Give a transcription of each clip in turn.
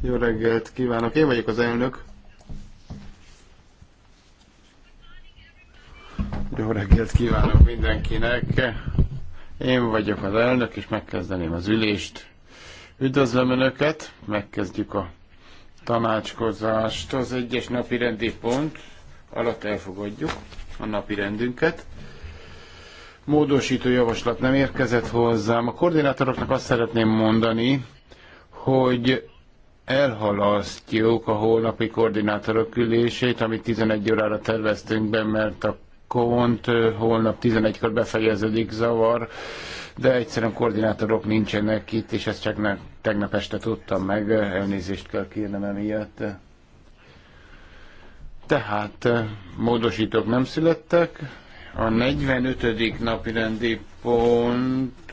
Jó reggelt kívánok, én vagyok az elnök. Jó reggelt kívánok mindenkinek. Én vagyok az elnök, és megkezdeném az ülést. Üdvözlöm Önöket, megkezdjük a tanácskozást. Az egyes napi rendi pont alatt elfogadjuk a napi rendünket módosító javaslat nem érkezett hozzám. A koordinátoroknak azt szeretném mondani, hogy elhalasztjuk a holnapi koordinátorok ülését, amit 11 órára terveztünk be, mert a kont holnap 11-kor befejeződik zavar, de egyszerűen koordinátorok nincsenek itt, és ezt csak ne, tegnap este tudtam meg, elnézést kell kérnem emiatt. Tehát módosítók nem születtek, a 45. napi rendi pont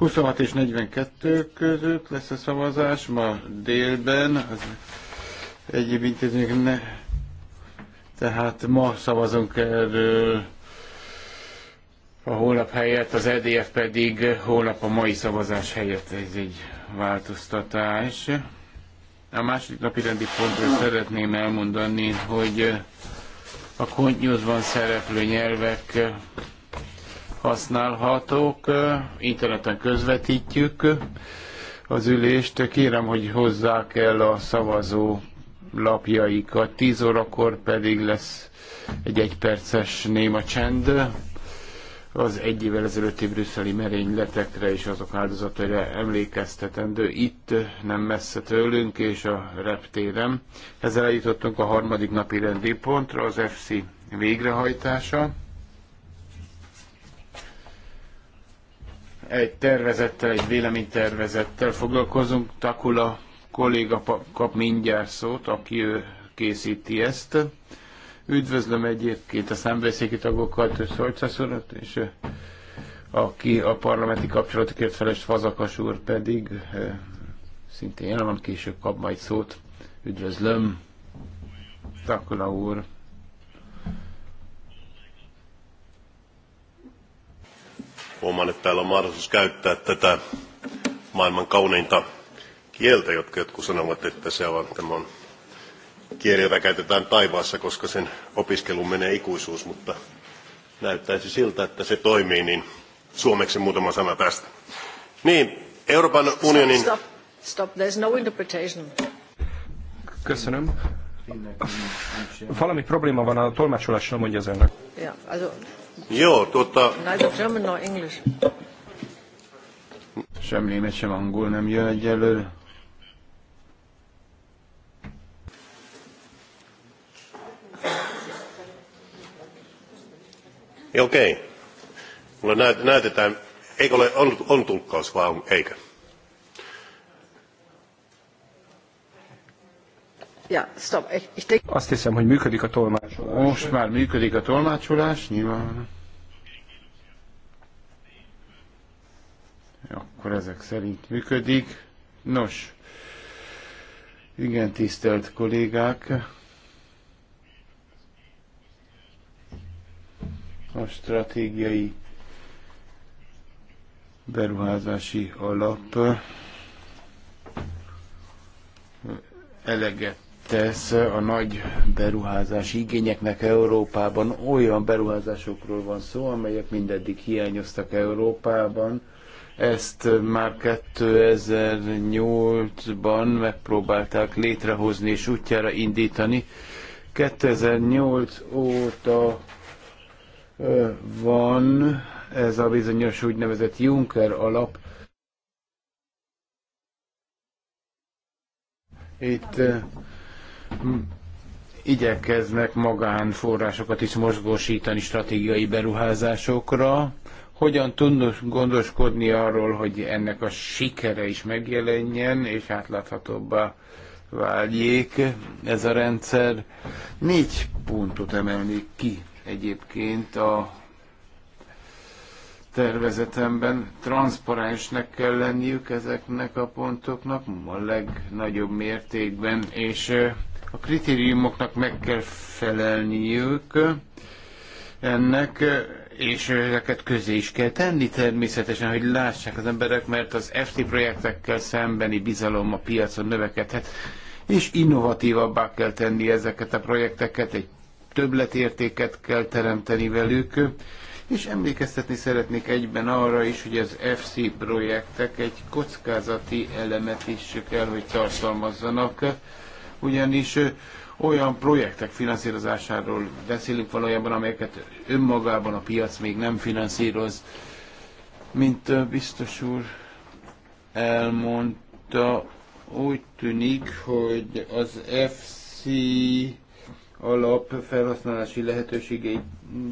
26 és 42 között lesz a szavazás ma délben. Az egyéb intézmények ne. Tehát ma szavazunk erről a holnap helyett, az EDF pedig holnap a mai szavazás helyett. Ez egy változtatás. A második napi rendi pontról szeretném elmondani, hogy a kontyúzban szereplő nyelvek használhatók. Interneten közvetítjük az ülést. Kérem, hogy hozzák el a szavazó lapjaikat. 10 órakor pedig lesz egy egyperces néma csend az egy évvel ezelőtti brüsszeli merényletekre és azok áldozataira emlékeztetendő. Itt nem messze tőlünk és a reptéren. Ezzel eljutottunk a harmadik napi rendi pontra, az FC végrehajtása. Egy tervezettel, egy véleménytervezettel foglalkozunk. Takula kolléga kap mindjárt szót, aki ő készíti ezt. Üdvözlöm egyébként a számbeszéki tagokat, Szolcsász urat, és aki a parlamenti kapcsolatokért feles Fazakas úr pedig szintén jelen van, később kap majd szót. Üdvözlöm, Takula úr. Huomaan, että täällä on mahdollisuus käyttää tätä maailman kauneinta kieltä, jotka jotkut sanovat, että se on, tämä on kieliä käytetään taivaassa, koska sen opiskelu menee ikuisuus, mutta näyttäisi siltä, että se toimii, niin suomeksi muutama sana tästä. Niin, Euroopan unionin... Stop, stop, there's no interpretation. Köszönöm. Valami probléma van a tolmácsolással, mondja az elnök. Jó, tudta... Neither German nor English. Sem német, sem angol nem jön egyelőre. Okei. Okay. Mulle näyt, näytetään, eikö ole, on, on tulkkaus vaan, eikö? Ja, stop. Ich, ich Azt hiszem, hogy működik a tolmácsolás. Most már működik a tolmácsolás, nyilván. Akkor ezek szerint működik. Nos, igen, tisztelt kollégák. a stratégiai beruházási alap eleget tesz a nagy beruházási igényeknek Európában. Olyan beruházásokról van szó, amelyek mindeddig hiányoztak Európában. Ezt már 2008-ban megpróbálták létrehozni és útjára indítani. 2008 óta van ez a bizonyos úgynevezett Juncker alap. Itt igyekeznek magánforrásokat is mozgósítani stratégiai beruházásokra. Hogyan tudnos gondoskodni arról, hogy ennek a sikere is megjelenjen, és átláthatóbbá váljék ez a rendszer? Négy pontot emelnék ki egyébként a tervezetemben. Transzparensnek kell lenniük ezeknek a pontoknak a legnagyobb mértékben, és a kritériumoknak meg kell felelniük ennek, és ezeket közé is kell tenni természetesen, hogy lássák az emberek, mert az FT projektekkel szembeni bizalom a piacon növekedhet, és innovatívabbá kell tenni ezeket a projekteket, egy többletértéket kell teremteni velük, és emlékeztetni szeretnék egyben arra is, hogy az FC projektek egy kockázati elemet is kell, hogy tartalmazzanak, ugyanis olyan projektek finanszírozásáról beszélünk valójában, amelyeket önmagában a piac még nem finanszíroz. Mint biztos úr elmondta, úgy tűnik, hogy az FC alap felhasználási lehetőségei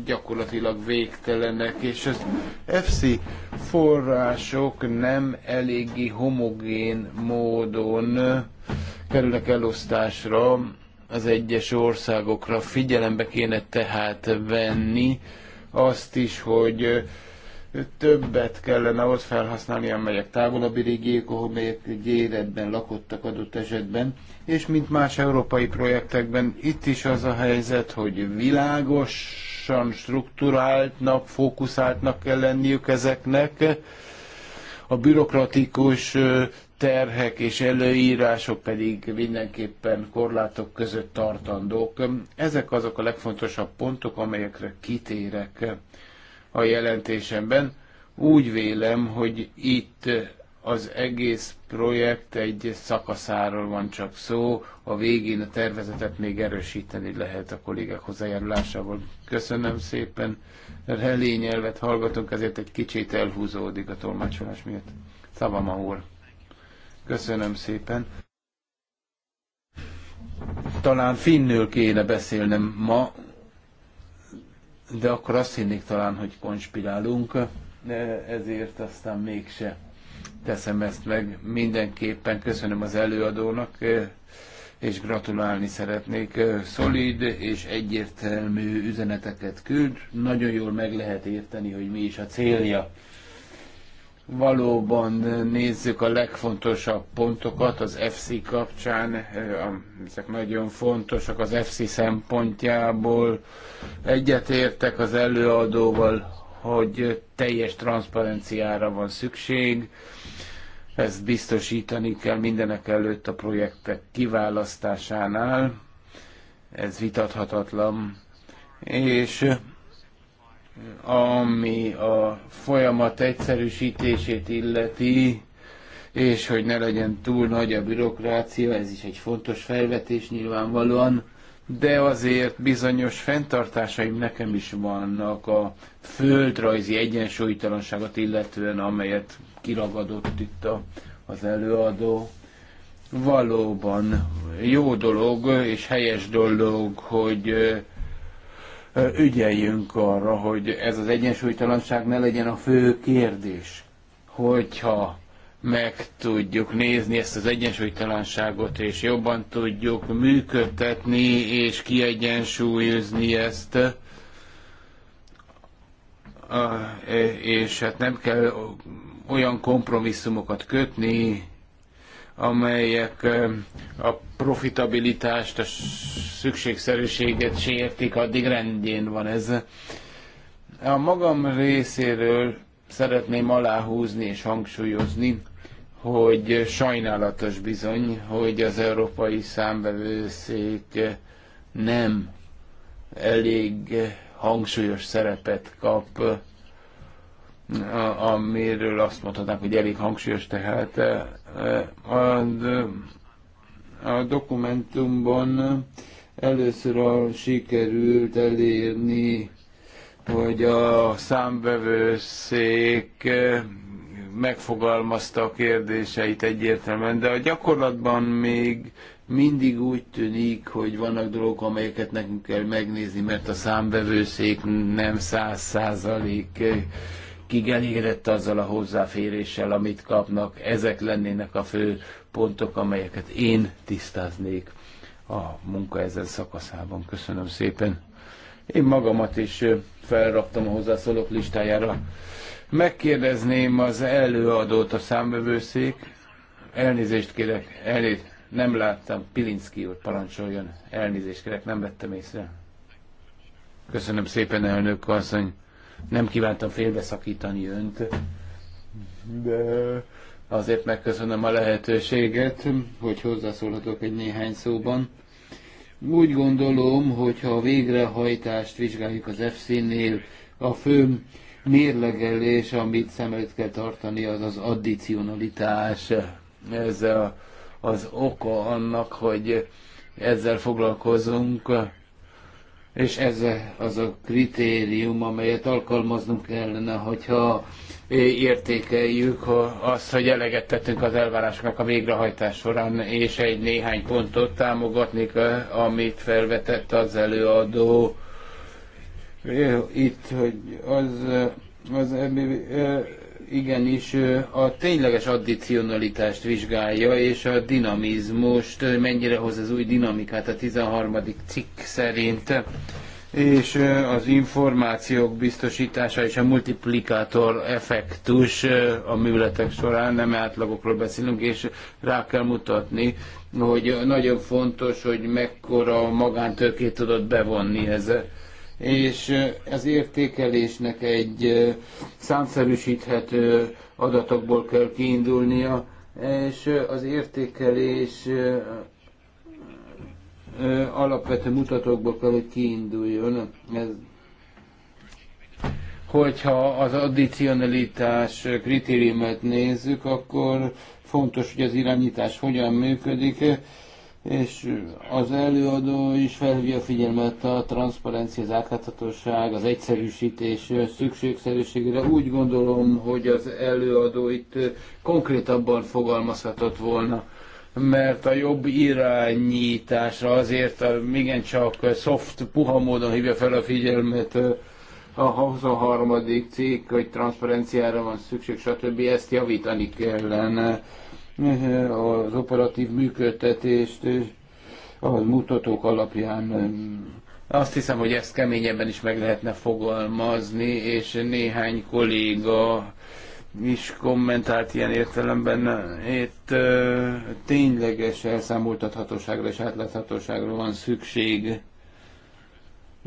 gyakorlatilag végtelenek, és az FC források nem eléggé homogén módon kerülnek elosztásra az egyes országokra. Figyelembe kéne tehát venni azt is, hogy többet kellene ott felhasználni, amelyek távolabbi régiék, melyek gyérebben lakottak adott esetben, és mint más európai projektekben, itt is az a helyzet, hogy világosan strukturáltnak, fókuszáltnak kell lenniük ezeknek, a bürokratikus terhek és előírások pedig mindenképpen korlátok között tartandók. Ezek azok a legfontosabb pontok, amelyekre kitérek a jelentésemben. Úgy vélem, hogy itt az egész projekt egy szakaszáról van csak szó, a végén a tervezetet még erősíteni lehet a kollégák hozzájárulásával. Köszönöm szépen, relényelvet hallgatunk, ezért egy kicsit elhúzódik a tolmácsolás miatt. Szavama úr, köszönöm szépen. Talán finnül kéne beszélnem ma, de akkor azt hinnék talán, hogy konspirálunk, de ezért aztán mégse teszem ezt meg. Mindenképpen köszönöm az előadónak, és gratulálni szeretnék. Szolid és egyértelmű üzeneteket küld, nagyon jól meg lehet érteni, hogy mi is a célja valóban nézzük a legfontosabb pontokat az FC kapcsán, eh, ezek nagyon fontosak az FC szempontjából. Egyetértek az előadóval, hogy teljes transzparenciára van szükség, ezt biztosítani kell mindenek előtt a projektek kiválasztásánál, ez vitathatatlan, és ami a folyamat egyszerűsítését illeti, és hogy ne legyen túl nagy a bürokrácia, ez is egy fontos felvetés nyilvánvalóan, de azért bizonyos fenntartásaim nekem is vannak a földrajzi egyensúlytalanságot illetően, amelyet kiragadott itt a, az előadó. Valóban jó dolog és helyes dolog, hogy ügyeljünk arra, hogy ez az egyensúlytalanság ne legyen a fő kérdés. Hogyha meg tudjuk nézni ezt az egyensúlytalanságot, és jobban tudjuk működtetni és kiegyensúlyozni ezt, és hát nem kell olyan kompromisszumokat kötni, amelyek a profitabilitást, a szükségszerűséget sértik, addig rendjén van ez. A magam részéről szeretném aláhúzni és hangsúlyozni, hogy sajnálatos bizony, hogy az európai számbevőszék nem elég hangsúlyos szerepet kap amiről azt mondhatnánk, hogy elég hangsúlyos, tehát e, e, a, a dokumentumban először a, sikerült elérni, hogy a számbevőszék megfogalmazta a kérdéseit egyértelműen, de a gyakorlatban még mindig úgy tűnik, hogy vannak dolgok, amelyeket nekünk kell megnézni, mert a számbevőszék nem száz százalék kik elégedett azzal a hozzáféréssel, amit kapnak. Ezek lennének a fő pontok, amelyeket én tisztáznék a munka ezen szakaszában. Köszönöm szépen. Én magamat is felraktam a hozzászólók listájára. Megkérdezném az előadót a számbevőszék. Elnézést kérek, elnézést. Nem láttam, Pilinszki úr parancsoljon. Elnézést kérek, nem vettem észre. Köszönöm szépen, elnök asszony nem kívántam félbeszakítani önt, de azért megköszönöm a lehetőséget, hogy hozzászólhatok egy néhány szóban. Úgy gondolom, hogy ha a végrehajtást vizsgáljuk az FC-nél, a fő mérlegelés, amit szem előtt kell tartani, az az addicionalitás. Ez a, az oka annak, hogy ezzel foglalkozunk és ez az a kritérium, amelyet alkalmaznunk kellene, hogyha értékeljük azt, hogy eleget tettünk az elvárásoknak a végrehajtás során, és egy néhány pontot támogatnék, amit felvetett az előadó. Itt, hogy az, az igenis a tényleges addicionalitást vizsgálja, és a dinamizmust, mennyire hoz az új dinamikát a 13. cikk szerint, és az információk biztosítása és a multiplikátor effektus a műletek során, nem átlagokról beszélünk, és rá kell mutatni, hogy nagyon fontos, hogy mekkora magántőkét tudod bevonni ezzel és az értékelésnek egy számszerűsíthető adatokból kell kiindulnia, és az értékelés alapvető mutatókból kell, hogy kiinduljon. Ez, hogyha az addicionalitás kritériumát nézzük, akkor fontos, hogy az irányítás hogyan működik, és az előadó is felhívja a figyelmet a transzparencia, az átláthatóság, az egyszerűsítés szükségszerűségére. Úgy gondolom, hogy az előadó itt konkrétabban fogalmazhatott volna, mert a jobb irányításra azért a, igencsak soft, puha módon hívja fel a figyelmet a 23. cikk, hogy transzparenciára van szükség, stb. ezt javítani kellene az operatív működtetést a mutatók alapján. Azt hiszem, hogy ezt keményebben is meg lehetne fogalmazni, és néhány kolléga is kommentált ilyen értelemben. Itt tényleges elszámoltathatóságra és átláthatóságra van szükség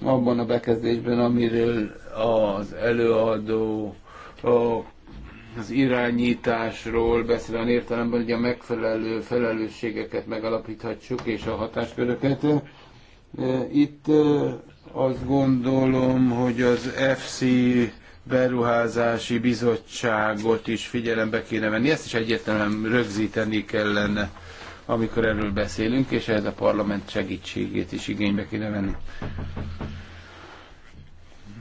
abban a bekezdésben, amiről az előadó a az irányításról beszél olyan értelemben, hogy a megfelelő felelősségeket megalapíthatjuk és a hatásköröket. E, itt e, azt gondolom, hogy az FC beruházási bizottságot is figyelembe kéne venni. Ezt is egyértelműen rögzíteni kellene, amikor erről beszélünk, és ehhez a parlament segítségét is igénybe kéne venni.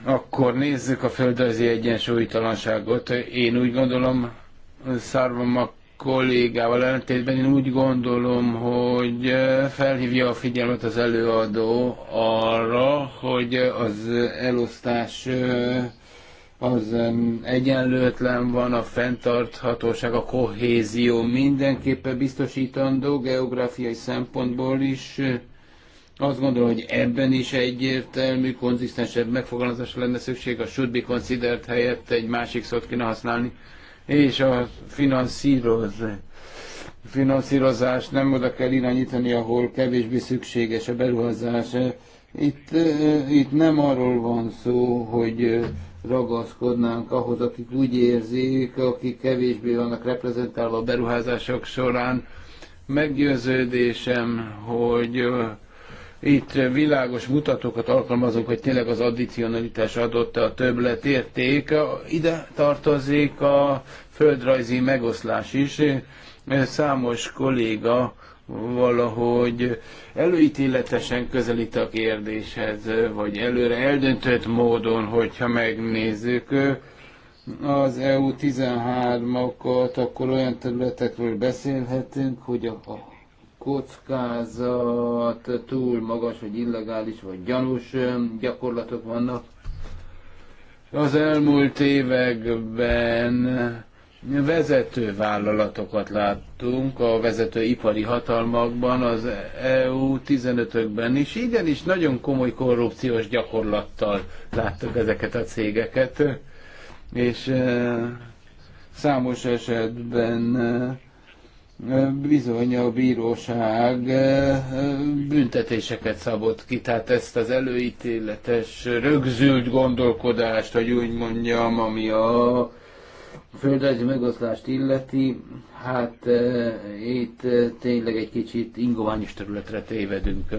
Akkor nézzük a földrajzi egyensúlytalanságot. Én úgy gondolom, Szárvam a kollégával ellentétben én úgy gondolom, hogy felhívja a figyelmet az előadó arra, hogy az elosztás az egyenlőtlen van, a fenntarthatóság, a kohézió mindenképpen biztosítandó geográfiai szempontból is, azt gondolom, hogy ebben is egyértelmű, konzisztensebb megfogalmazásra lenne szükség, a should be considered helyett egy másik szót kéne használni, és a finanszíroz, finanszírozást nem oda kell irányítani, ahol kevésbé szükséges a beruházás. Itt, itt nem arról van szó, hogy ragaszkodnánk ahhoz, akik úgy érzik, akik kevésbé vannak reprezentálva a beruházások során. Meggyőződésem, hogy itt világos mutatókat alkalmazunk, hogy tényleg az addicionalitás adott a többlet érték. Ide tartozik a földrajzi megoszlás is. Számos kolléga valahogy előítéletesen közelít a kérdéshez, vagy előre eldöntött módon, hogyha megnézzük az EU 13-akat, akkor olyan területekről beszélhetünk, hogy a, a kockázat túl magas, vagy illegális, vagy gyanús gyakorlatok vannak. Az elmúlt években vezető vállalatokat láttunk a vezető ipari hatalmakban, az EU 15-ökben is. Igenis, nagyon komoly korrupciós gyakorlattal láttuk ezeket a cégeket, és eh, számos esetben eh, bizony a bíróság eh, büntetéseket szabott ki, tehát ezt az előítéletes, rögzült gondolkodást, hogy úgy mondjam, ami a földrajzi megoszlást illeti, hát eh, itt eh, tényleg egy kicsit ingoványos területre tévedünk.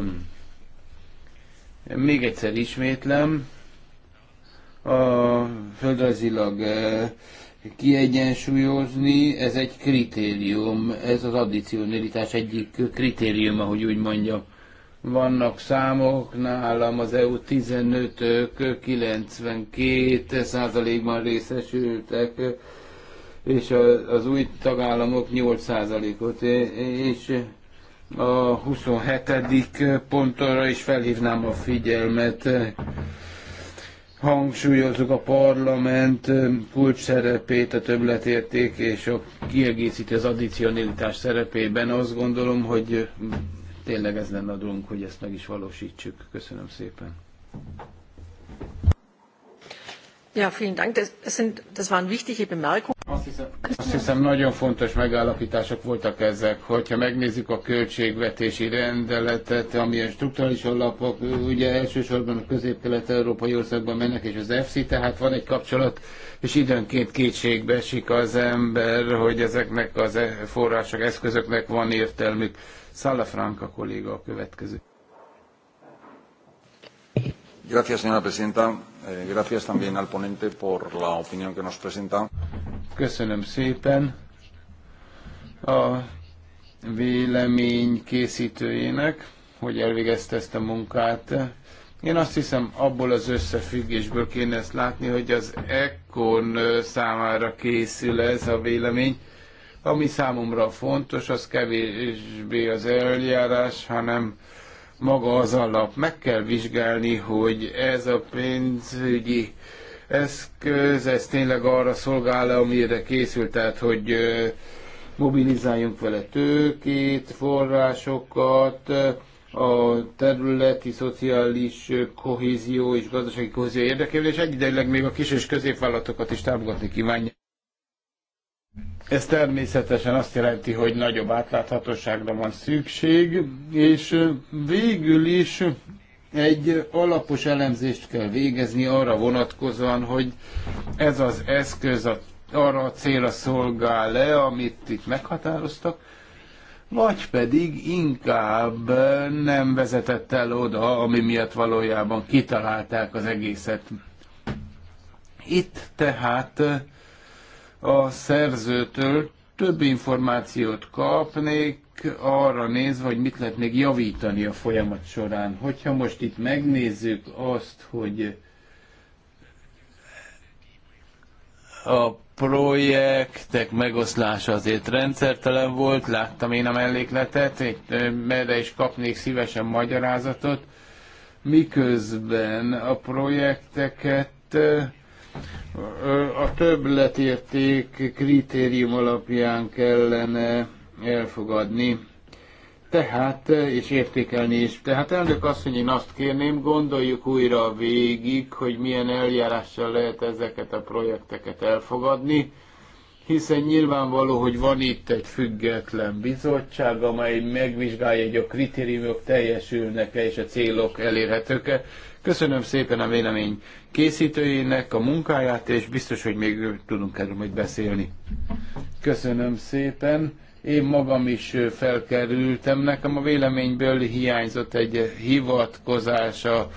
Még egyszer ismétlem, a földrajzilag kiegyensúlyozni, ez egy kritérium, ez az addicionalitás egyik kritériuma, hogy úgy mondjam. Vannak számok, nálam az EU 15-ök 92 százalékban részesültek, és az új tagállamok 8 százalékot, és a 27. pontra is felhívnám a figyelmet hangsúlyozzuk a parlament kulcs szerepét, a többletérték és a kiegészítő az addicionalitás szerepében. Azt gondolom, hogy tényleg ez lenne a dolgunk, hogy ezt meg is valósítsuk. Köszönöm szépen. Ja, vielen Dank. Das, sind, das waren wichtige Bemerkungen. Azt hiszem, azt hiszem nagyon fontos megállapítások voltak ezek, hogyha megnézzük a költségvetési rendeletet, amilyen strukturális alapok, ugye elsősorban a közép-kelet-európai országban mennek, és az EFSI, tehát van egy kapcsolat, és időnként kétségbe esik az ember, hogy ezeknek az e- források, eszközöknek van értelmük. Szala Franka kolléga a következő. Gracias, señora presidenta. Eh, gracias también al ponente por la opinión que nos presenta. Köszönöm szépen a vélemény készítőjének, hogy elvégezte ezt a munkát. Én azt hiszem, abból az összefüggésből kéne ezt látni, hogy az Ekkon eh, számára készül ez a vélemény. Ami számomra fontos, az kevésbé az eljárás, hanem maga az alap. Meg kell vizsgálni, hogy ez a pénzügyi eszköz, ez tényleg arra szolgál -e, amire készült, tehát hogy mobilizáljunk vele tőkét, forrásokat, a területi, szociális kohézió és gazdasági kohézió érdekében, és egyidejleg még a kis és középvállalatokat is támogatni kívánja. Ez természetesen azt jelenti, hogy nagyobb átláthatóságra van szükség, és végül is egy alapos elemzést kell végezni arra vonatkozóan, hogy ez az eszköz a, arra a célra szolgál le, amit itt meghatároztak, vagy pedig inkább nem vezetett el oda, ami miatt valójában kitalálták az egészet. Itt tehát a szerzőtől több információt kapnék arra nézve, hogy mit lehet még javítani a folyamat során. Hogyha most itt megnézzük azt, hogy a projektek megoszlása azért rendszertelen volt, láttam én a mellékletet, merre is kapnék szívesen magyarázatot, miközben a projekteket a többletérték kritérium alapján kellene elfogadni, tehát, és értékelni is. Tehát elnök asszony, én azt kérném, gondoljuk újra végig, hogy milyen eljárással lehet ezeket a projekteket elfogadni, hiszen nyilvánvaló, hogy van itt egy független bizottság, amely megvizsgálja, hogy a kritériumok teljesülnek-e és a célok elérhetők-e. Köszönöm szépen a vélemény készítőjének a munkáját, és biztos, hogy még tudunk erről majd beszélni. Köszönöm szépen. Én magam is felkerültem. Nekem a véleményből hiányzott egy hivatkozás a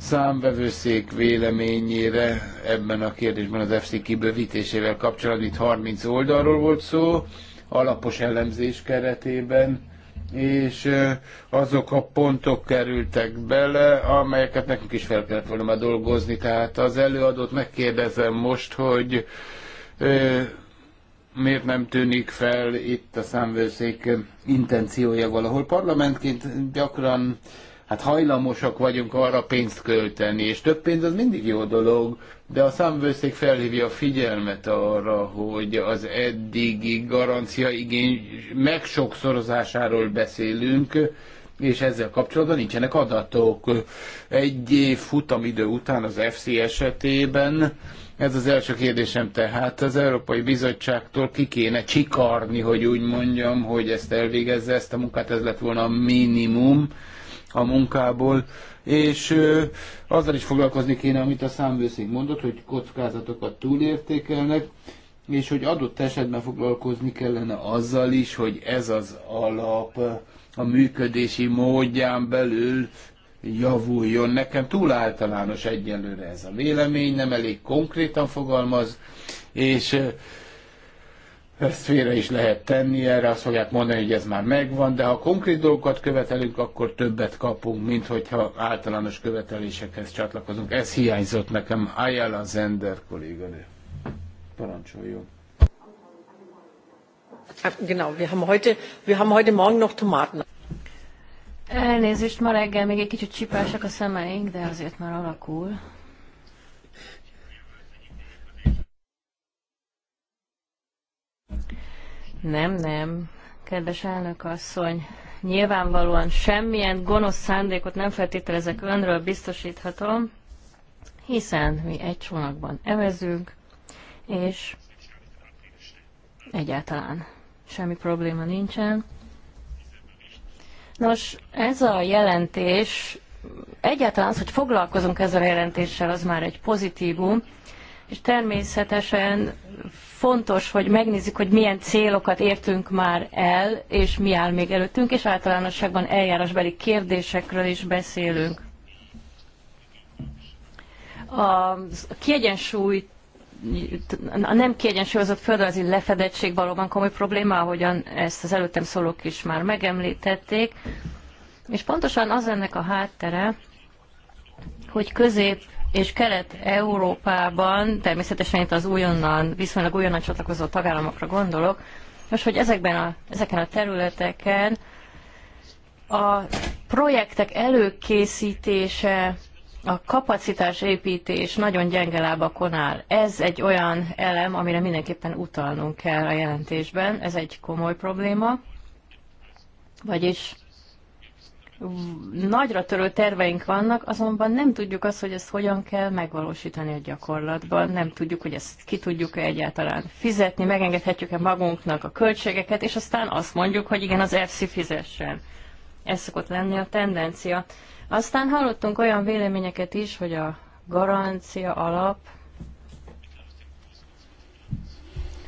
számvevőszék véleményére ebben a kérdésben az FC kibővítésével kapcsolatban. Itt 30 oldalról volt szó, alapos elemzés keretében és azok a pontok kerültek bele, amelyeket nekünk is fel kellett volna már dolgozni. Tehát az előadót megkérdezem most, hogy ö, miért nem tűnik fel itt a számvőszék intenciója valahol. Parlamentként gyakran hát hajlamosak vagyunk arra pénzt költeni, és több pénz az mindig jó dolog, de a számvőszék felhívja a figyelmet arra, hogy az eddigi garancia igény megsokszorozásáról beszélünk, és ezzel kapcsolatban nincsenek adatok. Egy év futamidő után az FC esetében ez az első kérdésem tehát az Európai Bizottságtól ki kéne csikarni, hogy úgy mondjam, hogy ezt elvégezze ezt a munkát, ez lett volna a minimum, a munkából, és ö, azzal is foglalkozni kéne, amit a számvőszék mondott, hogy kockázatokat túlértékelnek, és hogy adott esetben foglalkozni kellene azzal is, hogy ez az alap a működési módján belül javuljon. Nekem túl általános egyelőre ez a vélemény, nem elég konkrétan fogalmaz, és ezt félre is lehet tenni, erre azt fogják mondani, hogy ez már megvan, de ha konkrét dolgokat követelünk, akkor többet kapunk, mint hogyha általános követelésekhez csatlakozunk. Ez hiányzott nekem. Ayala Zender kolléganő. Parancsoljon. Genau, wir haben heute, wir haben heute Morgen noch Tomaten. Elnézést, ma reggel még egy kicsit csipásak a szemeink, de azért már alakul. Nem, nem, kedves elnök asszony, nyilvánvalóan semmilyen gonosz szándékot nem feltételezek önről, biztosíthatom, hiszen mi egy csónakban evezünk, és egyáltalán semmi probléma nincsen. Nos, ez a jelentés, egyáltalán az, hogy foglalkozunk ezzel a jelentéssel, az már egy pozitívum, és természetesen fontos, hogy megnézzük, hogy milyen célokat értünk már el, és mi áll még előttünk, és általánosságban eljárásbeli kérdésekről is beszélünk. A kiegyensúlyt a nem kiegyensúlyozott földrajzi lefedettség valóban komoly probléma, ahogyan ezt az előttem szólók is már megemlítették. És pontosan az ennek a háttere, hogy közép és Kelet-Európában, természetesen itt az újonnan, viszonylag újonnan csatlakozó tagállamokra gondolok, most, hogy ezekben a, ezeken a területeken a projektek előkészítése, a kapacitásépítés nagyon gyenge lábakon áll. Ez egy olyan elem, amire mindenképpen utalnunk kell a jelentésben. Ez egy komoly probléma. Vagyis nagyra törő terveink vannak, azonban nem tudjuk azt, hogy ezt hogyan kell megvalósítani a gyakorlatban, nem tudjuk, hogy ezt ki tudjuk-e egyáltalán fizetni, megengedhetjük-e magunknak a költségeket, és aztán azt mondjuk, hogy igen, az FC fizessen. Ez szokott lenni a tendencia. Aztán hallottunk olyan véleményeket is, hogy a garancia alap,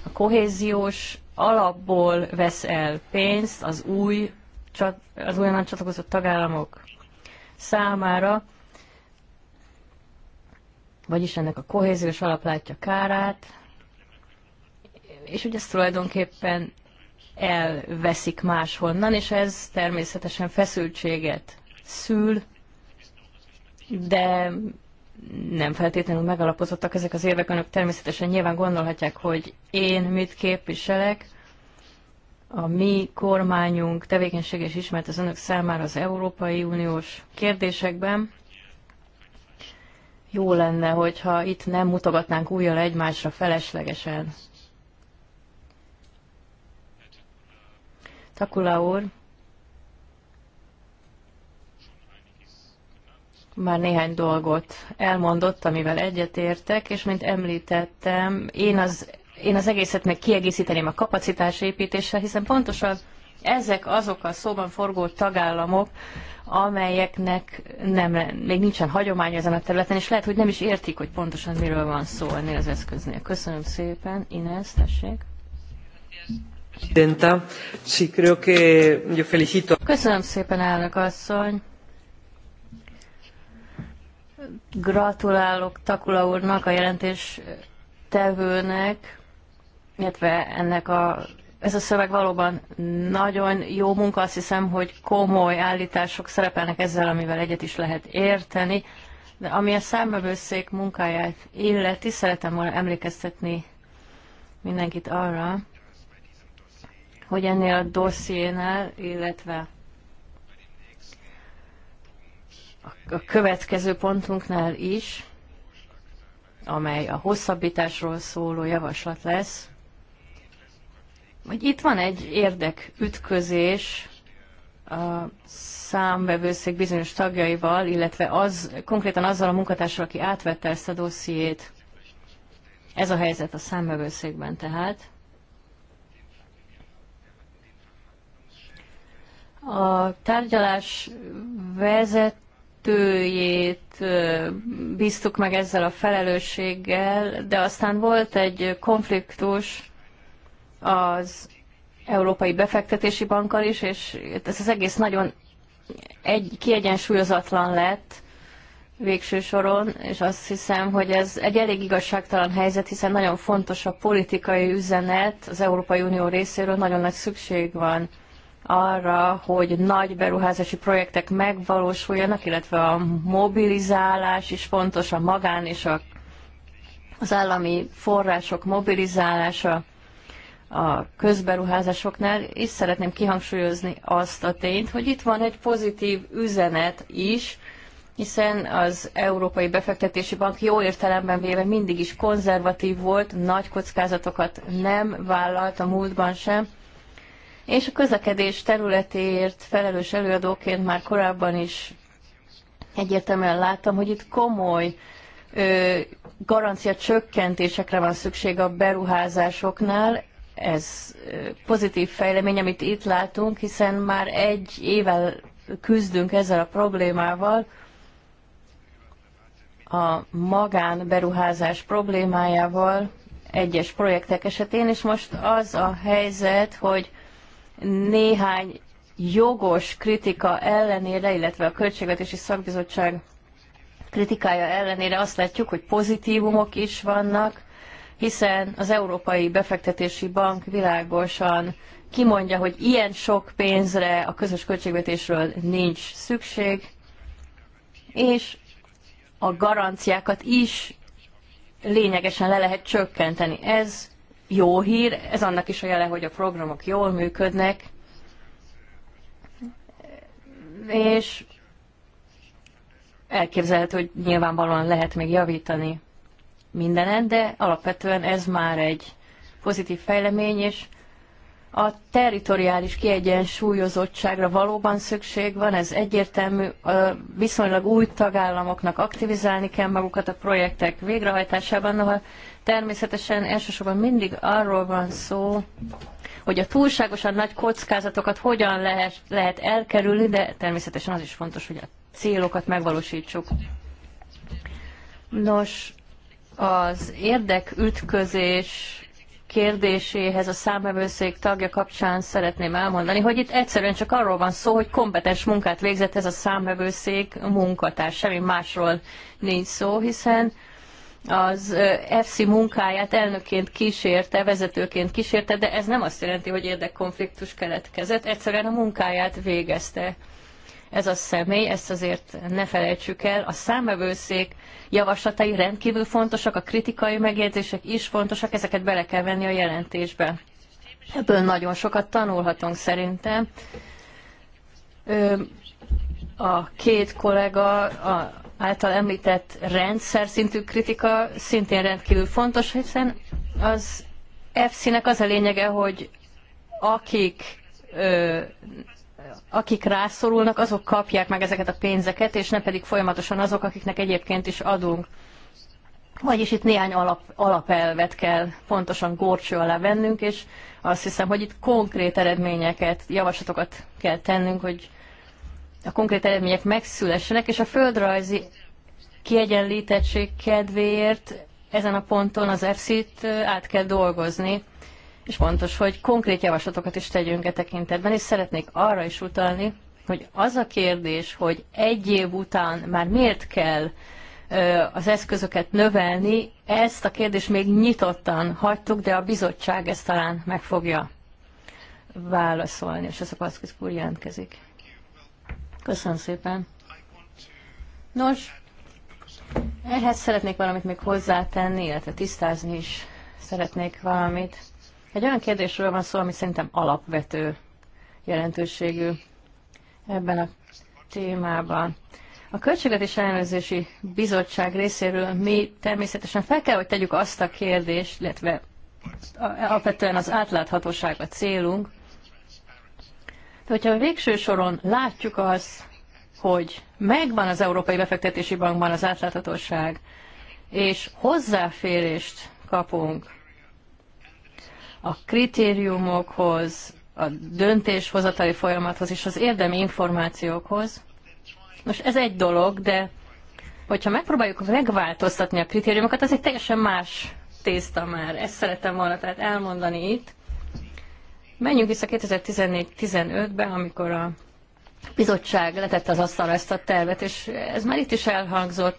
a kohéziós alapból vesz el pénzt az új az újonnan csatlakozott tagállamok számára, vagyis ennek a kohéziós alap látja kárát, és ugye ezt tulajdonképpen elveszik máshonnan, és ez természetesen feszültséget szül, de nem feltétlenül megalapozottak ezek az érvek, önök természetesen nyilván gondolhatják, hogy én mit képviselek, a mi kormányunk tevékenység is ismert az önök számára az Európai Uniós kérdésekben. Jó lenne, hogyha itt nem mutogatnánk újjal egymásra feleslegesen. Takula úr, már néhány dolgot elmondott, amivel egyetértek, és mint említettem, én az én az egészet meg kiegészíteném a építéssel, hiszen pontosan ezek azok a szóban forgó tagállamok, amelyeknek nem, még nincsen hagyomány ezen a területen, és lehet, hogy nem is értik, hogy pontosan miről van szó ennél az eszköznél. Köszönöm szépen. Inés, tessék. Köszönöm szépen, elnök asszony. Gratulálok Takula úrnak, a jelentés tevőnek illetve ennek a, ez a szöveg valóban nagyon jó munka, azt hiszem, hogy komoly állítások szerepelnek ezzel, amivel egyet is lehet érteni, de ami a számbevőszék munkáját illeti, szeretem volna emlékeztetni mindenkit arra, hogy ennél a dossziénál, illetve a következő pontunknál is, amely a hosszabbításról szóló javaslat lesz, hogy itt van egy érdekütközés a számbevőszék bizonyos tagjaival, illetve az, konkrétan azzal a munkatársal, aki átvette ezt a dossziét. Ez a helyzet a számbevőszékben tehát. A tárgyalás vezetőjét bíztuk meg ezzel a felelősséggel, de aztán volt egy konfliktus, az Európai Befektetési Bankkal is, és ez az egész nagyon egy, kiegyensúlyozatlan lett végső soron, és azt hiszem, hogy ez egy elég igazságtalan helyzet, hiszen nagyon fontos a politikai üzenet az Európai Unió részéről, nagyon nagy szükség van arra, hogy nagy beruházási projektek megvalósuljanak, illetve a mobilizálás is fontos, a magán és a, az állami források mobilizálása a közberuházásoknál, és szeretném kihangsúlyozni azt a tényt, hogy itt van egy pozitív üzenet is, hiszen az Európai Befektetési Bank jó értelemben véve mindig is konzervatív volt, nagy kockázatokat nem vállalt a múltban sem, és a közlekedés területéért felelős előadóként már korábban is egyértelműen láttam, hogy itt komoly ö, garancia csökkentésekre van szükség a beruházásoknál, ez pozitív fejlemény, amit itt látunk, hiszen már egy évvel küzdünk ezzel a problémával, a magánberuházás problémájával egyes projektek esetén, és most az a helyzet, hogy néhány jogos kritika ellenére, illetve a Költségvetési Szakbizottság kritikája ellenére azt látjuk, hogy pozitívumok is vannak, hiszen az Európai Befektetési Bank világosan kimondja, hogy ilyen sok pénzre a közös költségvetésről nincs szükség, és a garanciákat is lényegesen le lehet csökkenteni. Ez jó hír, ez annak is a jele, hogy a programok jól működnek, és elképzelhető, hogy nyilvánvalóan lehet még javítani mindenen, de alapvetően ez már egy pozitív fejlemény, és a territoriális kiegyensúlyozottságra valóban szükség van, ez egyértelmű, viszonylag új tagállamoknak aktivizálni kell magukat a projektek végrehajtásában, noha természetesen elsősorban mindig arról van szó, hogy a túlságosan nagy kockázatokat hogyan lehet, lehet elkerülni, de természetesen az is fontos, hogy a célokat megvalósítsuk. Nos, az érdekütközés kérdéséhez a számvevőszék tagja kapcsán szeretném elmondani, hogy itt egyszerűen csak arról van szó, hogy kompetens munkát végzett ez a számvevőszék munkatárs, semmi másról nincs szó, hiszen az FC munkáját elnökként kísérte, vezetőként kísérte, de ez nem azt jelenti, hogy érdekkonfliktus keletkezett, egyszerűen a munkáját végezte ez a személy, ezt azért ne felejtsük el, a számövőszék javaslatai rendkívül fontosak, a kritikai megjegyzések is fontosak, ezeket bele kell venni a jelentésbe. Ebből nagyon sokat tanulhatunk szerintem. A két kollega a által említett rendszer szintű kritika szintén rendkívül fontos, hiszen az EFSZ-nek az a lényege, hogy akik akik rászorulnak, azok kapják meg ezeket a pénzeket, és nem pedig folyamatosan azok, akiknek egyébként is adunk. Vagyis itt néhány alap, alapelvet kell pontosan górcső alá vennünk, és azt hiszem, hogy itt konkrét eredményeket, javaslatokat kell tennünk, hogy a konkrét eredmények megszülessenek, és a földrajzi kiegyenlítettség kedvéért ezen a ponton az EFSZ-t át kell dolgozni, és fontos, hogy konkrét javaslatokat is tegyünk e tekintetben, és szeretnék arra is utalni, hogy az a kérdés, hogy egy év után már miért kell az eszközöket növelni, ezt a kérdést még nyitottan hagytuk, de a bizottság ezt talán meg fogja válaszolni, és ez a Paszkisz úr jelentkezik. Köszönöm szépen. Nos, ehhez szeretnék valamit még hozzátenni, illetve tisztázni is szeretnék valamit. Egy olyan kérdésről van szó, ami szerintem alapvető jelentőségű ebben a témában. A Költségvetés Ellenőrzési Bizottság részéről mi természetesen fel kell, hogy tegyük azt a kérdést, illetve alapvetően az átláthatóság a célunk. De hogyha a végső soron látjuk azt, hogy megvan az Európai Befektetési Bankban az átláthatóság, és hozzáférést kapunk a kritériumokhoz, a döntéshozatali folyamathoz és az érdemi információkhoz. Most ez egy dolog, de hogyha megpróbáljuk megváltoztatni a kritériumokat, az egy teljesen más tészta már. Ezt szerettem volna tehát elmondani itt. Menjünk vissza 2014-15-be, amikor a bizottság letette az asztalra ezt a tervet, és ez már itt is elhangzott.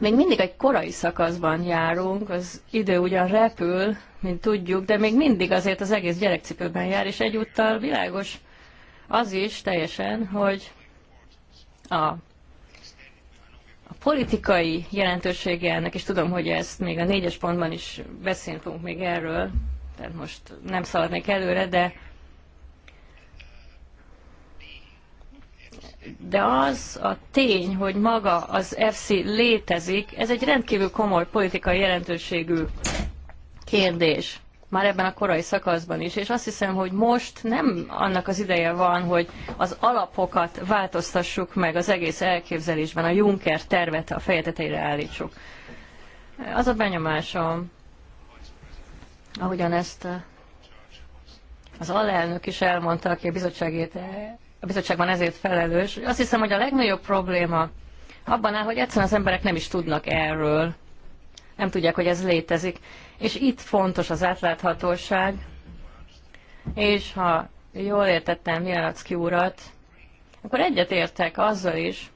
Még mindig egy korai szakaszban járunk, az idő ugyan repül, mint tudjuk, de még mindig azért az egész gyerekcipőben jár, és egyúttal világos az is teljesen, hogy a a politikai jelentősége ennek, és tudom, hogy ezt még a négyes pontban is beszélni fogunk még erről, tehát most nem szaladnék előre, de de az a tény, hogy maga az FC létezik, ez egy rendkívül komoly politikai jelentőségű kérdés. Már ebben a korai szakaszban is, és azt hiszem, hogy most nem annak az ideje van, hogy az alapokat változtassuk meg az egész elképzelésben, a Juncker tervet a fejeteteire állítsuk. Az a benyomásom, ahogyan ezt eh, az alelnök is elmondta, aki a bizottságért a bizottság van ezért felelős. Azt hiszem, hogy a legnagyobb probléma abban áll, hogy egyszerűen az emberek nem is tudnak erről, nem tudják, hogy ez létezik. És itt fontos az átláthatóság, és ha jól értettem Jelenacki urat, akkor egyetértek azzal is,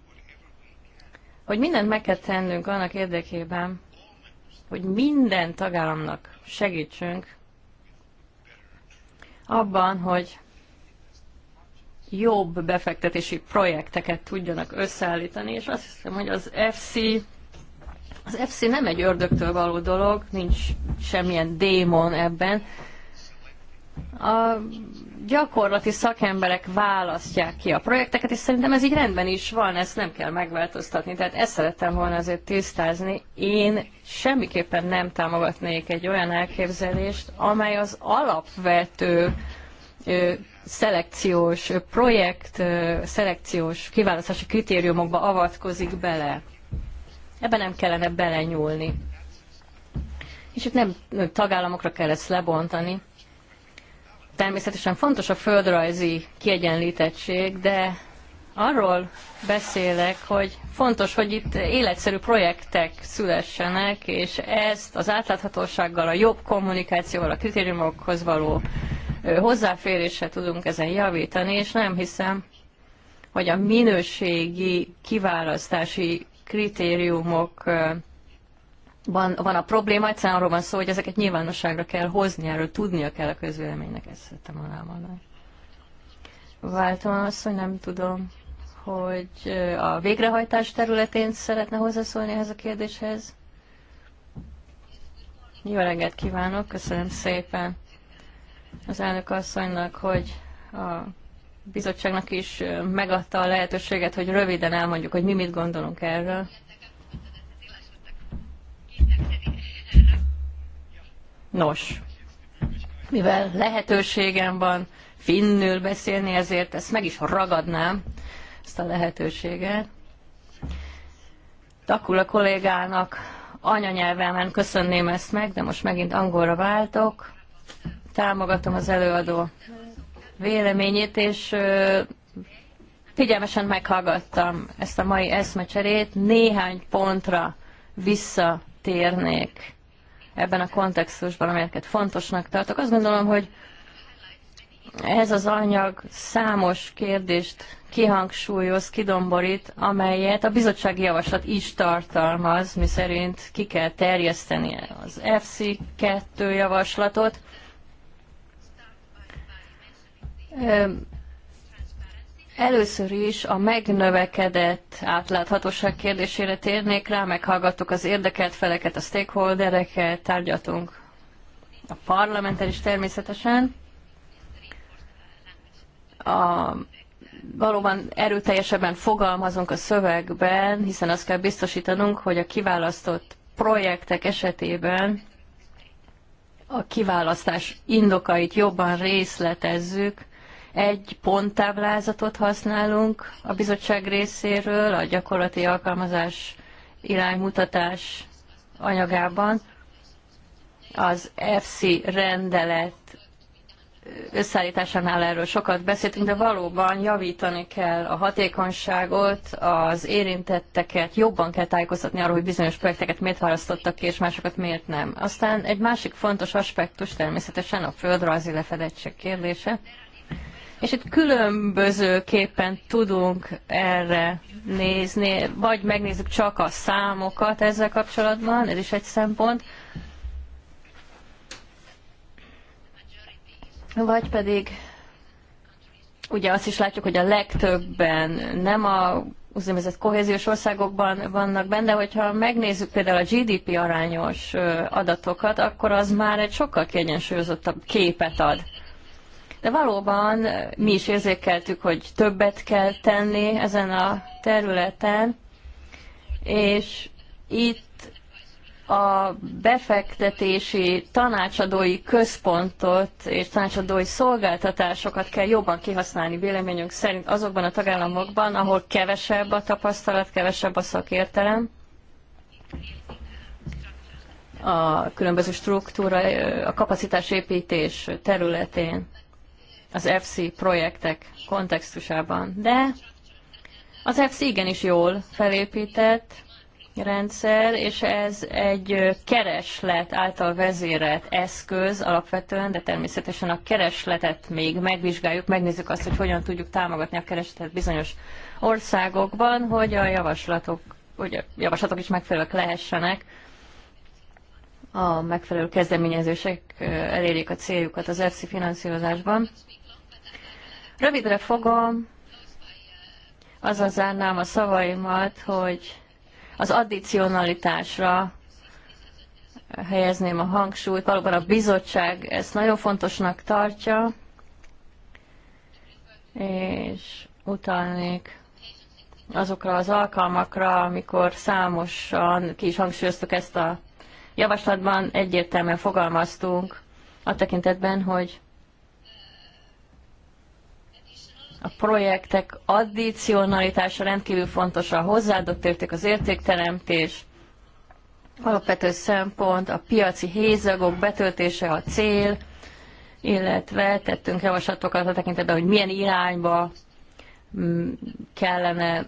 hogy mindent meg kell tennünk annak érdekében, hogy minden tagállamnak segítsünk abban, hogy jobb befektetési projekteket tudjanak összeállítani, és azt hiszem, hogy az FC az FC nem egy ördögtől való dolog, nincs semmilyen démon ebben. A gyakorlati szakemberek választják ki a projekteket, és szerintem ez így rendben is van, ezt nem kell megváltoztatni. Tehát ezt szerettem volna azért tisztázni. Én semmiképpen nem támogatnék egy olyan elképzelést, amely az alapvető szelekciós projekt, szelekciós kiválasztási kritériumokba avatkozik bele. Ebben nem kellene belenyúlni. És itt nem tagállamokra kell ezt lebontani. Természetesen fontos a földrajzi kiegyenlítettség, de arról beszélek, hogy fontos, hogy itt életszerű projektek szülessenek, és ezt az átláthatósággal, a jobb kommunikációval, a kritériumokhoz való hozzáférésre tudunk ezen javítani, és nem hiszem, hogy a minőségi kiválasztási kritériumokban van a probléma, egyszerűen arról van szó, hogy ezeket nyilvánosságra kell hozni, erről tudnia kell a közvéleménynek, ezt szerettem alávalni. Váltom azt, hogy nem tudom, hogy a végrehajtás területén szeretne hozzászólni ehhez a kérdéshez. Jó reggelt kívánok, köszönöm szépen az elnök asszonynak, hogy a bizottságnak is megadta a lehetőséget, hogy röviden elmondjuk, hogy mi mit gondolunk erről. Nos, mivel lehetőségem van finnül beszélni, ezért ezt meg is ragadnám, ezt a lehetőséget. Takula kollégának anyanyelvemen köszönném ezt meg, de most megint angolra váltok támogatom az előadó véleményét, és figyelmesen meghallgattam ezt a mai eszmecserét. Néhány pontra visszatérnék ebben a kontextusban, amelyeket fontosnak tartok. Azt gondolom, hogy ez az anyag számos kérdést kihangsúlyoz, kidomborít, amelyet a bizottsági javaslat is tartalmaz, miszerint ki kell terjeszteni az FC2 javaslatot Először is a megnövekedett átláthatóság kérdésére térnék rá, meghallgattuk az érdekelt feleket, a stakeholdereket, tárgyaltunk a parlamenten is természetesen. A, valóban erőteljesebben fogalmazunk a szövegben, hiszen azt kell biztosítanunk, hogy a kiválasztott projektek esetében a kiválasztás indokait jobban részletezzük, egy ponttáblázatot használunk a bizottság részéről a gyakorlati alkalmazás iránymutatás anyagában. Az FC rendelet összeállításánál erről sokat beszéltünk, de valóban javítani kell a hatékonyságot, az érintetteket, jobban kell tájékoztatni arról, hogy bizonyos projekteket miért választottak ki, és másokat miért nem. Aztán egy másik fontos aspektus természetesen a földrajzi lefedettség kérdése és itt különbözőképpen tudunk erre nézni, vagy megnézzük csak a számokat ezzel kapcsolatban, ez is egy szempont, vagy pedig ugye azt is látjuk, hogy a legtöbben nem a úgynevezett kohéziós országokban vannak benne, hogyha megnézzük például a GDP arányos adatokat, akkor az már egy sokkal kiegyensúlyozottabb képet ad de valóban eh, mi is érzékeltük, hogy többet kell tenni ezen a területen, és itt a befektetési tanácsadói központot és tanácsadói szolgáltatásokat kell jobban kihasználni véleményünk szerint azokban a tagállamokban, ahol kevesebb a tapasztalat, kevesebb a szakértelem a különböző struktúra, eh, a kapacitásépítés területén az FC projektek kontextusában. De az FC igenis jól felépített rendszer, és ez egy kereslet által vezérelt eszköz alapvetően, de természetesen a keresletet még megvizsgáljuk, megnézzük azt, hogy hogyan tudjuk támogatni a keresletet bizonyos országokban, hogy a javaslatok, hogy a javaslatok is megfelelők lehessenek, a megfelelő kezdeményezések elérjék a céljukat az EFSI finanszírozásban. Rövidre fogom, azzal zárnám a szavaimat, hogy az addicionalitásra helyezném a hangsúlyt. Valóban a bizottság ezt nagyon fontosnak tartja, és utalnék azokra az alkalmakra, amikor számosan ki is hangsúlyoztuk ezt a javaslatban, egyértelműen fogalmaztunk a tekintetben, hogy a projektek addicionalitása rendkívül fontos, a hozzáadott érték, az értékteremtés, alapvető szempont, a piaci hézagok betöltése a cél, illetve tettünk javaslatokat a tekintetben, hogy milyen irányba mm, kellene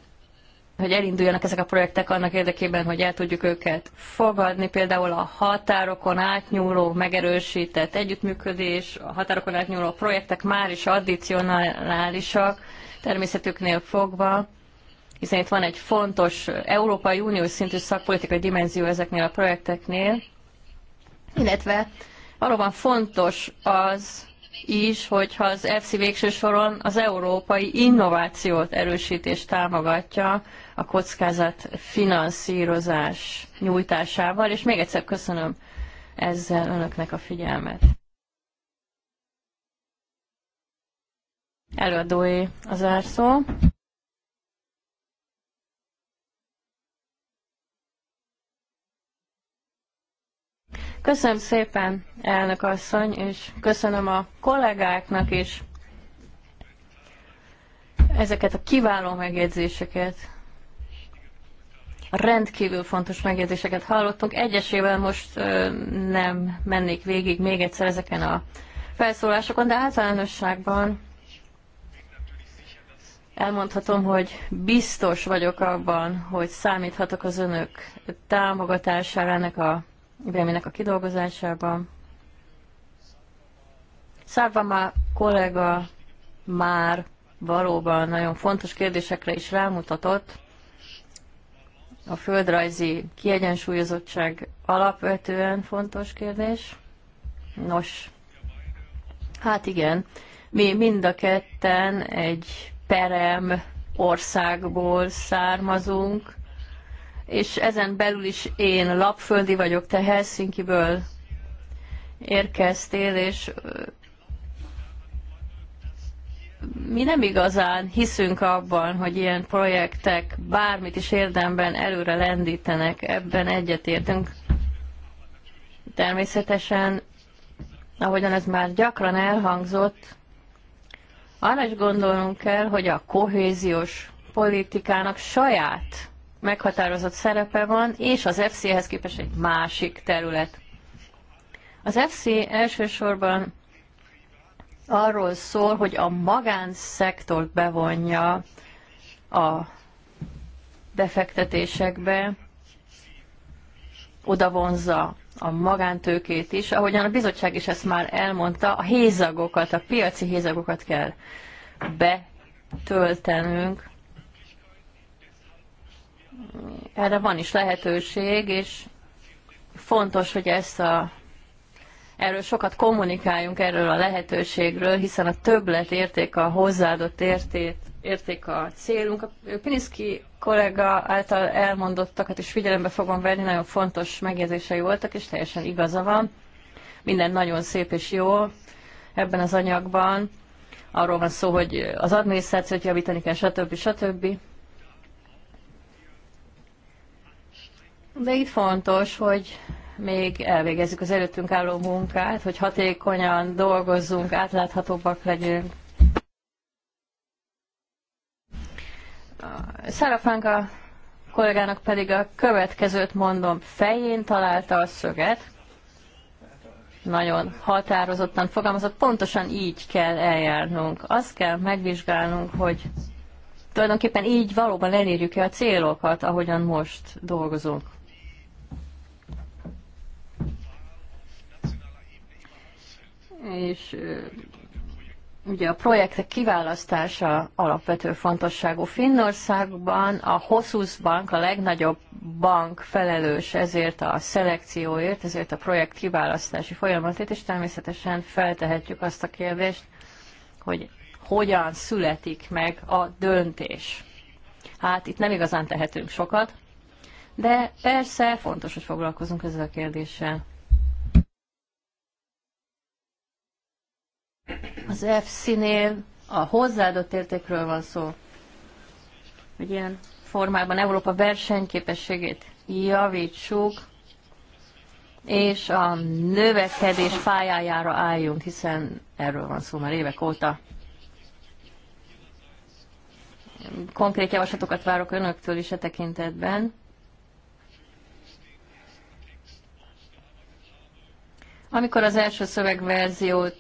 hogy elinduljanak ezek a projektek annak érdekében, hogy el tudjuk őket fogadni, például a határokon átnyúló, megerősített együttműködés, a határokon átnyúló projektek már is addicionálisak, természetüknél fogva, hiszen itt van egy fontos Európai Uniós szintű szakpolitikai dimenzió ezeknél a projekteknél, illetve valóban fontos az, is, hogyha az EFSI végső soron az európai innovációt erősítést támogatja a kockázat finanszírozás nyújtásával, és még egyszer köszönöm ezzel önöknek a figyelmet. Előadói az árszó. Köszönöm szépen, elnök asszony, és köszönöm a kollégáknak is ezeket a kiváló megjegyzéseket. Rendkívül fontos megjegyzéseket hallottunk. Egyesével most nem mennék végig még egyszer ezeken a felszólásokon, de általánosságban elmondhatom, hogy biztos vagyok abban, hogy számíthatok az önök támogatására ennek a véleménynek a kidolgozásában. Szárvama kollega már valóban nagyon fontos kérdésekre is rámutatott. A földrajzi kiegyensúlyozottság alapvetően fontos kérdés. Nos, hát igen, mi mind a ketten egy perem országból származunk, és ezen belül is én lapföldi vagyok, te Helsinki-ből érkeztél, és mi nem igazán hiszünk abban, hogy ilyen projektek bármit is érdemben előre lendítenek, ebben egyetértünk. Természetesen, ahogyan ez már gyakran elhangzott, arra is gondolnunk kell, hogy a kohéziós politikának saját meghatározott szerepe van, és az FC-hez képest egy másik terület. Az FC elsősorban arról szól, hogy a magánszektort bevonja a befektetésekbe, odavonza a magántőkét is. Ahogyan a bizottság is ezt már elmondta, a hézagokat, a piaci hézagokat kell betöltenünk, erre van is lehetőség, és fontos, hogy ezt a erről sokat kommunikáljunk, erről a lehetőségről, hiszen a többlet érték, a hozzáadott értét, érték a célunk. A Pininszki kollega által elmondottakat is figyelembe fogom venni, nagyon fontos megjegyzései voltak, és teljesen igaza van. Minden nagyon szép és jó ebben az anyagban. Arról van szó, hogy az adminisztrációt javítani kell, stb. stb. De itt fontos, hogy még elvégezzük az előttünk álló munkát, hogy hatékonyan dolgozzunk, átláthatóbbak legyünk. Szarafánka kollégának pedig a következőt mondom, fején találta a szöget, nagyon határozottan fogalmazott, pontosan így kell eljárnunk. Azt kell megvizsgálnunk, hogy tulajdonképpen így valóban elérjük-e a célokat, ahogyan most dolgozunk. és ugye a projektek kiválasztása alapvető fontosságú. Finnországban a Hossus Bank, a legnagyobb bank felelős ezért a szelekcióért, ezért a projekt kiválasztási folyamatért, és természetesen feltehetjük azt a kérdést, hogy hogyan születik meg a döntés. Hát itt nem igazán tehetünk sokat, de persze fontos, hogy foglalkozunk ezzel a kérdéssel. Az FC-nél a hozzáadott értékről van szó, hogy ilyen formában Európa versenyképességét javítsuk, és a növekedés pályájára álljunk, hiszen erről van szó már évek óta. Konkrét javaslatokat várok önöktől is a e tekintetben. Amikor az első szövegverziót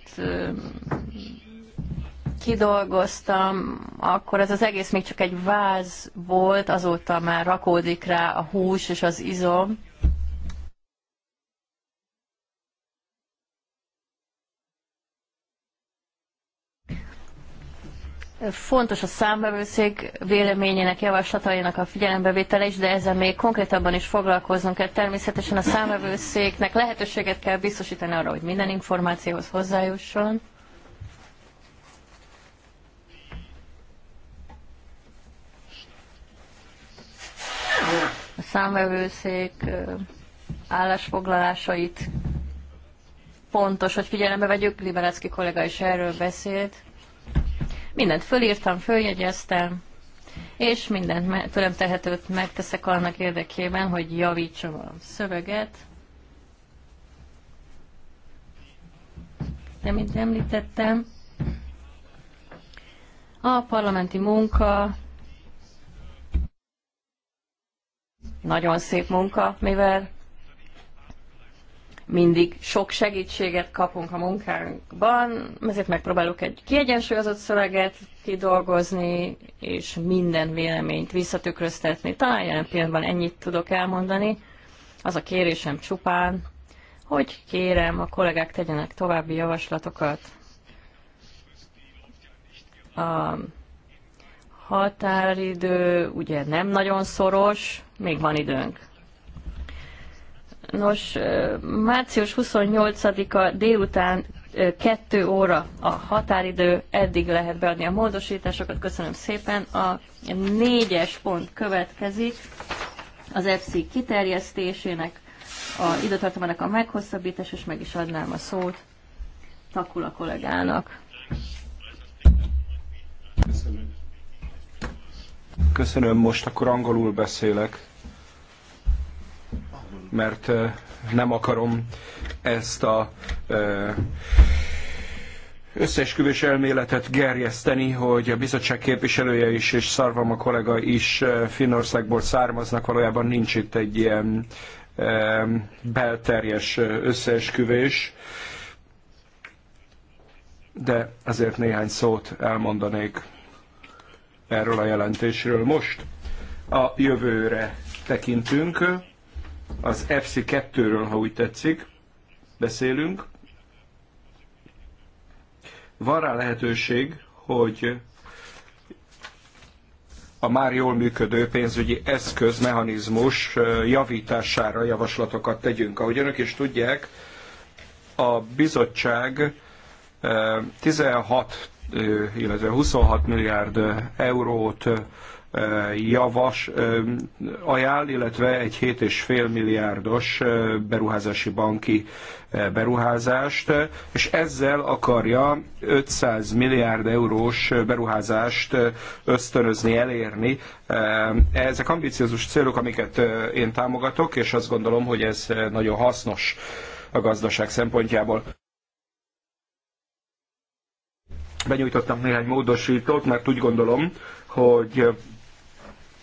kidolgoztam, akkor ez az egész még csak egy váz volt, azóta már rakódik rá a hús és az izom. Fontos a számbevőszék véleményének, javaslatainak a figyelembevétele is, de ezzel még konkrétabban is foglalkoznunk kell. Természetesen a számbevőszéknek lehetőséget kell biztosítani arra, hogy minden információhoz hozzájusson. számvevőszék állásfoglalásait pontos, hogy figyelembe vegyük, Liberecki kollega is erről beszélt. Mindent fölírtam, följegyeztem, és mindent tőlem tehetőt megteszek annak érdekében, hogy javítsam a szöveget. De mint említettem, a parlamenti munka Nagyon szép munka, mivel mindig sok segítséget kapunk a munkánkban, ezért megpróbálok egy kiegyensúlyozott szöveget kidolgozni, és minden véleményt visszatükröztetni. Talán jelen pillanatban ennyit tudok elmondani. Az a kérésem csupán, hogy kérem a kollégák tegyenek további javaslatokat. A határidő ugye nem nagyon szoros, még van időnk. Nos, március 28-a délután 2 óra a határidő, eddig lehet beadni a módosításokat, köszönöm szépen. A négyes pont következik, az FC kiterjesztésének, a időtartamának a meghosszabbítás, és meg is adnám a szót Takula kollégának. Köszönöm. Köszönöm, most akkor angolul beszélek, mert nem akarom ezt a összeesküvés elméletet gerjeszteni, hogy a bizottság képviselője is és Szarvam a kollega is Finnországból származnak, valójában nincs itt egy ilyen belterjes összeesküvés de azért néhány szót elmondanék erről a jelentésről. Most a jövőre tekintünk, az EFSI 2-ről, ha úgy tetszik, beszélünk. Van rá lehetőség, hogy a már jól működő pénzügyi eszközmechanizmus javítására javaslatokat tegyünk. Ahogy önök is tudják, a bizottság 16 illetve 26 milliárd eurót javas ajánl, illetve egy 7,5 milliárdos beruházási banki beruházást, és ezzel akarja 500 milliárd eurós beruházást ösztönözni, elérni. Ezek ambiciózus célok, amiket én támogatok, és azt gondolom, hogy ez nagyon hasznos a gazdaság szempontjából benyújtottam néhány módosítót, mert úgy gondolom, hogy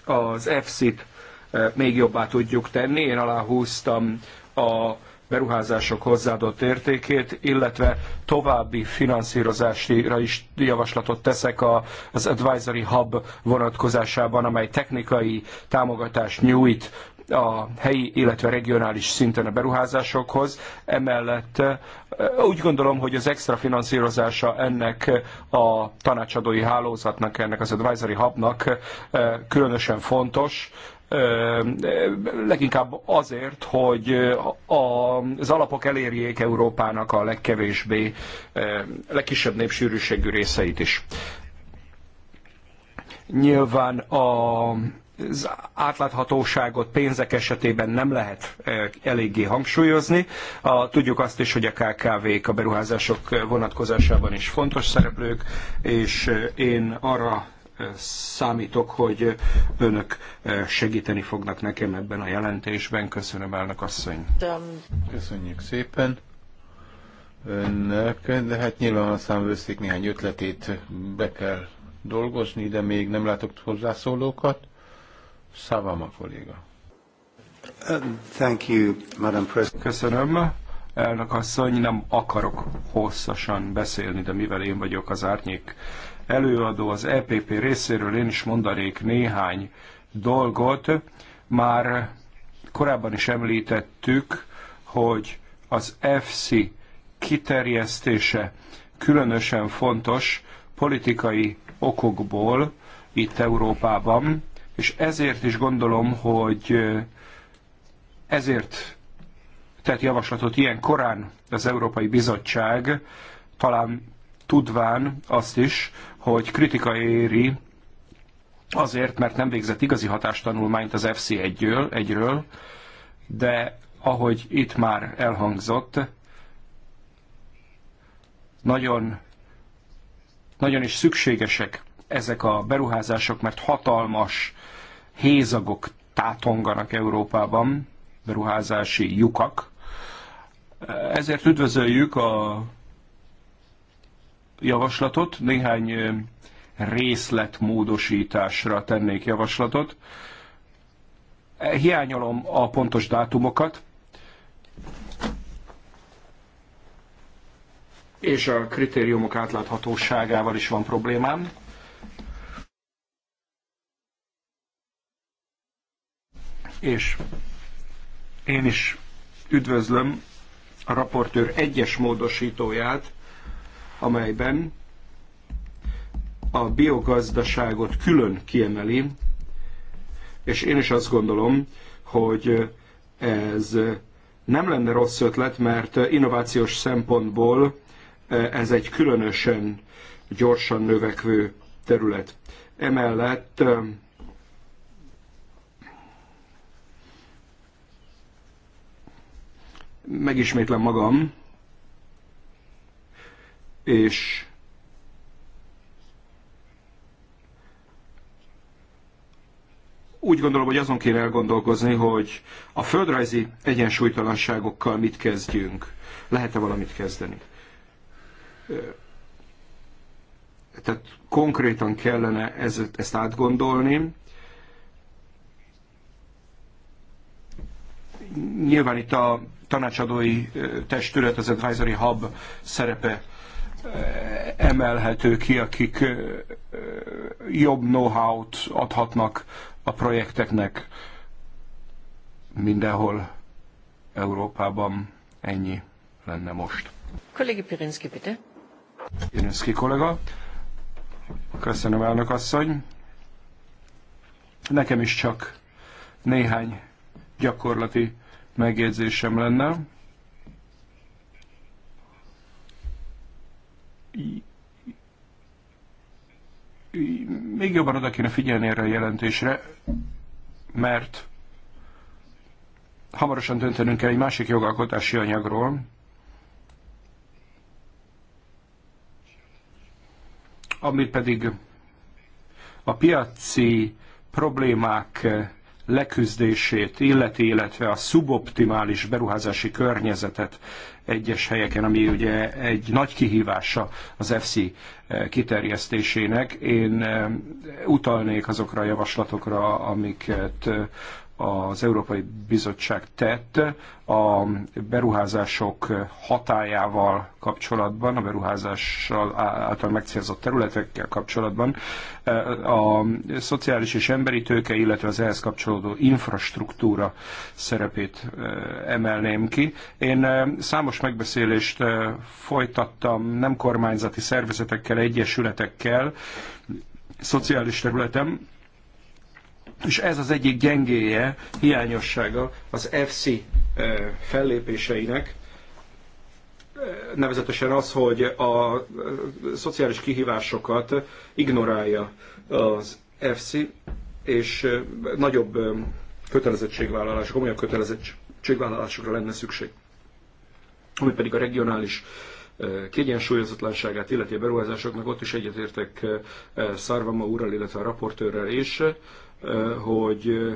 az EFSZ-t eh, még jobbá tudjuk tenni. Én aláhúztam a beruházások hozzáadott értékét, illetve további finanszírozásra is javaslatot teszek az Advisory Hub vonatkozásában, amely technikai támogatást nyújt a helyi, illetve regionális szinten a beruházásokhoz. Emellett úgy gondolom, hogy az extra finanszírozása ennek a tanácsadói hálózatnak, ennek az advisory hubnak különösen fontos, leginkább azért, hogy az alapok elérjék Európának a legkevésbé, legkisebb népsűrűségű részeit is. Nyilván a az átláthatóságot pénzek esetében nem lehet eléggé hangsúlyozni. A, tudjuk azt is, hogy a KKV-k a beruházások vonatkozásában is fontos szereplők, és én arra számítok, hogy önök segíteni fognak nekem ebben a jelentésben. Köszönöm, elnök asszony. Köszönjük szépen önnek, de hát nyilván a számvőszék néhány ötletét be kell dolgozni, de még nem látok hozzászólókat a kolléga. Thank you, Madam President. Köszönöm. Elnök asszony, nem akarok hosszasan beszélni, de mivel én vagyok az árnyék előadó az EPP részéről, én is mondanék néhány dolgot. Már korábban is említettük, hogy az EFSI kiterjesztése különösen fontos politikai okokból itt Európában, és ezért is gondolom, hogy ezért tett javaslatot ilyen korán az Európai Bizottság, talán tudván azt is, hogy kritika éri azért, mert nem végzett igazi hatástanulmányt az fc egyről, egyről, de ahogy itt már elhangzott, nagyon, nagyon is szükségesek ezek a beruházások, mert hatalmas hézagok tátonganak Európában, beruházási lyukak. Ezért üdvözöljük a javaslatot, néhány részletmódosításra tennék javaslatot. E, hiányolom a pontos dátumokat, és a kritériumok átláthatóságával is van problémám. és én is üdvözlöm a raportőr egyes módosítóját, amelyben a biogazdaságot külön kiemeli, és én is azt gondolom, hogy ez nem lenne rossz ötlet, mert innovációs szempontból ez egy különösen gyorsan növekvő terület. Emellett megismétlem magam, és úgy gondolom, hogy azon kéne elgondolkozni, hogy a földrajzi egyensúlytalanságokkal mit kezdjünk. Lehet-e valamit kezdeni? Tehát konkrétan kellene ezt, ezt átgondolni, Nyilván itt a tanácsadói testület, az Advisory Hub szerepe emelhető ki, akik jobb know-how-t adhatnak a projekteknek mindenhol Európában. Ennyi lenne most. Kollégi Pirinszki, bitte. Pirinszki kollega. Köszönöm, elnök asszony. Nekem is csak néhány gyakorlati megjegyzésem lenne. Még jobban oda kéne figyelni erre a jelentésre, mert hamarosan döntenünk kell egy másik jogalkotási anyagról, ami pedig a piaci problémák leküzdését illeti, illetve a szuboptimális beruházási környezetet egyes helyeken, ami ugye egy nagy kihívása az FC kiterjesztésének. Én eh, utalnék azokra a javaslatokra, amiket eh, az Európai Bizottság tett a beruházások hatájával kapcsolatban, a beruházással által megcélzott területekkel kapcsolatban, a szociális és emberi tőke, illetve az ehhez kapcsolódó infrastruktúra szerepét emelném ki. Én számos megbeszélést folytattam nem kormányzati szervezetekkel, egyesületekkel, szociális területen, és ez az egyik gyengéje, hiányossága az FC eh, fellépéseinek, eh, nevezetesen az, hogy a eh, szociális kihívásokat ignorálja az FC, és nagyobb kötelezettségvállalás, komolyabb kötelezettségvállalásokra lenne szükség. Ami pedig a regionális kiegyensúlyozatlanságát illeti a beruházásoknak, ott is egyetértek Szárvama úrral, illetve a raportőrrel is hogy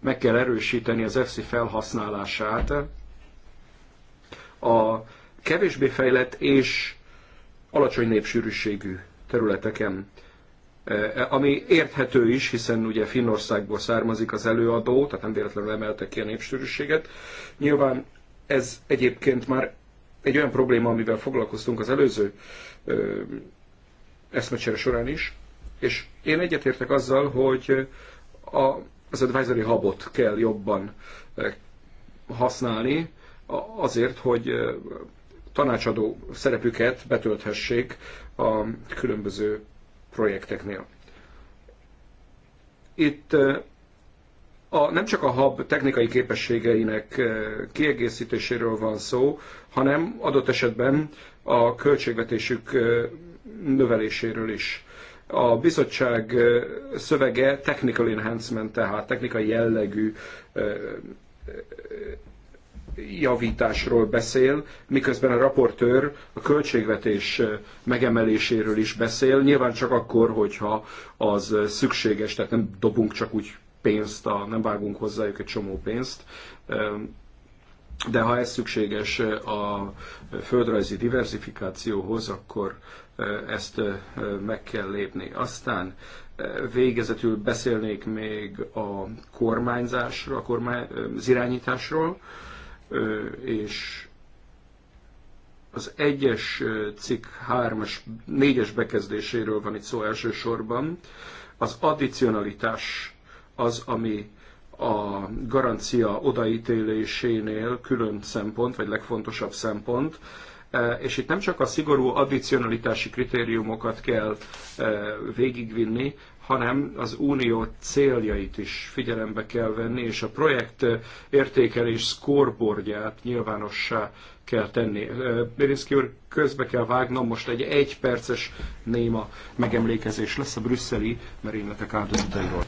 meg kell erősíteni az EFSI felhasználását. A kevésbé fejlett és alacsony népsűrűségű területeken, ami érthető is, hiszen ugye Finnországból származik az előadó, tehát nem véletlenül emeltek ki a népsűrűséget. Nyilván ez egyébként már egy olyan probléma, amivel foglalkoztunk az előző eszmecsere során is, és én egyetértek azzal, hogy a, az advisory habot kell jobban eh, használni azért, hogy eh, tanácsadó szerepüket betölthessék a különböző projekteknél. Itt eh, a, nem csak a hab technikai képességeinek kiegészítéséről van szó, hanem adott esetben a költségvetésük növeléséről is. A bizottság szövege technical enhancement, tehát technikai jellegű javításról beszél, miközben a raportőr a költségvetés megemeléséről is beszél, nyilván csak akkor, hogyha az szükséges, tehát nem dobunk csak úgy pénzt, a, nem vágunk hozzájuk egy csomó pénzt, de ha ez szükséges a földrajzi diversifikációhoz, akkor ezt meg kell lépni. Aztán végezetül beszélnék még a kormányzásról, a kormány, az irányításról, és az egyes cikk 3-as, 4-es bekezdéséről van itt szó elsősorban. Az addicionalitás az, ami a garancia odaítélésénél külön szempont, vagy legfontosabb szempont, E, és itt nem csak a szigorú addicionalitási kritériumokat kell e, végigvinni, hanem az unió céljait is figyelembe kell venni, és a projekt értékelés scoreboardját nyilvánossá kell tenni. E, Bérinszki úr, közbe kell vágnom, most egy egyperces néma megemlékezés lesz a brüsszeli merényletek áldozatairól.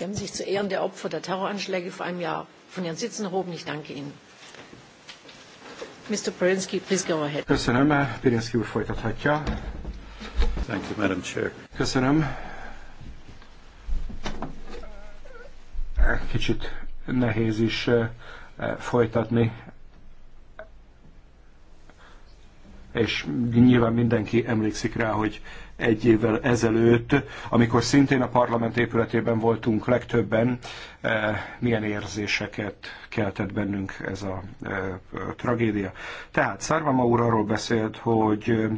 sie haben sich zu ehren der opfer der terroranschläge vor einem jahr von ihren sitzen erhoben. ich danke ihnen. Mr. Perinsky, please go ahead. Köszönöm. Perinsky úr folytathatja. Thank you, Madam Chair. Köszönöm. Kicsit nehéz is eh, folytatni és nyilván mindenki emlékszik rá, hogy egy évvel ezelőtt, amikor szintén a parlament épületében voltunk legtöbben, eh, milyen érzéseket keltett bennünk ez a eh, tragédia. Tehát Szárvama úr arról beszélt, hogy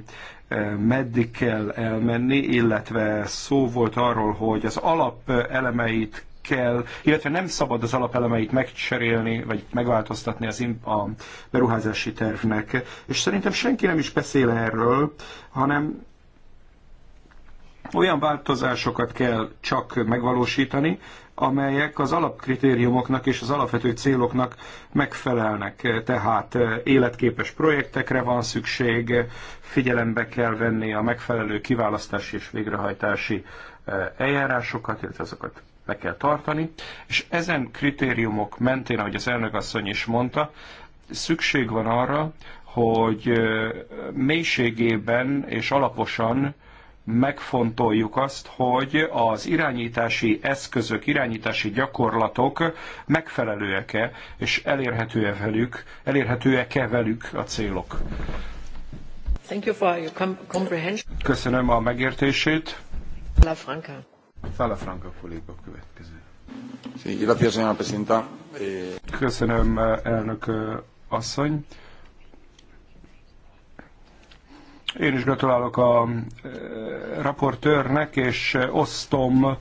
eh, meddig kell elmenni, illetve szó volt arról, hogy az alap elemeit kell, illetve nem szabad az alapelemeit megcserélni, vagy megváltoztatni az a beruházási tervnek. És szerintem senki nem is beszél erről, hanem olyan változásokat kell csak megvalósítani, amelyek az alapkritériumoknak és az alapvető céloknak megfelelnek. Tehát eh, életképes projektekre van szükség, figyelembe kell venni a megfelelő kiválasztási és végrehajtási eh, eljárásokat, illetve azokat be kell tartani, és ezen kritériumok mentén, ahogy az asszony is mondta, szükség van arra, hogy mélységében és alaposan megfontoljuk azt, hogy az irányítási eszközök, irányítási gyakorlatok megfelelőek-e, és elérhető-e velük, elérhetőek-e velük a célok. Thank you for your comprehension. Köszönöm a megértését. La Franca. Fala Franco következő. Eh, Köszönöm, elnök eh, asszony. Én is gratulálok a eh, raportőrnek, és osztom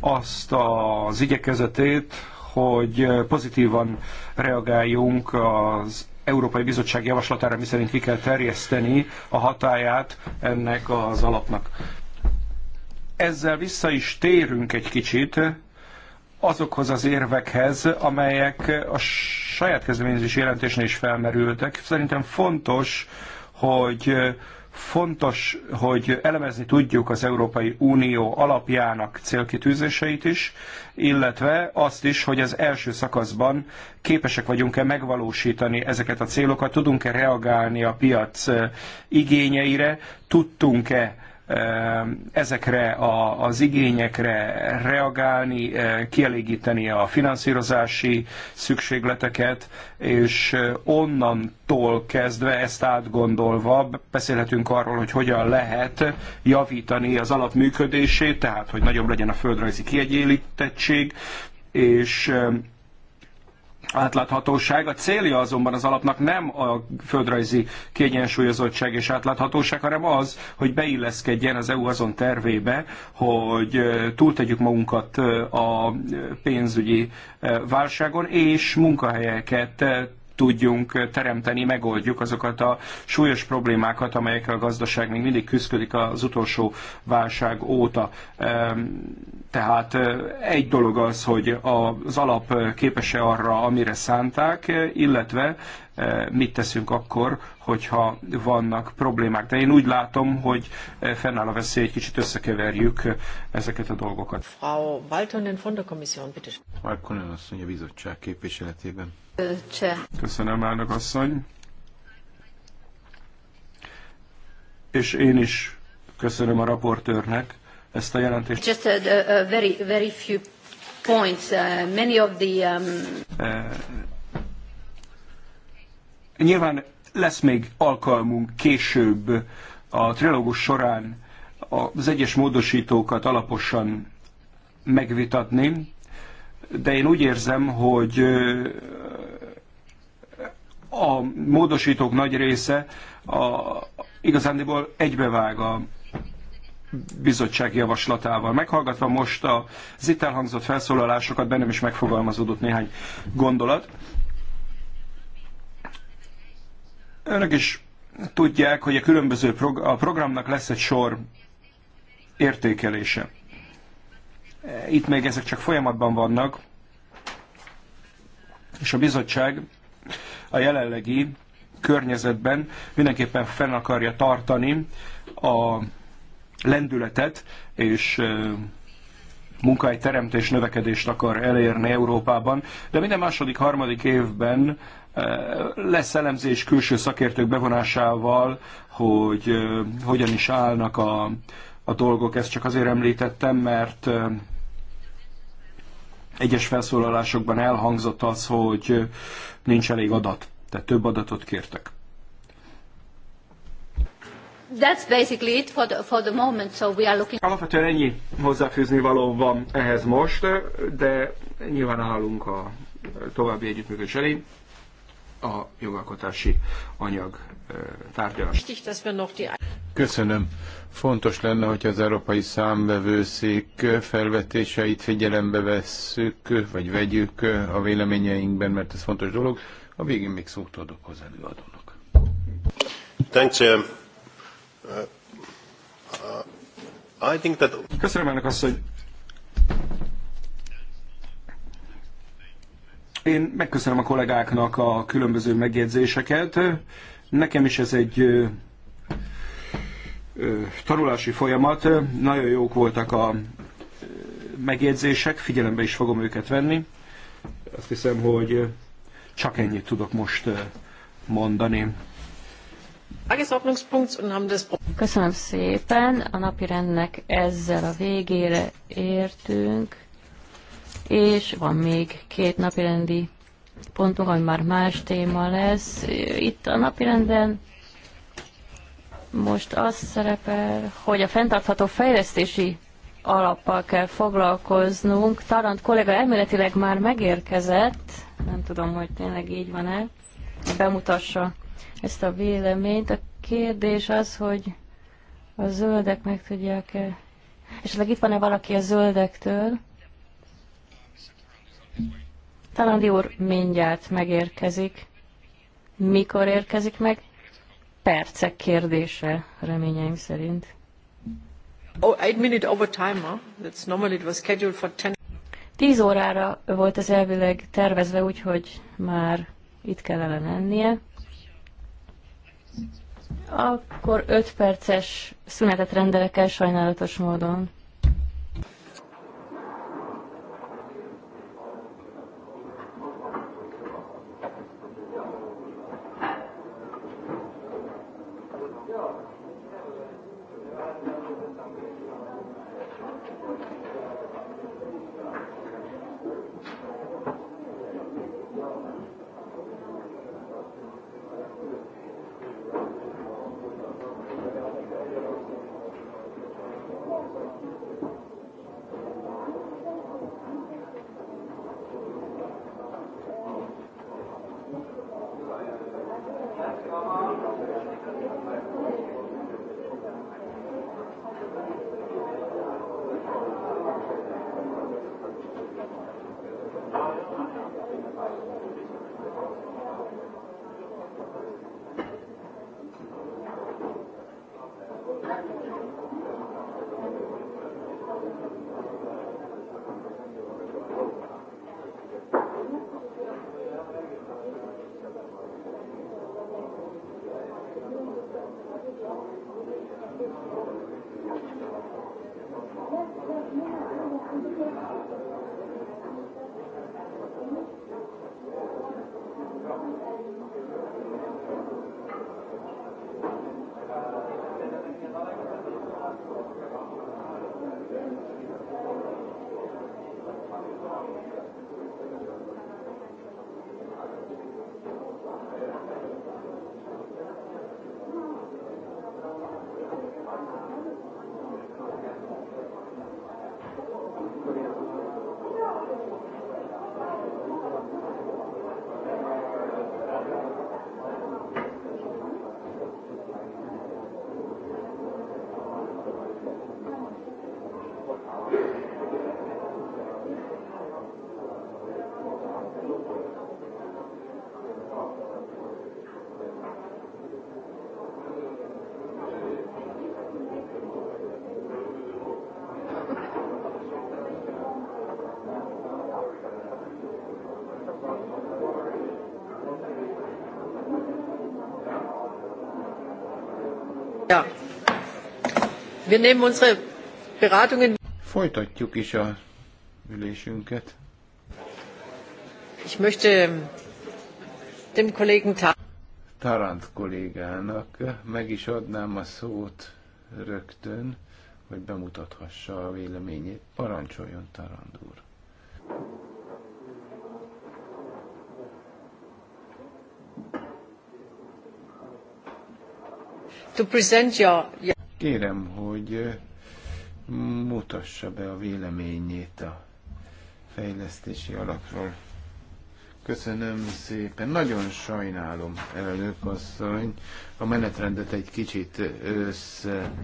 azt az igyekezetét, hogy pozitívan reagáljunk az Európai Bizottság javaslatára, miszerint ki kell terjeszteni a hatáját ennek az alapnak ezzel vissza is térünk egy kicsit azokhoz az érvekhez, amelyek a saját kezdeményezés jelentésnél is felmerültek. Szerintem fontos, hogy fontos, hogy elemezni tudjuk az Európai Unió alapjának célkitűzéseit is, illetve azt is, hogy az első szakaszban képesek vagyunk-e megvalósítani ezeket a célokat, tudunk-e reagálni a piac igényeire, tudtunk-e Ehm, ezekre a, az igényekre reagálni, eh, kielégíteni a finanszírozási szükségleteket, és eh, onnantól kezdve ezt átgondolva beszélhetünk arról, hogy hogyan lehet javítani az alapműködését, tehát hogy nagyobb legyen a földrajzi kiegyenlítettség, és ehm, átláthatóság. A célja azonban az alapnak nem a földrajzi kiegyensúlyozottság és átláthatóság, hanem az, hogy beilleszkedjen az EU azon tervébe, hogy túltegyük magunkat a pénzügyi válságon, és munkahelyeket tudjunk teremteni, megoldjuk azokat a súlyos problémákat, amelyekkel a gazdaság még mindig küzdik az utolsó válság óta. Tehát egy dolog az, hogy az alap képes-e arra, amire szánták, illetve mit teszünk akkor, hogyha vannak problémák. De én úgy látom, hogy fennáll a veszély, egy kicsit összekeverjük ezeket a dolgokat. Frau Baltonen von der Kommission, bitte. Frau Konen a bizottság képviseletében. Cseh. Köszönöm, elnök asszony. És én is köszönöm a raportőrnek ezt a jelentést. Just a, a very, very few points. Uh, many of the... Um... Uh, nyilván lesz még alkalmunk később a trilógus során az egyes módosítókat alaposan megvitatni, de én úgy érzem, hogy a módosítók nagy része a, igazándiból egybevág a bizottság javaslatával. Meghallgatva most az itt elhangzott felszólalásokat, bennem is megfogalmazódott néhány gondolat. Önök is tudják, hogy a különböző prog- a programnak lesz egy sor értékelése. Itt még ezek csak folyamatban vannak, és a bizottság a jelenlegi környezetben mindenképpen fenn akarja tartani a lendületet, és munkahelyteremtés, növekedést akar elérni Európában, de minden második, harmadik évben lesz elemzés külső szakértők bevonásával, hogy hogyan is állnak a, a dolgok. Ezt csak azért említettem, mert egyes felszólalásokban elhangzott az, hogy nincs elég adat, tehát több adatot kértek. That's basically it for the, for the moment, so we are looking... Alapvetően ennyi hozzáfűzni való van ehhez most, de nyilván állunk a további együttműködés elé a jogalkotási anyag tárgyalás. Köszönöm. Fontos lenne, hogy az Európai Számvevőszék felvetéseit figyelembe vesszük, vagy vegyük a véleményeinkben, mert ez fontos dolog. A végén még szót adok az előadónak. Uh, uh, Köszönöm ennek azt, hogy Én megköszönöm a kollégáknak a különböző megjegyzéseket. Nekem is ez egy tanulási folyamat. Nagyon jók voltak a megjegyzések, figyelembe is fogom őket venni. Azt hiszem, hogy csak ennyit tudok most mondani. Köszönöm szépen, a napirendnek ezzel a végére értünk és van még két napirendi pontunk, ami már más téma lesz. Itt a napirenden most az szerepel, hogy a fenntartható fejlesztési alappal kell foglalkoznunk. Tarant kollega, elméletileg már megérkezett, nem tudom, hogy tényleg így van-e, bemutassa ezt a véleményt. A kérdés az, hogy a zöldek meg tudják-e, esetleg itt van-e valaki a zöldektől, Talandi úr mindjárt megérkezik. Mikor érkezik meg? Percek kérdése, reményeim szerint. Oh, eight minute over time, huh? That's normally it was scheduled for ten. Tíz órára volt ez elvileg tervezve, úgyhogy már itt kellene lennie. Akkor öt perces szünetet rendelek el sajnálatos módon. Folytatjuk is a ülésünket. Ich möchte ähm, dem Kollegen Tarant kollégának meg is adnám a szót rögtön, hogy bemutathassa a véleményét. Parancsoljon Tarant Kérem, hogy mutassa be a véleményét a fejlesztési alapról. Köszönöm szépen. Nagyon sajnálom, elnök asszony. A menetrendet egy kicsit összekevertem.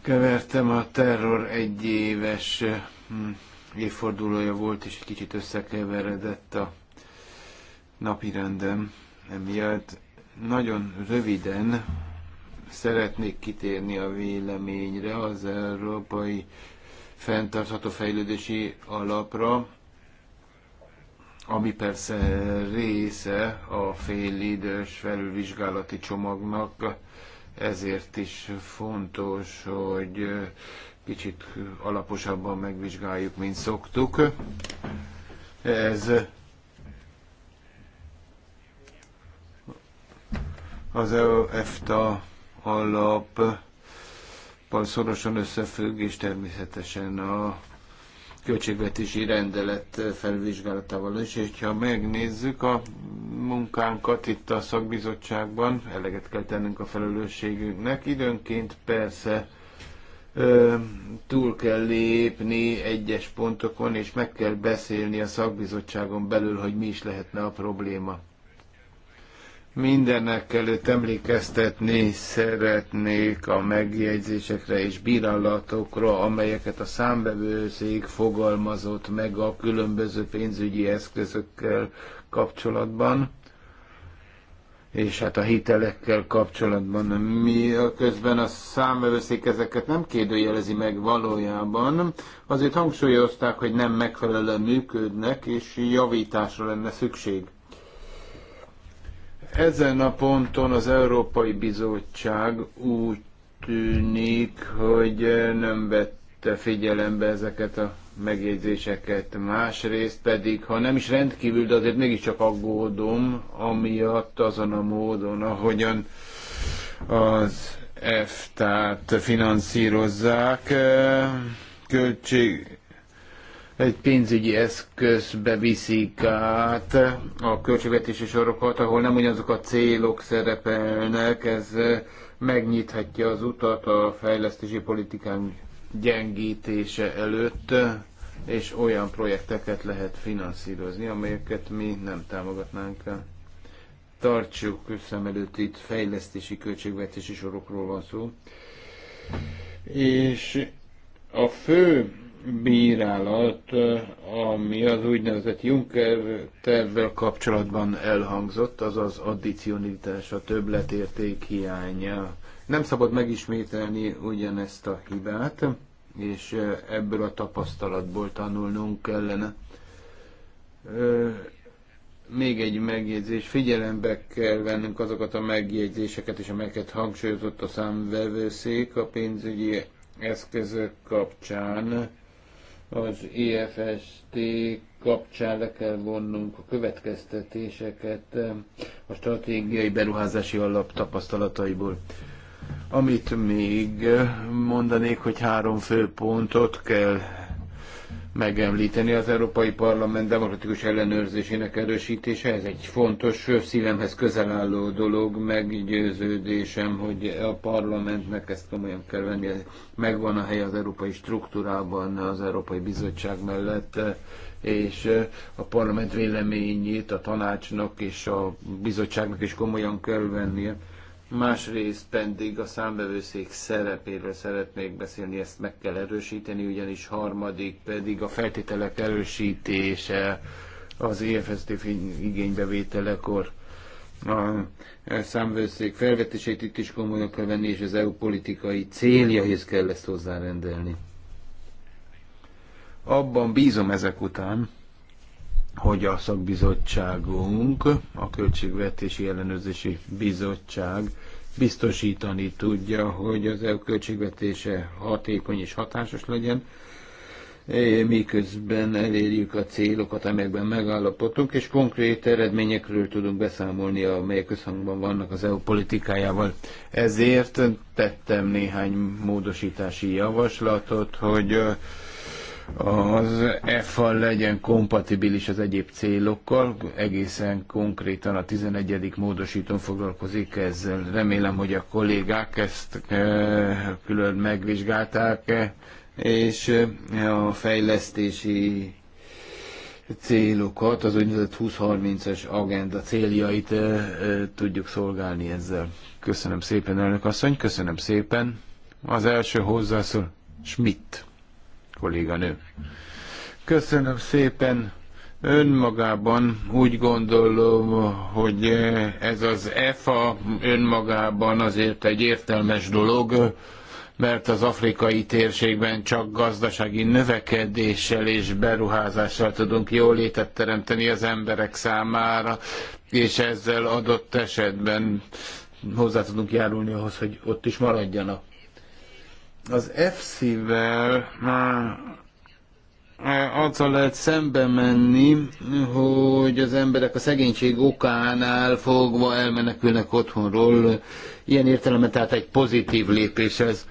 kevertem. A terror egy éves hm, évfordulója volt, és egy kicsit összekeveredett a napirendem emiatt. Nagyon röviden Szeretnék kitérni a véleményre az Európai Fenntartható Fejlődési Alapra, ami persze része a félidős felülvizsgálati csomagnak, ezért is fontos, hogy kicsit alaposabban megvizsgáljuk, mint szoktuk. Ez az EFTA alap szorosan összefügg, és természetesen a költségvetési rendelet felvizsgálatával is, és ha megnézzük a munkánkat itt a szakbizottságban, eleget kell tennünk a felelősségünknek, időnként persze túl kell lépni egyes pontokon, és meg kell beszélni a szakbizottságon belül, hogy mi is lehetne a probléma. Mindenek előtt emlékeztetni szeretnék a megjegyzésekre és bírálatokra, amelyeket a számbevőszék fogalmazott meg a különböző pénzügyi eszközökkel kapcsolatban és hát a hitelekkel kapcsolatban. Mi közben a számvevőszék ezeket nem kérdőjelezi meg valójában. Azért hangsúlyozták, hogy nem megfelelően működnek, és javításra lenne szükség. Ezen a ponton az Európai Bizottság úgy tűnik, hogy nem vette figyelembe ezeket a megjegyzéseket. Másrészt pedig, ha nem is rendkívül, de azért mégiscsak aggódom, amiatt azon a módon, ahogyan az EFTA-t finanszírozzák, költség, egy pénzügyi eszközbe viszik át a költségvetési sorokat, ahol nem ugyanazok a célok szerepelnek, ez megnyithatja az utat a fejlesztési politikánk gyengítése előtt, és olyan projekteket lehet finanszírozni, amelyeket mi nem támogatnánk. Tartsuk szem előtt itt fejlesztési költségvetési sorokról van szó. És a fő bírálat, eh, ami az úgynevezett Juncker tervvel kapcsolatban elhangzott, az az addicionitás, a többletérték hiánya. Nem szabad megismételni ugyanezt a hibát, és eh, ebből a tapasztalatból tanulnunk kellene. Eh, még egy megjegyzés, figyelembe kell vennünk azokat a megjegyzéseket és amelyeket hangsúlyozott a számvevőszék a pénzügyi eszközök kapcsán az EFST kapcsán le kell vonnunk a következtetéseket eh, a stratégiai beruházási alap tapasztalataiból. Amit még eh, mondanék, hogy három fő pontot kell megemlíteni az Európai Parlament demokratikus ellenőrzésének erősítése. Ez egy fontos, szívemhez közel álló dolog, meggyőződésem, hogy a parlamentnek ezt komolyan kell venni. Megvan a hely az európai struktúrában, az Európai Bizottság mellett, és a parlament véleményét a tanácsnak és a bizottságnak is komolyan kell vennie Másrészt pedig a számbevőszék szerepéről szeretnék beszélni, ezt meg kell erősíteni, ugyanis harmadik pedig a feltételek erősítése az EFST igénybevételekor. A számvőszék felvetését itt is komolyan kell venni, és az EU politikai céljaihoz kell ezt hozzárendelni. Abban bízom ezek után, hogy a szakbizottságunk, a Költségvetési Ellenőrzési Bizottság biztosítani tudja, hogy az EU költségvetése hatékony és hatásos legyen, miközben elérjük a célokat, amelyekben megállapodtunk, és konkrét eredményekről tudunk beszámolni, amelyek összhangban vannak az EU politikájával. Ezért tettem néhány módosítási javaslatot, hogy az EFA legyen kompatibilis az egyéb célokkal, egészen konkrétan a 11. módosítón foglalkozik ezzel. Remélem, hogy a kollégák ezt e, külön megvizsgálták, e, és e, a fejlesztési célokat, az úgynevezett 20-30-es agenda céljait tudjuk szolgálni ezzel. Köszönöm szépen, elnök asszony, köszönöm szépen. Az első hozzászól Schmidt kolléganő. Köszönöm szépen. Önmagában úgy gondolom, hogy ez az EFA önmagában azért egy értelmes dolog, mert az afrikai térségben csak gazdasági növekedéssel és beruházással tudunk jólétet teremteni az emberek számára, és ezzel adott esetben hozzá tudunk járulni ahhoz, hogy ott is maradjanak. Az fc vel eh, eh, azzal lehet szembe menni, hogy az emberek a szegénység okánál fogva elmenekülnek otthonról. Ilyen értelemben tehát egy pozitív lépés ez.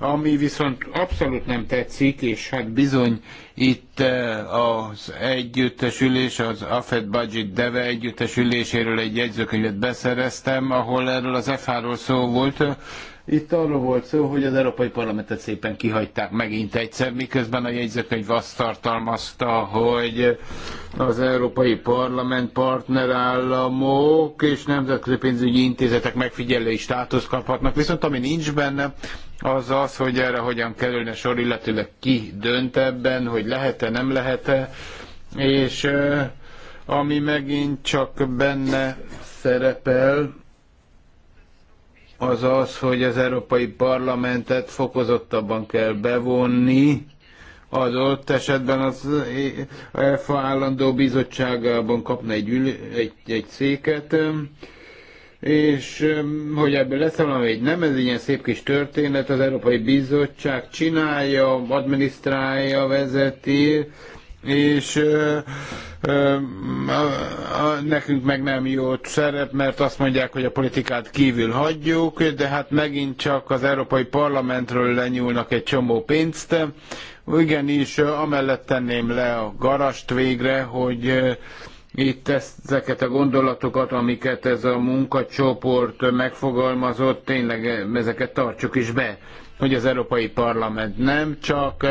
Ami viszont abszolút nem tetszik, és hát bizony itt eh, az együttesülés, az AFED Budget Deve együttesüléséről egy jegyzőkönyvet beszereztem, ahol erről az FH-ról szó volt, itt arról volt szó, hogy az Európai Parlamentet szépen kihagyták megint egyszer, miközben a jegyzőkönyv azt tartalmazta, hogy az Európai Parlament partnerállamok és nemzetközi pénzügyi intézetek megfigyelői státuszt kaphatnak, viszont ami nincs benne, az az, hogy erre hogyan kerülne sor, illetőleg ki dönt ebben, hogy lehet-e, nem lehet-e, és ami megint csak benne szerepel, az az, hogy az Európai Parlamentet fokozottabban kell bevonni, ott esetben az EFA állandó bizottságában kapna egy, ül, egy, egy széket, és um, hogy ebből lesz valami, egy nem, ez egy ilyen szép kis történet, az Európai Bizottság csinálja, adminisztrálja, vezeti, és ö, ö, a, nekünk meg nem jót szerep, mert azt mondják, hogy a politikát kívül hagyjuk, de hát megint csak az Európai Parlamentről lenyúlnak egy csomó pénzt. Igenis, amellett tenném le a garast végre, hogy itt ezeket a gondolatokat, amiket ez a munkacsoport megfogalmazott, tényleg ezeket tartsuk is be, hogy az Európai Parlament nem csak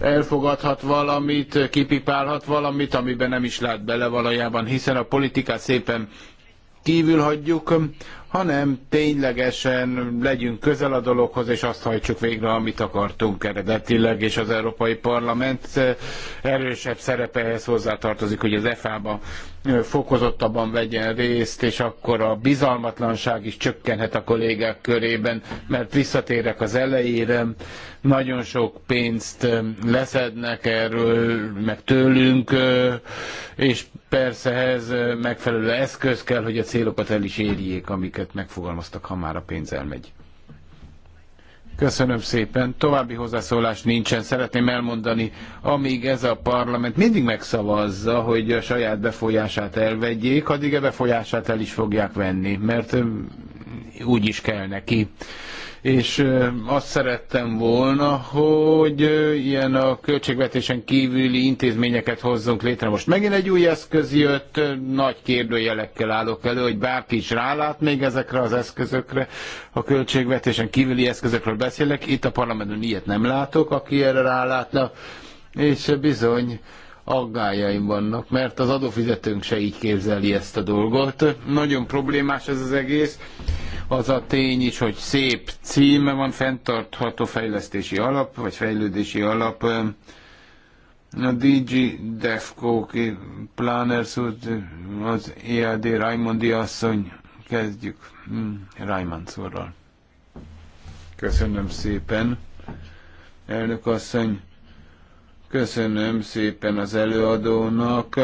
elfogadhat valamit, kipipálhat valamit, amiben nem is lát bele valójában, hiszen a politikát szépen kívül hagyjuk, hanem ténylegesen legyünk közel a dologhoz, és azt hajtsuk végre, amit akartunk eredetileg, és az Európai Parlament eh, erősebb szerepehez hozzátartozik, hogy az EFA-ba fokozottabban vegyen részt, és akkor a bizalmatlanság is csökkenhet a kollégák körében, mert visszatérek az elejére, nagyon sok pénzt leszednek erről, meg tőlünk, és persze ehhez megfelelő eszköz kell, hogy a célokat el is érjék, amiket megfogalmaztak, ha már a pénz elmegy. Köszönöm szépen. További hozzászólás nincsen. Szeretném elmondani, amíg ez a parlament mindig megszavazza, hogy a saját befolyását elvegyék, addig a befolyását el is fogják venni, mert úgy is kell neki és azt szerettem volna, hogy ilyen a költségvetésen kívüli intézményeket hozzunk létre. Most megint egy új eszköz jött, nagy kérdőjelekkel állok elő, hogy bárki is rálát még ezekre az eszközökre, a költségvetésen kívüli eszközökről beszélek, itt a parlamentben ilyet nem látok, aki erre rálátna, és bizony, aggájaim vannak, mert az adófizetőnk se így képzeli ezt a dolgot. Nagyon problémás ez az egész. Az a tény is, hogy szép címe van, fenntartható fejlesztési alap, vagy fejlődési alap. A DG Defco Planners az EAD Raimondi asszony. Kezdjük hmm, Raimond szorral. Köszönöm szépen. Elnök asszony, Köszönöm szépen az előadónak.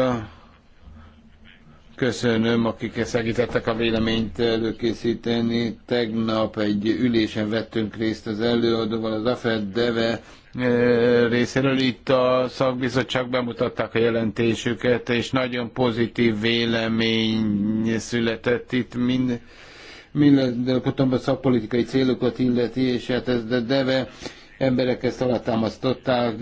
Köszönöm, akik segítettek a véleményt előkészíteni. Tegnap egy ülésen vettünk részt az előadóval, az AFED Deve részéről. Itt a szakbizottság bemutatták a jelentésüket, és nagyon pozitív vélemény született itt mind mindenkotomban szakpolitikai célokat illeti, és hát ez de deve emberek ezt alátámasztották.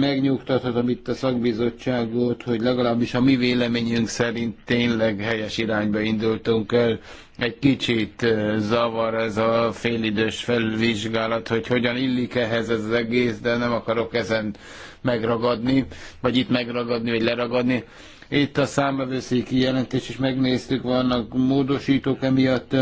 Megnyugtathatom itt a szakbizottságot, hogy legalábbis a mi véleményünk szerint tényleg helyes irányba indultunk el. Egy kicsit zavar ez a félidős felvizsgálat, hogy hogyan illik ehhez ez az egész, de nem akarok ezen megragadni, vagy itt megragadni, vagy leragadni itt a számbevőszéki jelentés is megnéztük, vannak módosítók emiatt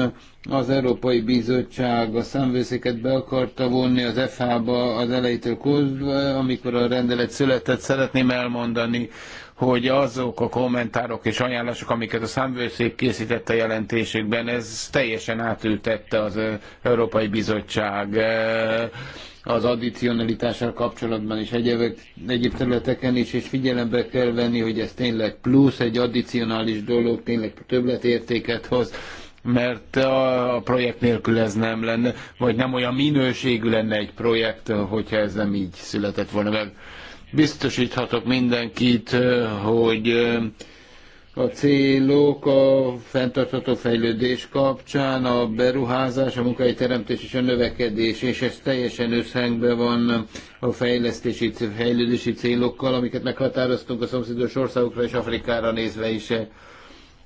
az Európai Bizottság a számvőszéket be akarta vonni az FH-ba az elejétől kozva, amikor a rendelet született. Szeretném elmondani, hogy azok a kommentárok és ajánlások, amiket a számvőszék készített a jelentésükben, ez teljesen átültette az Európai Bizottság az addicionalitással kapcsolatban és egyéb, egyéb területeken is, és figyelembe kell venni, hogy ez tényleg plusz, egy addicionális dolog tényleg többletértéket hoz, mert a projekt nélkül ez nem lenne, vagy nem olyan minőségű lenne egy projekt, hogyha ez nem így született volna meg. Biztosíthatok mindenkit, hogy a célok a fenntartható fejlődés kapcsán, a beruházás, a munkai teremtés és a növekedés, és ez teljesen összhangban van a fejlesztési, fejlődési célokkal, amiket meghatároztunk a szomszédos országokra és Afrikára nézve is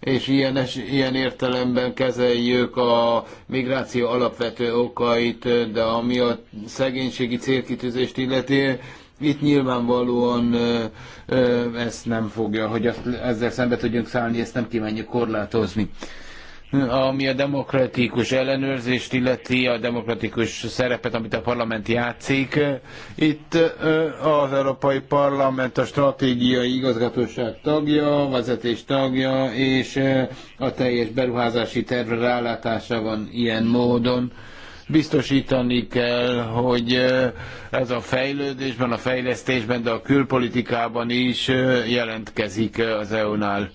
és ilyen, ilyen értelemben kezeljük a migráció alapvető okait, de ami a szegénységi célkitűzést illeti, itt nyilvánvalóan ö, ö, ezt nem fogja, hogy azt, ezzel szembe tudjunk szállni, ezt nem kívánjuk korlátozni. Ami a demokratikus ellenőrzést illeti, a demokratikus szerepet, amit a parlament játszik. Itt az Európai Parlament a stratégiai igazgatóság tagja, vezetés tagja, és a teljes beruházási tervre rálátása van ilyen módon Biztosítani kell, hogy ez a fejlődésben, a fejlesztésben, de a külpolitikában is jelentkezik az EU-nál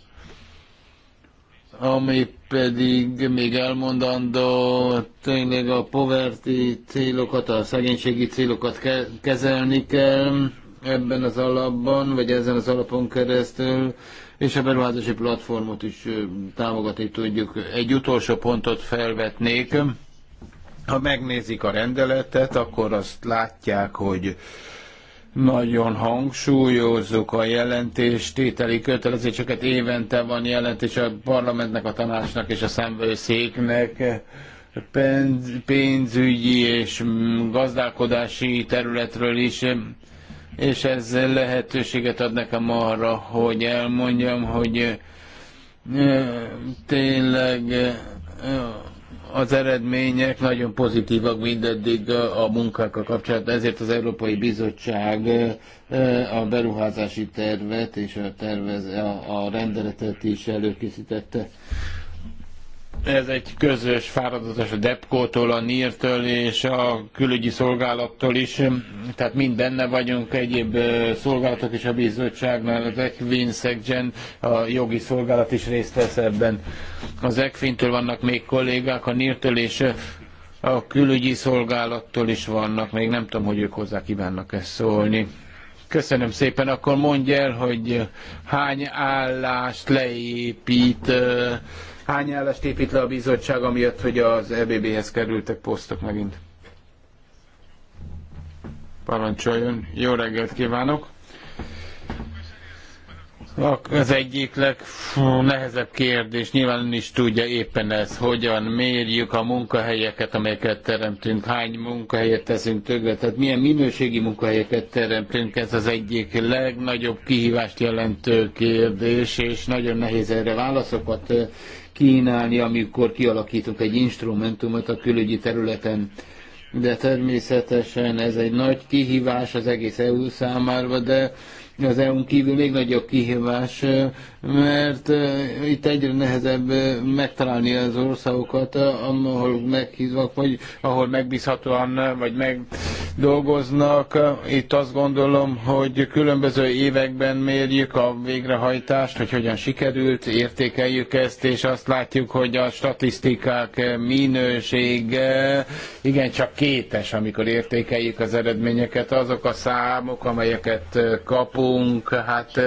ami pedig még elmondandó, tényleg a poverty célokat, a szegénységi célokat ke- kezelni kell ebben az alapban, vagy ezen az alapon keresztül, és a beruházási platformot is támogatni tudjuk. Egy utolsó pontot felvetnék. Ha megnézik a rendeletet, akkor azt látják, hogy nagyon hangsúlyozzuk a jelentéstételi kötelezéseket. Évente van jelentés a parlamentnek, a tanácsnak és a szemvőszéknek pénzügyi és gazdálkodási területről is, és ez lehetőséget ad nekem arra, hogy elmondjam, hogy tényleg az eredmények nagyon pozitívak mindeddig a munkákkal kapcsolatban, ezért az Európai Bizottság a beruházási tervet és a, tervez, a, a rendeletet is előkészítette. Ez egy közös fáradozás a Depkótól, a NIR-től és a külügyi szolgálattól is, tehát mind benne vagyunk, egyéb szolgálatok is a bizottságnál, az Equin, Szegzsen, a jogi szolgálat is részt vesz ebben. Az ECFIN-től vannak még kollégák, a NIR-től és a külügyi szolgálattól is vannak, még nem tudom, hogy ők hozzá kívánnak ezt szólni. Köszönöm szépen, akkor mondj el, hogy hány állást leépít Hány állást épít le a bizottság, amiatt, hogy az EBB-hez kerültek posztok megint? Parancsoljon, jó reggelt kívánok! Az egyik legnehezebb kérdés, nyilván ön is tudja éppen ez, hogyan mérjük a munkahelyeket, amelyeket teremtünk, hány munkahelyet teszünk tökre, tehát milyen minőségi munkahelyeket teremtünk, ez az egyik legnagyobb kihívást jelentő kérdés, és nagyon nehéz erre válaszokat kínálni, amikor kialakítunk egy instrumentumot a külügyi területen. De természetesen ez egy nagy kihívás az egész EU számára, de az EU-n kívül még nagyobb kihívás mert uh, itt egyre nehezebb uh, megtalálni az országokat, uh, ahol meghívnak, vagy ahol megbízhatóan, uh, vagy meg dolgoznak. Uh, itt azt gondolom, hogy különböző években mérjük a végrehajtást, hogy hogyan sikerült, értékeljük ezt, és azt látjuk, hogy a statisztikák minősége igencsak kétes, amikor értékeljük az eredményeket. Azok a számok, amelyeket kapunk, hát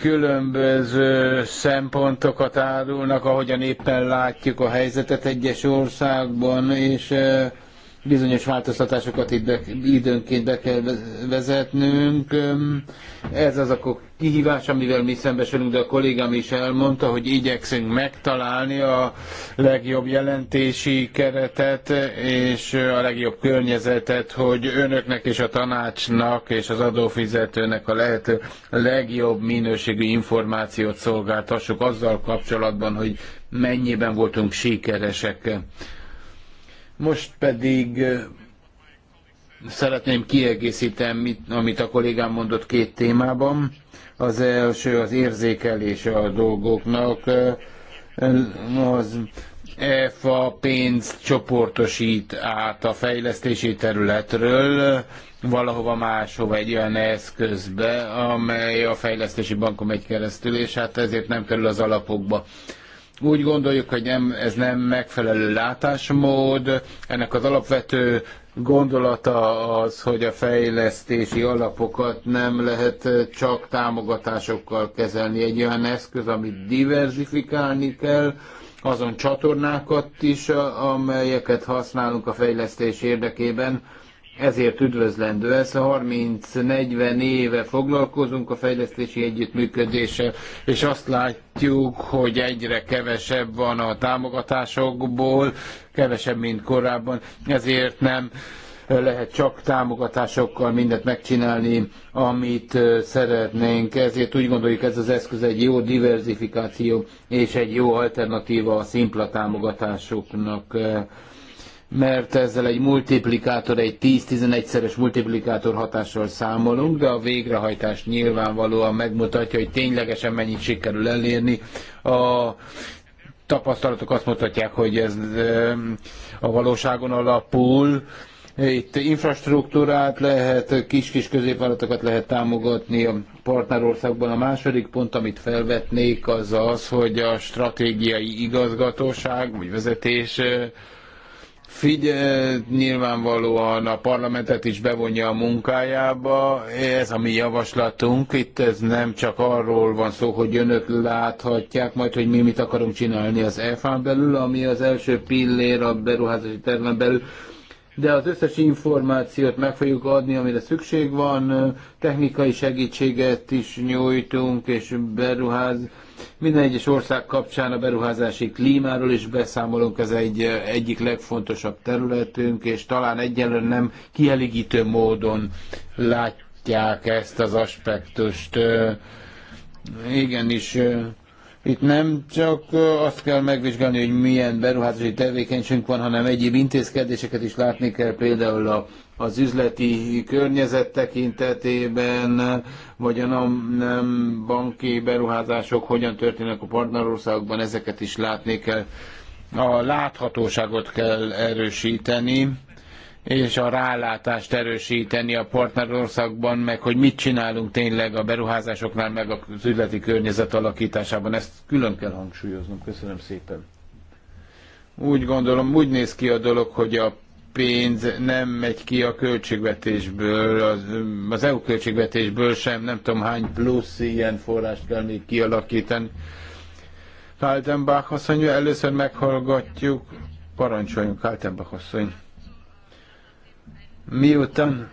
különböző szempontokat árulnak, ahogyan éppen látjuk a helyzetet egyes országban, és eh, bizonyos változtatásokat időnként be kell vezetnünk. Ez az a kihívás, amivel mi szembesülünk, de a kollégám is elmondta, hogy igyekszünk megtalálni a legjobb jelentési keretet és a legjobb környezetet, hogy önöknek és a tanácsnak és az adófizetőnek a lehető legjobb minőségű információt szolgáltassuk azzal kapcsolatban, hogy mennyiben voltunk sikeresek most pedig szeretném kiegészíteni, amit a kollégám mondott két témában. Az első az érzékelése a dolgoknak. Az EFA pénz csoportosít át a fejlesztési területről valahova máshova egy olyan eszközbe, amely a fejlesztési bankom egy keresztül, és hát ezért nem kerül az alapokba. Úgy gondoljuk, hogy nem, ez nem megfelelő látásmód. Ennek az alapvető gondolata az, hogy a fejlesztési alapokat nem lehet csak támogatásokkal kezelni. Egy olyan eszköz, amit diversifikálni kell, azon csatornákat is, amelyeket használunk a fejlesztés érdekében ezért üdvözlendő ez, 30-40 éve foglalkozunk a fejlesztési együttműködéssel, és azt látjuk, hogy egyre kevesebb van a támogatásokból, kevesebb, mint korábban, ezért nem lehet csak támogatásokkal mindent megcsinálni, amit szeretnénk. Ezért úgy gondoljuk, ez az eszköz egy jó diversifikáció és egy jó alternatíva a szimpla támogatásoknak mert ezzel egy multiplikátor, egy 10-11-szeres multiplikátor hatással számolunk, de a végrehajtás nyilvánvalóan megmutatja, hogy ténylegesen mennyit sikerül elérni. A tapasztalatok azt mutatják, hogy ez a valóságon alapul, itt infrastruktúrát lehet, kis-kis középvállalatokat lehet támogatni a partnerországban. A második pont, amit felvetnék, az az, hogy a stratégiai igazgatóság vagy vezetés figyel, nyilvánvalóan a parlamentet is bevonja a munkájába. Ez a mi javaslatunk. Itt ez nem csak arról van szó, hogy önök láthatják majd, hogy mi mit akarunk csinálni az EFA-n belül, ami az első pillér a beruházási terven belül, de az összes információt meg fogjuk adni, amire szükség van, technikai segítséget is nyújtunk, és beruház minden egyes ország kapcsán a beruházási klímáról is beszámolunk, ez egy egyik legfontosabb területünk, és talán egyelőre nem kielégítő módon látják ezt az aspektust. Igenis, itt nem csak azt kell megvizsgálni, hogy milyen beruházási tevékenységünk van, hanem egyéb intézkedéseket is látni kell, például a, az üzleti környezet tekintetében, vagy a nem, nem banki beruházások hogyan történnek a partnerországokban, ezeket is látni kell. A láthatóságot kell erősíteni és a rálátást erősíteni a partnerországban, meg hogy mit csinálunk tényleg a beruházásoknál, meg a üzleti környezet alakításában. Ezt külön kell hangsúlyoznom. Köszönöm szépen. Úgy gondolom, úgy néz ki a dolog, hogy a pénz nem megy ki a költségvetésből, az, az EU költségvetésből sem, nem tudom hány plusz ilyen forrást kell még kialakítani. Kaltenbach asszony, először meghallgatjuk, parancsoljunk Kaltenbach asszony. Miután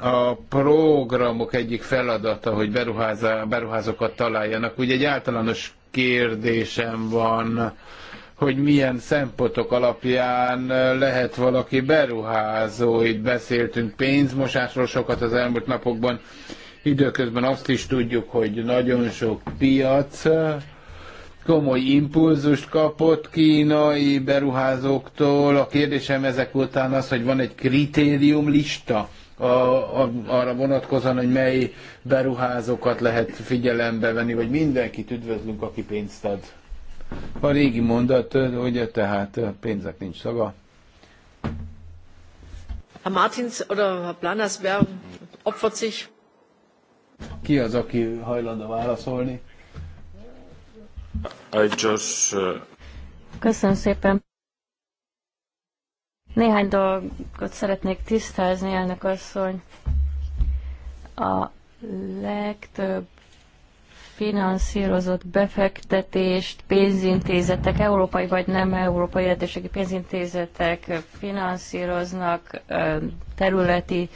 a programok egyik feladata, hogy beruházókat találjanak, ugye egy általános kérdésem van, hogy milyen szempontok alapján lehet valaki beruházó. Itt beszéltünk pénzmosásról sokat az elmúlt napokban. Időközben azt is tudjuk, hogy nagyon sok piac komoly impulzust kapott kínai beruházóktól. A kérdésem ezek után az, hogy van egy kritériumlista a, a, arra vonatkozóan, hogy mely beruházókat lehet figyelembe venni, vagy mindenkit üdvözlünk, aki pénzt ad. A régi mondat, hogy tehát pénzek nincs szaga. Herr Martins oder Herr Planas, wer opfert sich? Ki az, aki hajlandó válaszolni? just, uh... Köszönöm szépen. Néhány dolgot szeretnék tisztázni, elnök asszony. A legtöbb finanszírozott befektetést pénzintézetek, európai vagy nem európai értéségi pénzintézetek finanszíroznak területi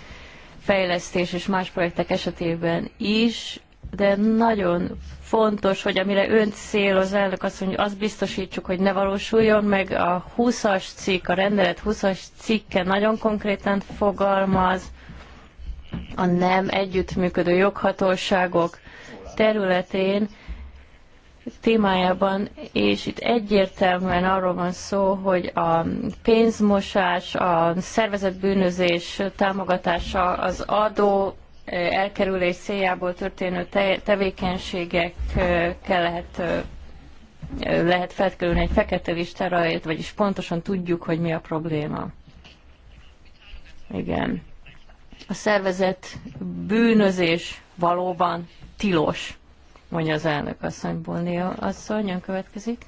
fejlesztés és más projektek esetében is, de nagyon fontos, hogy amire ön cél az elnök azt mondja, azt biztosítsuk, hogy ne valósuljon meg. A 20-as cikk, a rendelet 20-as cikke nagyon konkrétan fogalmaz a nem együttműködő joghatóságok területén, témájában, és itt egyértelműen arról van szó, hogy a pénzmosás, a szervezett bűnözés támogatása, az adó elkerülés céljából történő te tevékenységekkel lehet lehet felkerülni egy fekete listára, vagyis pontosan tudjuk, hogy mi a probléma. Igen. A szervezet bűnözés valóban tilos, mondja az elnök asszony. Bolnia asszony, ön következik.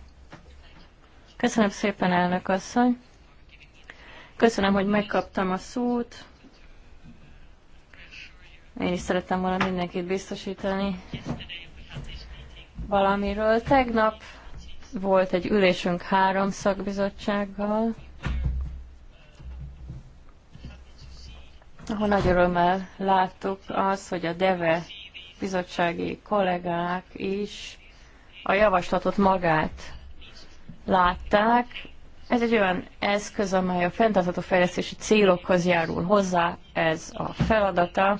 Köszönöm szépen, elnök asszony. Köszönöm, hogy megkaptam a szót. Én is szerettem volna mindenkit biztosítani valamiről. Tegnap volt egy ülésünk három szakbizottsággal, ahol nagy örömmel láttuk azt, hogy a DEVE bizottsági kollégák is a javaslatot magát látták. Ez egy olyan eszköz, amely a fenntartható fejlesztési célokhoz járul hozzá, ez a feladata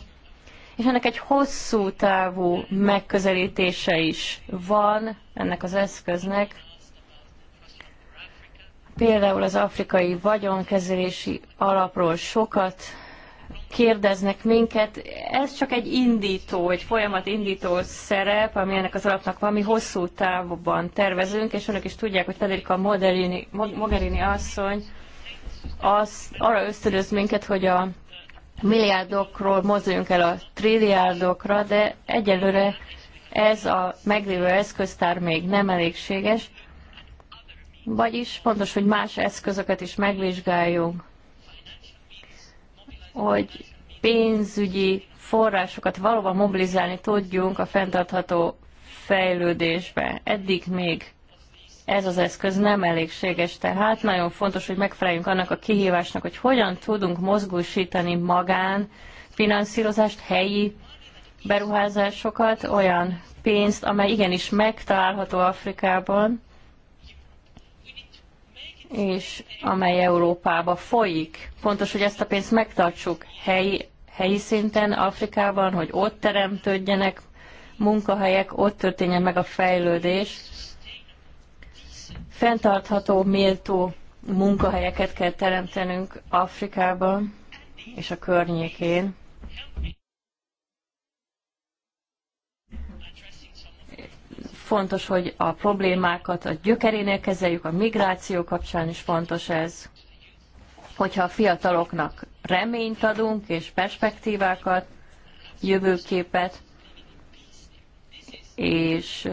és ennek egy hosszú távú megközelítése is van ennek az eszköznek. Például az afrikai vagyonkezelési alapról sokat kérdeznek minket. Ez csak egy indító, egy folyamat indító szerep, ami ennek az alapnak van, mi hosszú távban tervezünk, és önök is tudják, hogy Federica Mogherini, Mogherini asszony az arra ösztönöz minket, hogy a milliárdokról mozduljunk el a trilliárdokra, de egyelőre ez a meglévő eszköztár még nem elégséges, vagyis fontos, hogy más eszközöket is megvizsgáljunk, hogy pénzügyi forrásokat valóban mobilizálni tudjunk a fenntartható fejlődésbe. Eddig még ez az eszköz nem elégséges, tehát nagyon fontos, hogy megfeleljünk annak a kihívásnak, hogy hogyan tudunk mozgósítani magán finanszírozást, helyi beruházásokat, olyan pénzt, amely igenis megtalálható Afrikában, és amely Európába folyik. Fontos, hogy ezt a pénzt megtartsuk helyi, helyi szinten, Afrikában, hogy ott teremtődjenek munkahelyek, ott történjen meg a fejlődés, Fentartható, méltó munkahelyeket kell teremtenünk Afrikában és a környékén. Fontos, hogy a problémákat a gyökerénél kezeljük, a migráció kapcsán is fontos ez. Hogyha a fiataloknak reményt adunk és perspektívákat, jövőképet, és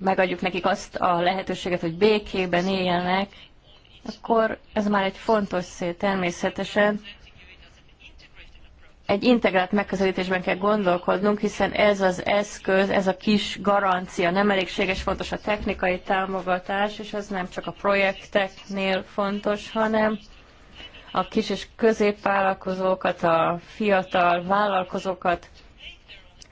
megadjuk nekik azt a lehetőséget, hogy békében éljenek, akkor ez már egy fontos szél természetesen. Egy integrált megközelítésben kell gondolkodnunk, hiszen ez az eszköz, ez a kis garancia nem elégséges, fontos a technikai támogatás, és ez nem csak a projekteknél fontos, hanem a kis és középvállalkozókat, a fiatal vállalkozókat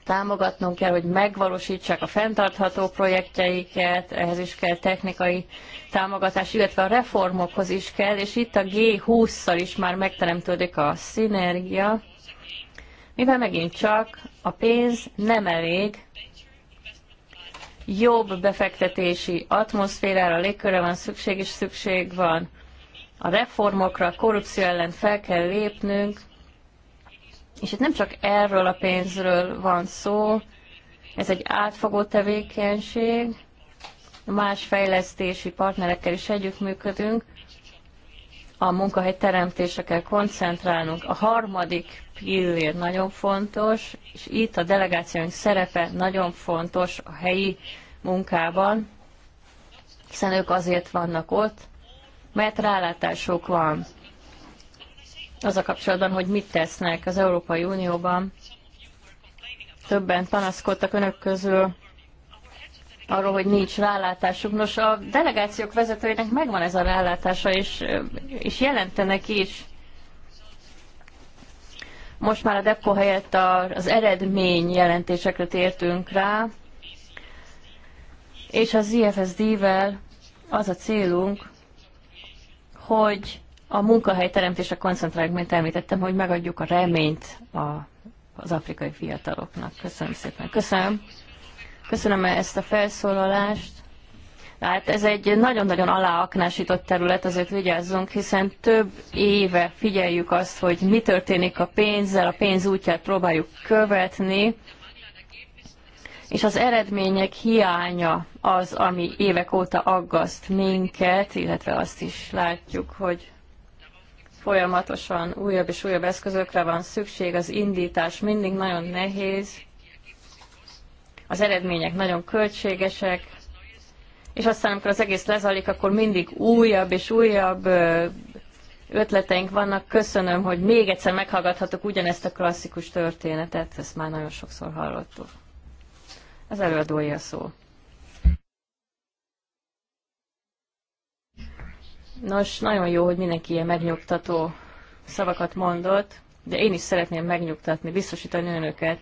támogatnunk kell, hogy megvalósítsák a fenntartható projektjeiket, ehhez is kell technikai támogatás, illetve a reformokhoz is kell, és itt a G20-szal is már megteremtődik a szinergia, mivel megint csak a pénz nem elég, jobb befektetési atmoszférára, légkörre van szükség, és szükség van a reformokra, a korrupció ellen fel kell lépnünk, és itt nem csak erről a pénzről van szó, ez egy átfogó tevékenység, más fejlesztési partnerekkel is együttműködünk, a munkahely teremtése kell koncentrálnunk. A harmadik pillér nagyon fontos, és itt a delegációnk szerepe nagyon fontos a helyi munkában, hiszen ők azért vannak ott, mert rálátásuk van az a kapcsolatban, hogy mit tesznek az Európai Unióban. Többen panaszkodtak önök közül arról, hogy nincs rálátásuk. Nos, a delegációk vezetőinek megvan ez a rálátása, és, és jelentenek is. Most már a depo helyett az eredmény jelentésekre tértünk rá, és az IFSD-vel az a célunk, hogy a munkahelyteremtésre koncentráljuk, mint említettem, hogy megadjuk a reményt a, az afrikai fiataloknak. Köszönöm szépen. Köszönöm. Köszönöm ezt a felszólalást. Hát ez egy nagyon-nagyon aláaknásított terület, azért vigyázzunk, hiszen több éve figyeljük azt, hogy mi történik a pénzzel, a pénz útját próbáljuk követni, és az eredmények hiánya az, ami évek óta aggaszt minket, illetve azt is látjuk, hogy folyamatosan újabb és újabb eszközökre van szükség, az indítás mindig nagyon nehéz, az eredmények nagyon költségesek, és aztán, amikor az egész lezalik, akkor mindig újabb és újabb ötleteink vannak. Köszönöm, hogy még egyszer meghallgathatok ugyanezt a klasszikus történetet, ezt már nagyon sokszor hallottuk. Az előadója szó. Nos, nagyon jó, hogy mindenki ilyen megnyugtató szavakat mondott, de én is szeretném megnyugtatni, biztosítani önöket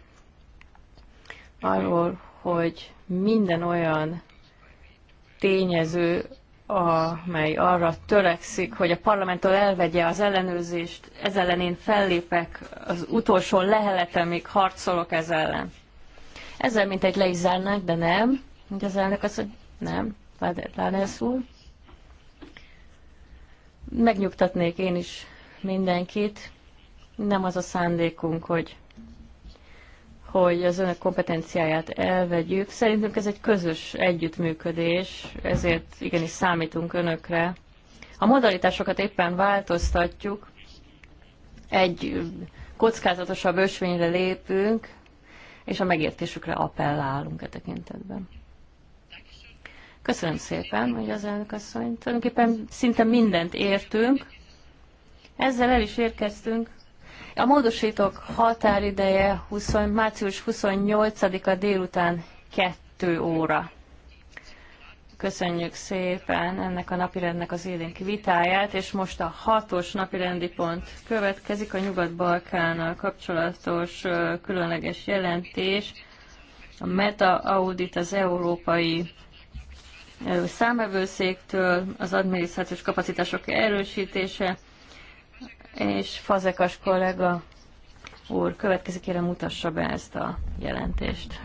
arról, hogy minden olyan tényező, amely arra törekszik, hogy a parlamenttől elvegye az ellenőrzést, ez ellen én fellépek, az utolsó leheletemig harcolok ez ellen. Ezzel mint egy le is zárnánk, de nem, hogy az elnök azt, hogy nem, Lánesz úr. Megnyugtatnék én is mindenkit. Nem az a szándékunk, hogy hogy az önök kompetenciáját elvegyük. Szerintünk ez egy közös együttműködés, ezért igenis számítunk önökre. A modalitásokat éppen változtatjuk, egy kockázatosabb ösvényre lépünk, és a megértésükre appellálunk e tekintetben. Köszönöm szépen, hogy az elnök asszony. Tulajdonképpen szinte mindent értünk. Ezzel el is érkeztünk. A módosítók határideje 20, március 28-a délután 2 óra. Köszönjük szépen ennek a napirendnek az élénk vitáját, és most a hatos napirendi pont következik a Nyugat-Balkánnal kapcsolatos különleges jelentés, a meta-audit az európai számvevőszéktől, az adminisztrációs kapacitások erősítése, és Fazekas kollega úr, következik, kérem mutassa be ezt a jelentést.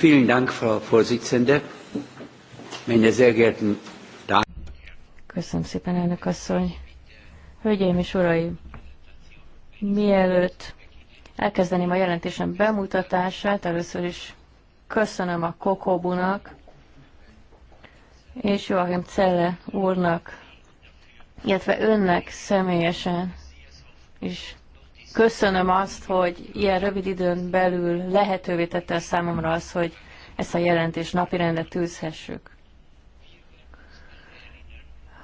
Vielen Dank, Frau Vorsitzende, meine sehr geehrten Damen. Köszönöm szépen, elnök asszony. Hölgyeim és uraim, mielőtt elkezdeném a jelentésem bemutatását, először is köszönöm a Kokobunak és Joachim Celle úrnak, illetve önnek személyesen is köszönöm azt, hogy ilyen rövid időn belül lehetővé tette a számomra az, hogy ezt a jelentést napirendre tűzhessük.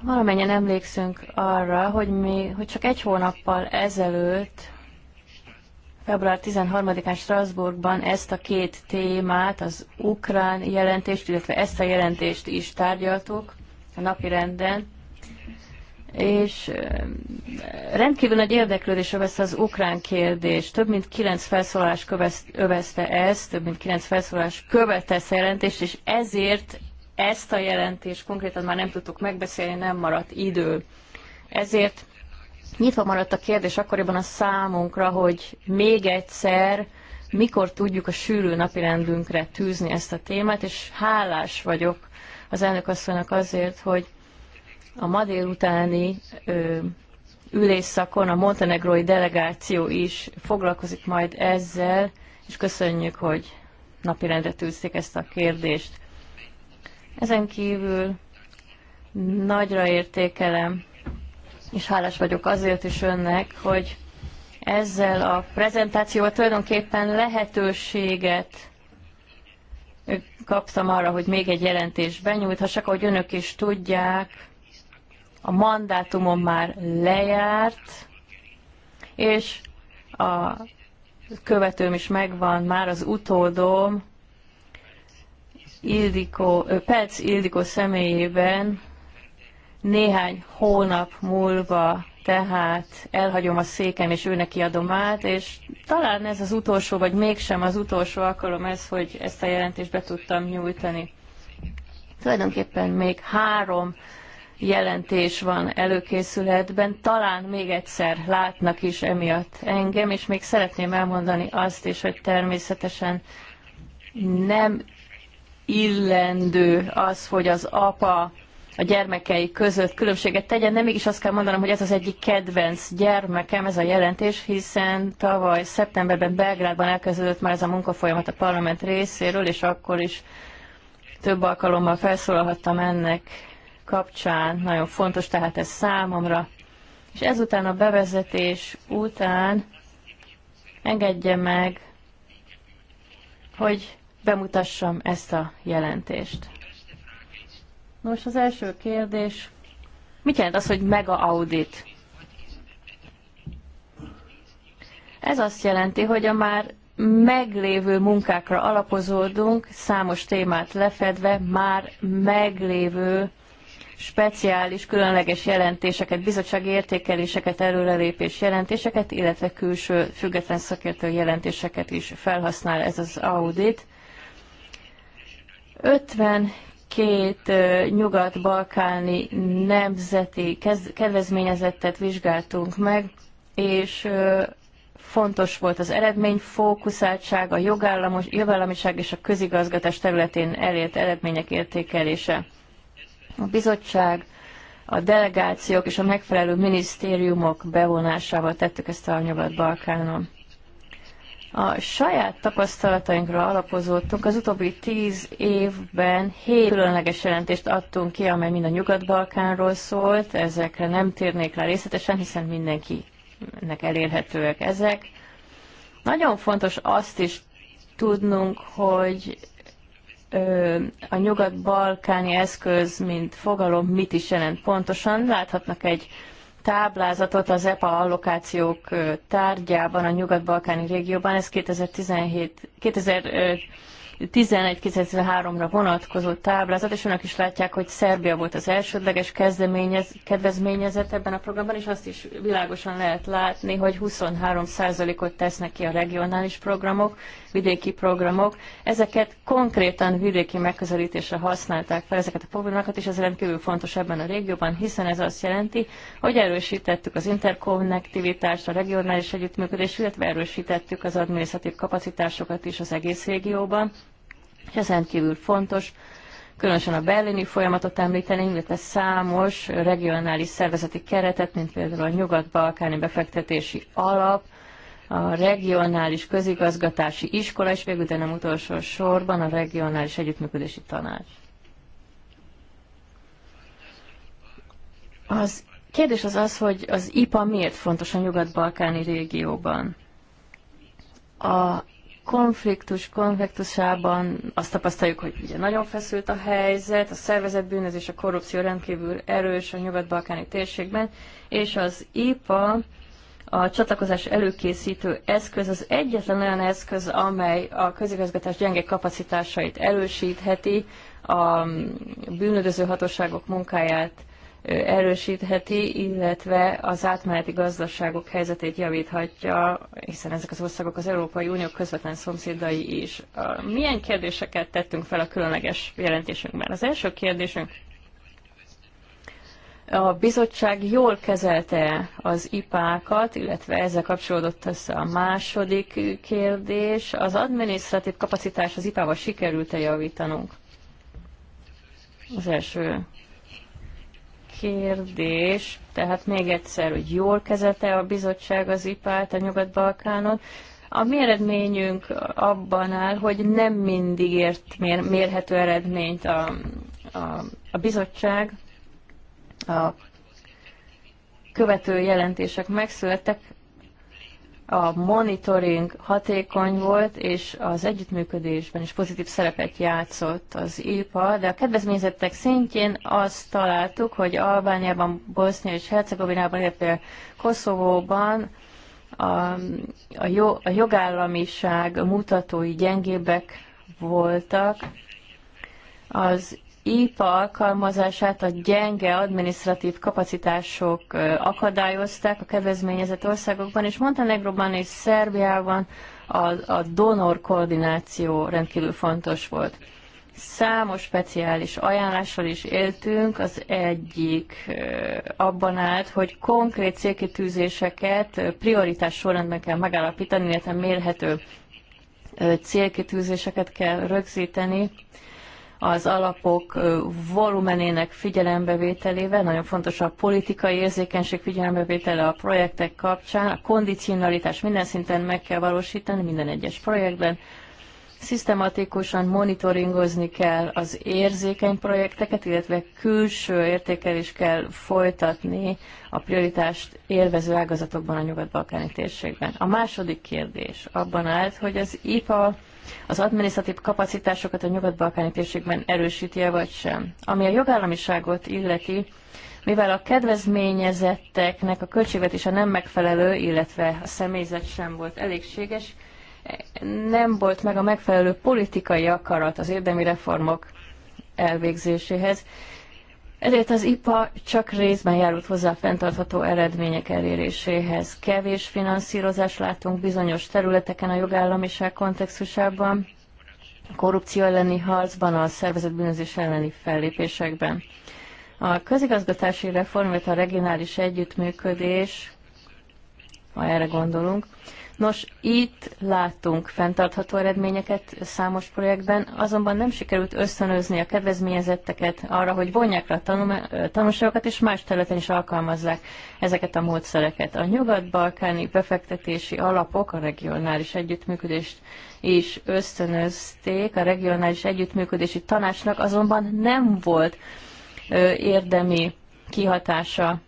Valamennyien emlékszünk arra, hogy mi, hogy csak egy hónappal ezelőtt február 13-án Strasbourgban ezt a két témát, az ukrán jelentést, illetve ezt a jelentést is tárgyaltuk a napi renden, és rendkívül nagy érdeklődés övezte az ukrán kérdés. Több mint kilenc felszólás övezte ezt, több mint kilenc felszólás követte ezt a jelentést, és ezért ezt a jelentést konkrétan már nem tudtuk megbeszélni, nem maradt idő. Ezért Nyitva maradt a kérdés akkoriban a számunkra, hogy még egyszer mikor tudjuk a sűrű napirendünkre tűzni ezt a témát, és hálás vagyok az asszonynak azért, hogy a ma délutáni ö, ülésszakon a montenegrói delegáció is foglalkozik majd ezzel, és köszönjük, hogy napirendre tűzték ezt a kérdést. Ezen kívül nagyra értékelem és hálás vagyok azért is önnek, hogy ezzel a prezentációval tulajdonképpen lehetőséget kaptam arra, hogy még egy jelentést benyújthassak, ahogy önök is tudják, a mandátumom már lejárt, és a követőm is megvan, már az utódom, Ildikó, Pelc Ildikó személyében néhány hónap múlva tehát elhagyom a székem, és őnek kiadom át, és talán ez az utolsó, vagy mégsem az utolsó alkalom ez, hogy ezt a jelentést be tudtam nyújtani. Tulajdonképpen még három jelentés van előkészületben, talán még egyszer látnak is emiatt engem, és még szeretném elmondani azt is, hogy természetesen nem illendő az, hogy az apa a gyermekei között különbséget tegyen, de mégis azt kell mondanom, hogy ez az egyik kedvenc gyermekem, ez a jelentés, hiszen tavaly szeptemberben Belgrádban elkezdődött már ez a munkafolyamat a parlament részéről, és akkor is több alkalommal felszólalhattam ennek kapcsán, nagyon fontos tehát ez számomra. És ezután a bevezetés után engedje meg, hogy bemutassam ezt a jelentést. Nos, az első kérdés, mit jelent az, hogy mega audit? Ez azt jelenti, hogy a már meglévő munkákra alapozódunk, számos témát lefedve, már meglévő speciális, különleges jelentéseket, bizottsági értékeléseket, előrelépés jelentéseket, illetve külső független szakértő jelentéseket is felhasznál ez az audit. 50 két nyugat-balkáni nemzeti kedvezményezettet vizsgáltunk meg, és fontos volt az eredmény, fókuszáltság, a jogállamos, jogállamiság és a közigazgatás területén elért eredmények értékelése. A bizottság, a delegációk és a megfelelő minisztériumok bevonásával tettük ezt a Nyugat-Balkánon. A saját tapasztalatainkra alapozottunk. Az utóbbi tíz évben hét különleges jelentést adtunk ki, amely mind a Nyugat-Balkánról szólt. Ezekre nem térnék rá részletesen, hiszen mindenkinek elérhetőek ezek. Nagyon fontos azt is tudnunk, hogy a nyugat-balkáni eszköz, mint fogalom mit is jelent pontosan. Láthatnak egy táblázatot az EPA allokációk tárgyában a nyugat-balkáni régióban. Ez 2017, 2000 2011-2013-ra vonatkozó táblázat, és önök is látják, hogy Szerbia volt az elsődleges kezdeményez, kedvezményezett ebben a programban, és azt is világosan lehet látni, hogy 23%-ot tesznek ki a regionális programok, vidéki programok. Ezeket konkrétan vidéki megközelítésre használták fel ezeket a programokat, és ez rendkívül fontos ebben a régióban, hiszen ez azt jelenti, hogy erősítettük az interkonnektivitást, a regionális együttműködést, illetve erősítettük az adminisztratív kapacitásokat is az egész régióban és ez rendkívül fontos, különösen a berlini folyamatot említeni, illetve számos regionális szervezeti keretet, mint például a Nyugat-Balkáni Befektetési Alap, a regionális közigazgatási iskola, és végül, de nem utolsó sorban a regionális együttműködési tanács. Az kérdés az az, hogy az IPA miért fontos a nyugat-balkáni régióban? A konfliktus konfliktusában azt tapasztaljuk, hogy ugye nagyon feszült a helyzet, a szervezet bűnözés, a korrupció rendkívül erős a nyugat-balkáni térségben, és az IPA a csatlakozás előkészítő eszköz az egyetlen olyan eszköz, amely a közigazgatás gyenge kapacitásait erősítheti, a mm, bűnöző hatóságok munkáját erősítheti, illetve az átmeneti gazdaságok helyzetét javíthatja, hiszen ezek az országok az Európai Unió közvetlen szomszédai is. Milyen kérdéseket tettünk fel a különleges jelentésünkben? Az első kérdésünk, a bizottság jól kezelte az ipákat, illetve ezzel kapcsolódott össze a második kérdés. Az adminisztratív kapacitás az ipával sikerült-e javítanunk? Az első kérdés, tehát még egyszer, hogy jól kezete a bizottság az ipát a Nyugat-Balkánon, a mi eredményünk abban áll, hogy nem mindig ért mér, mérhető eredményt a, a, a bizottság. A követő jelentések megszülettek, a monitoring hatékony volt, és az együttműködésben is pozitív szerepet játszott az IPA, de a kedvezményezettek szintjén azt találtuk, hogy Albániában, Bosznia és Hercegovinában, illetve Koszovóban a, a, jo, a jogállamiság mutatói gyengébbek voltak, az IPA alkalmazását a gyenge administratív kapacitások akadályozták a kedvezményezett országokban, és Montenegróban és Szerbiában a, a donor koordináció rendkívül fontos volt. Számos speciális ajánlással is éltünk, az egyik abban állt, hogy konkrét célkitűzéseket prioritás sorrendben kell megállapítani, illetve mérhető célkitűzéseket kell rögzíteni, az alapok volumenének figyelembevételével, nagyon fontos a politikai érzékenység figyelembevétele a projektek kapcsán, a kondicionalitás minden szinten meg kell valósítani minden egyes projektben, szisztematikusan monitoringozni kell az érzékeny projekteket, illetve külső értékelés kell folytatni a prioritást élvező ágazatokban a nyugat-balkáni térségben. A második kérdés abban állt, hogy az IPA az adminisztratív kapacitásokat a nyugat-balkáni térségben erősíti-e vagy sem. Ami a jogállamiságot illeti, mivel a kedvezményezetteknek a költségvetése nem megfelelő, illetve a személyzet sem volt elégséges, nem volt meg a megfelelő politikai akarat az érdemi reformok elvégzéséhez, ezért az IPA csak részben járult hozzá a fenntartható eredmények eléréséhez. Kevés finanszírozást látunk bizonyos területeken a jogállamiság kontextusában, a korrupció elleni harcban, a szervezetbűnözés elleni fellépésekben. A közigazgatási reform, illetve a regionális együttműködés, ha erre gondolunk, Nos, itt láttunk fenntartható eredményeket számos projektben, azonban nem sikerült összönözni a kedvezményezetteket arra, hogy vonják le a tanulságokat, és más területen is alkalmazzák ezeket a módszereket. A nyugat-balkáni befektetési alapok a regionális együttműködést is összönözték, a regionális együttműködési tanácsnak azonban nem volt érdemi kihatása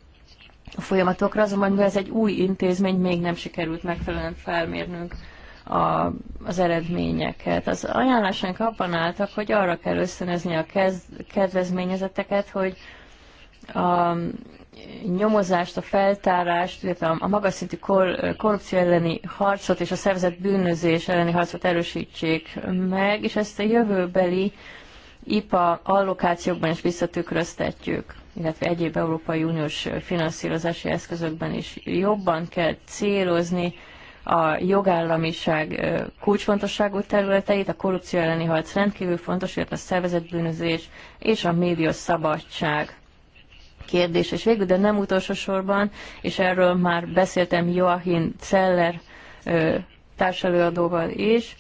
a folyamatokra, azonban mivel ez egy új intézmény, még nem sikerült megfelelően felmérnünk a, az eredményeket. Az ajánlásánk abban álltak, hogy arra kell összenezni a kez, kedvezményezeteket, hogy a nyomozást, a feltárást, illetve a magas szintű kor, korrupció elleni harcot és a szervezet bűnözés elleni harcot erősítsék meg, és ezt a jövőbeli IPA allokációkban is visszatükröztetjük illetve egyéb Európai Uniós finanszírozási eszközökben is jobban kell célozni a jogállamiság kulcsfontosságú területeit, a korrupció elleni harc rendkívül fontos, illetve a szervezetbűnözés és a média szabadság kérdés. És végül, de nem utolsó sorban, és erről már beszéltem Joachim Zeller társelőadóval is,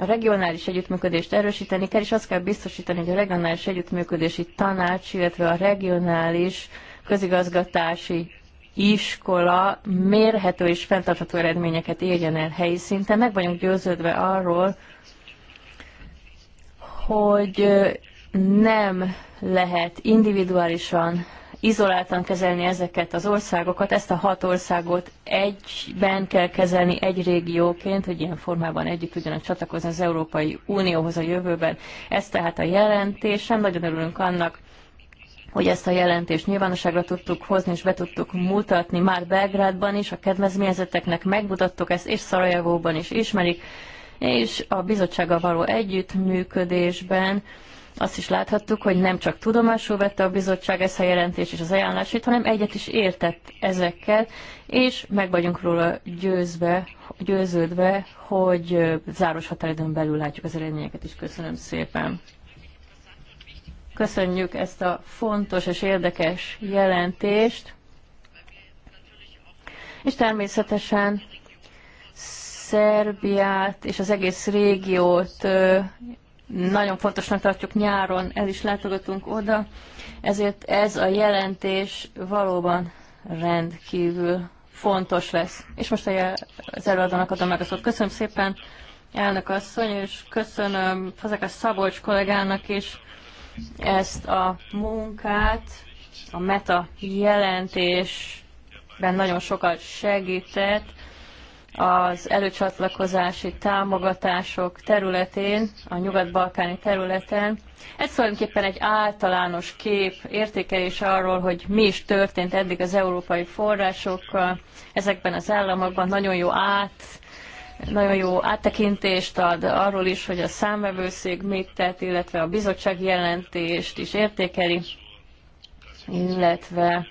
a regionális együttműködést erősíteni kell, és azt kell biztosítani, hogy a regionális együttműködési tanács, illetve a regionális közigazgatási iskola mérhető és fenntartható eredményeket érjen el helyi szinten. Meg vagyunk győződve arról, hogy nem lehet individuálisan izoláltan kezelni ezeket az országokat, ezt a hat országot egyben kell kezelni egy régióként, hogy ilyen formában együtt tudjanak csatlakozni az Európai Unióhoz a jövőben. Ez tehát a jelentésem, nagyon örülünk annak, hogy ezt a jelentést nyilvánosságra tudtuk hozni, és be tudtuk mutatni már Belgrádban is, a kedvezményezeteknek megmutattuk ezt, és Szarajevóban is ismerik, és a bizottsággal való együttműködésben azt is láthattuk, hogy nem csak tudomásul vette a bizottság ezt a jelentést és az ajánlásait, hanem egyet is értett ezekkel, és meg vagyunk róla győzve, győződve, hogy záros határidőn belül látjuk az eredményeket is. Köszönöm szépen! Köszönjük ezt a fontos és érdekes jelentést, és természetesen Szerbiát és az egész régiót nagyon fontosnak tartjuk nyáron, el is látogatunk oda, ezért ez a jelentés valóban rendkívül fontos lesz. És most az előadónak adom meg a szót. Köszönöm szépen, elnök asszony, és köszönöm Fazekas Szabolcs kollégának is ezt a munkát, a meta jelentésben nagyon sokat segített, az előcsatlakozási támogatások területén, a nyugat-balkáni területen. Ez tulajdonképpen egy általános kép, értékelés arról, hogy mi is történt eddig az európai forrásokkal. Ezekben az államokban nagyon jó át, nagyon jó áttekintést ad arról is, hogy a számvevőszék mit tett, illetve a bizottság jelentést is értékeli, illetve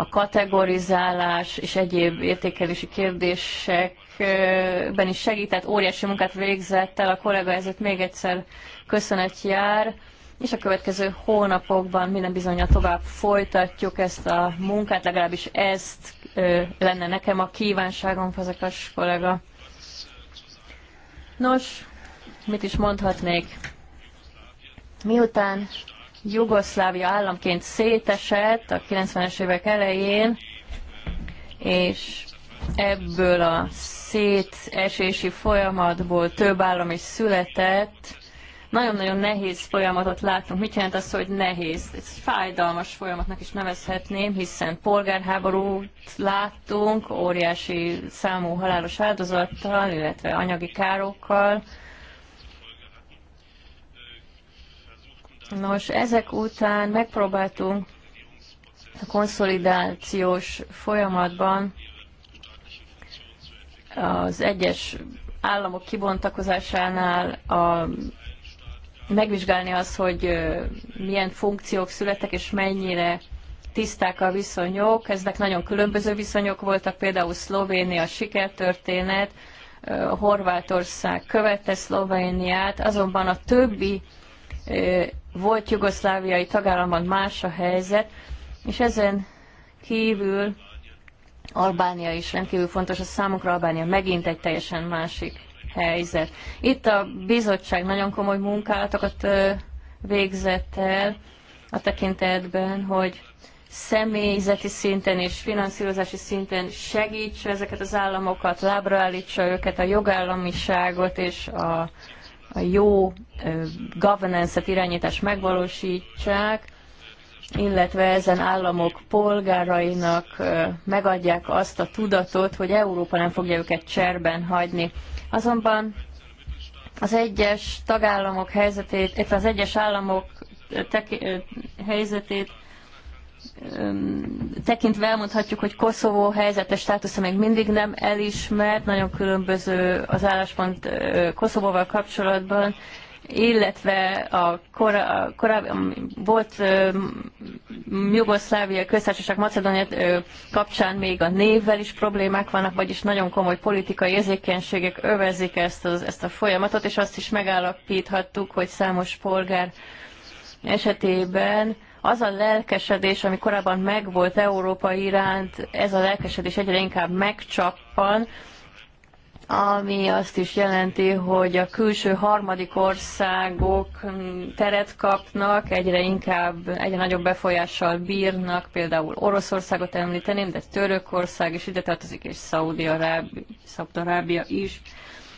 a kategorizálás és egyéb értékelési kérdésekben is segített, óriási munkát végzett el a kollega, ezért még egyszer köszönet jár, és a következő hónapokban minden bizonyal tovább folytatjuk ezt a munkát, legalábbis ezt ö, lenne nekem a kívánságom, fazekas kollega. Nos, mit is mondhatnék? Miután Jugoszlávia államként szétesett a 90-es évek elején, és ebből a szétesési folyamatból több állam is született. Nagyon-nagyon nehéz folyamatot látunk. Mit jelent az, hogy nehéz? Ez fájdalmas folyamatnak is nevezhetném, hiszen polgárháborút láttunk, óriási számú halálos áldozattal, illetve anyagi károkkal, Nos, ezek után megpróbáltunk a konszolidációs folyamatban az egyes államok kibontakozásánál a, megvizsgálni azt, hogy milyen funkciók születtek és mennyire tiszták a viszonyok. Ezek nagyon különböző viszonyok voltak, például Szlovénia sikertörténet, Horvátország követte Szlovéniát, azonban a többi volt jugoszláviai tagállamban más a helyzet, és ezen kívül Albánia is rendkívül fontos, a számunkra Albánia megint egy teljesen másik helyzet. Itt a bizottság nagyon komoly munkálatokat végzett el a tekintetben, hogy személyzeti szinten és finanszírozási szinten segítse ezeket az államokat, lábra állítsa őket, a jogállamiságot és a a jó governance-et, irányítást megvalósítsák, illetve ezen államok polgárainak megadják azt a tudatot, hogy Európa nem fogja őket cserben hagyni. Azonban az egyes tagállamok helyzetét, illetve az egyes államok helyzetét tekintve elmondhatjuk, hogy Koszovó helyzete státusza még mindig nem elismert, nagyon különböző az álláspont Koszovóval kapcsolatban, illetve a, kora, korábbi um, volt ö, Jugoszlávia köztársaság Macedónia kapcsán még a névvel is problémák vannak, vagyis nagyon komoly politikai érzékenységek övezik ezt, az, ezt a folyamatot, és azt is megállapíthattuk, hogy számos polgár esetében az a lelkesedés, ami korábban megvolt Európa iránt, ez a lelkesedés egyre inkább megcsappan, ami azt is jelenti, hogy a külső harmadik országok teret kapnak, egyre inkább, egyre nagyobb befolyással bírnak, például Oroszországot említeném, de Törökország is ide tartozik, és Szaudi-Arábia is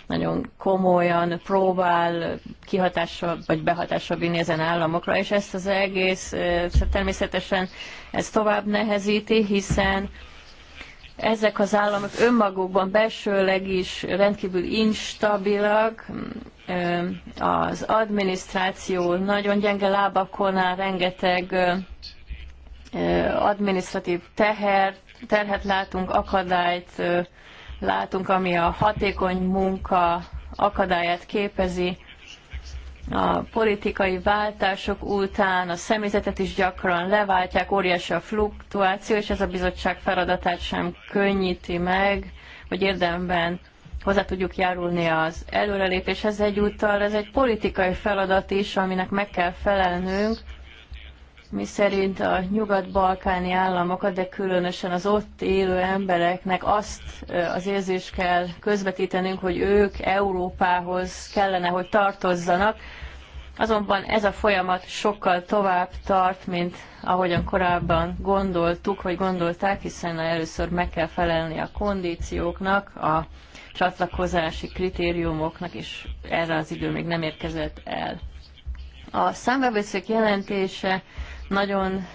nagyon komolyan próbál kihatással vagy behatással vinni ezen államokra, és ezt az egész természetesen ez tovább nehezíti, hiszen ezek az államok önmagukban belsőleg is rendkívül instabilak, az adminisztráció nagyon gyenge lábakon áll, rengeteg adminisztratív teher, terhet látunk, akadályt látunk, ami a hatékony munka akadályát képezi. A politikai váltások után a személyzetet is gyakran leváltják, óriási a fluktuáció, és ez a bizottság feladatát sem könnyíti meg, hogy érdemben hozzá tudjuk járulni az előrelépéshez egyúttal. Ez egy politikai feladat is, aminek meg kell felelnünk, mi szerint a nyugat-balkáni államokat, de különösen az ott élő embereknek azt az érzést kell közvetítenünk, hogy ők Európához kellene, hogy tartozzanak. Azonban ez a folyamat sokkal tovább tart, mint ahogyan korábban gondoltuk, vagy gondolták, hiszen először meg kell felelni a kondícióknak, a csatlakozási kritériumoknak, és erre az idő még nem érkezett el. A számbevőszék jelentése nagyon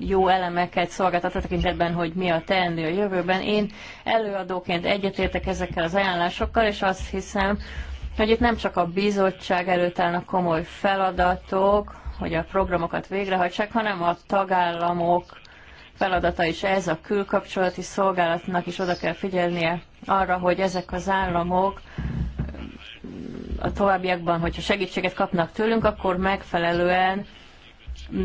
jó elemeket szolgáltat a tekintetben, hogy mi a teendő a jövőben. Én előadóként egyetértek ezekkel az ajánlásokkal, és azt hiszem, hogy itt nem csak a bizottság előtt állnak komoly feladatok, hogy a programokat végrehajtsák, hanem a tagállamok feladata is ez, a külkapcsolati szolgálatnak is oda kell figyelnie arra, hogy ezek az államok a továbbiakban, hogyha segítséget kapnak tőlünk, akkor megfelelően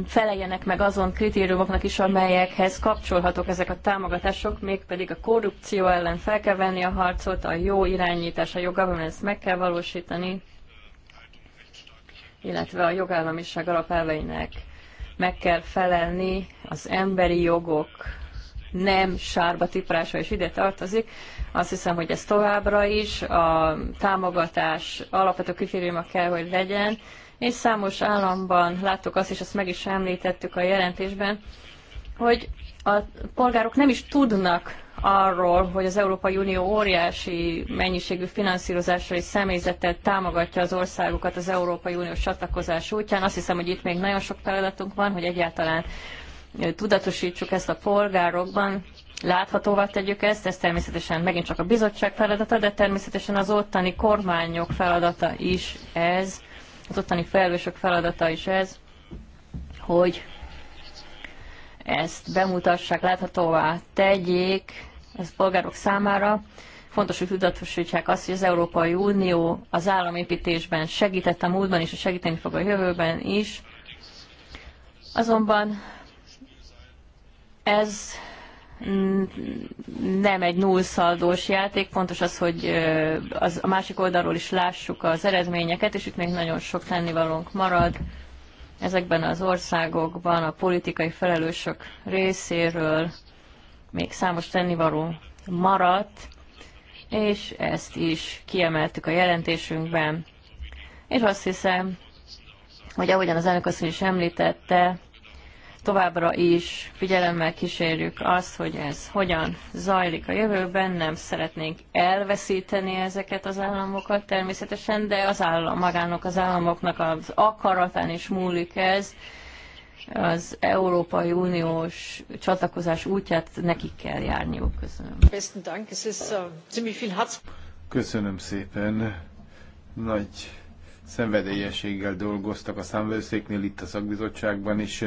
feleljenek meg azon kritériumoknak is, amelyekhez kapcsolhatók ezek a támogatások, mégpedig a korrupció ellen fel kell venni a harcot, a jó irányítás, a jó governance meg kell valósítani, illetve a jogállamiság alapelveinek meg kell felelni, az emberi jogok nem sárba tiprása is ide tartozik. Azt hiszem, hogy ez továbbra is a támogatás alapvető kritériuma kell, hogy legyen, és számos államban láttuk azt, és ezt meg is említettük a jelentésben, hogy a polgárok nem is tudnak arról, hogy az Európai Unió óriási mennyiségű finanszírozásra és személyzettel támogatja az országukat az Európai Unió csatlakozás útján. Azt hiszem, hogy itt még nagyon sok feladatunk van, hogy egyáltalán tudatosítsuk ezt a polgárokban, láthatóvá tegyük ezt, ez természetesen megint csak a bizottság feladata, de természetesen az ottani kormányok feladata is ez, az ottani felelősök feladata is ez, hogy ezt bemutassák, láthatóvá tegyék az polgárok számára. Fontos, hogy tudatosítsák azt, hogy az Európai Unió az államépítésben segített a múltban is, és segíteni fog a jövőben is. Azonban ez nem egy nullszaldós játék, fontos az, hogy az, a másik oldalról is lássuk az eredményeket, és itt még nagyon sok tennivalónk marad ezekben az országokban a politikai felelősök részéről még számos tennivaló maradt, és ezt is kiemeltük a jelentésünkben. És azt hiszem, hogy ahogyan az elnök is említette, továbbra is figyelemmel kísérjük azt, hogy ez hogyan zajlik a jövőben, nem szeretnénk elveszíteni ezeket az államokat természetesen, de az állam, magának az államoknak az akaratán is múlik ez, az Európai Uniós csatlakozás útját nekik kell járniuk. Köszönöm. Äh, Köszönöm szépen. Nagy szenvedélyességgel dolgoztak a számvevőszéknél, itt a szakbizottságban is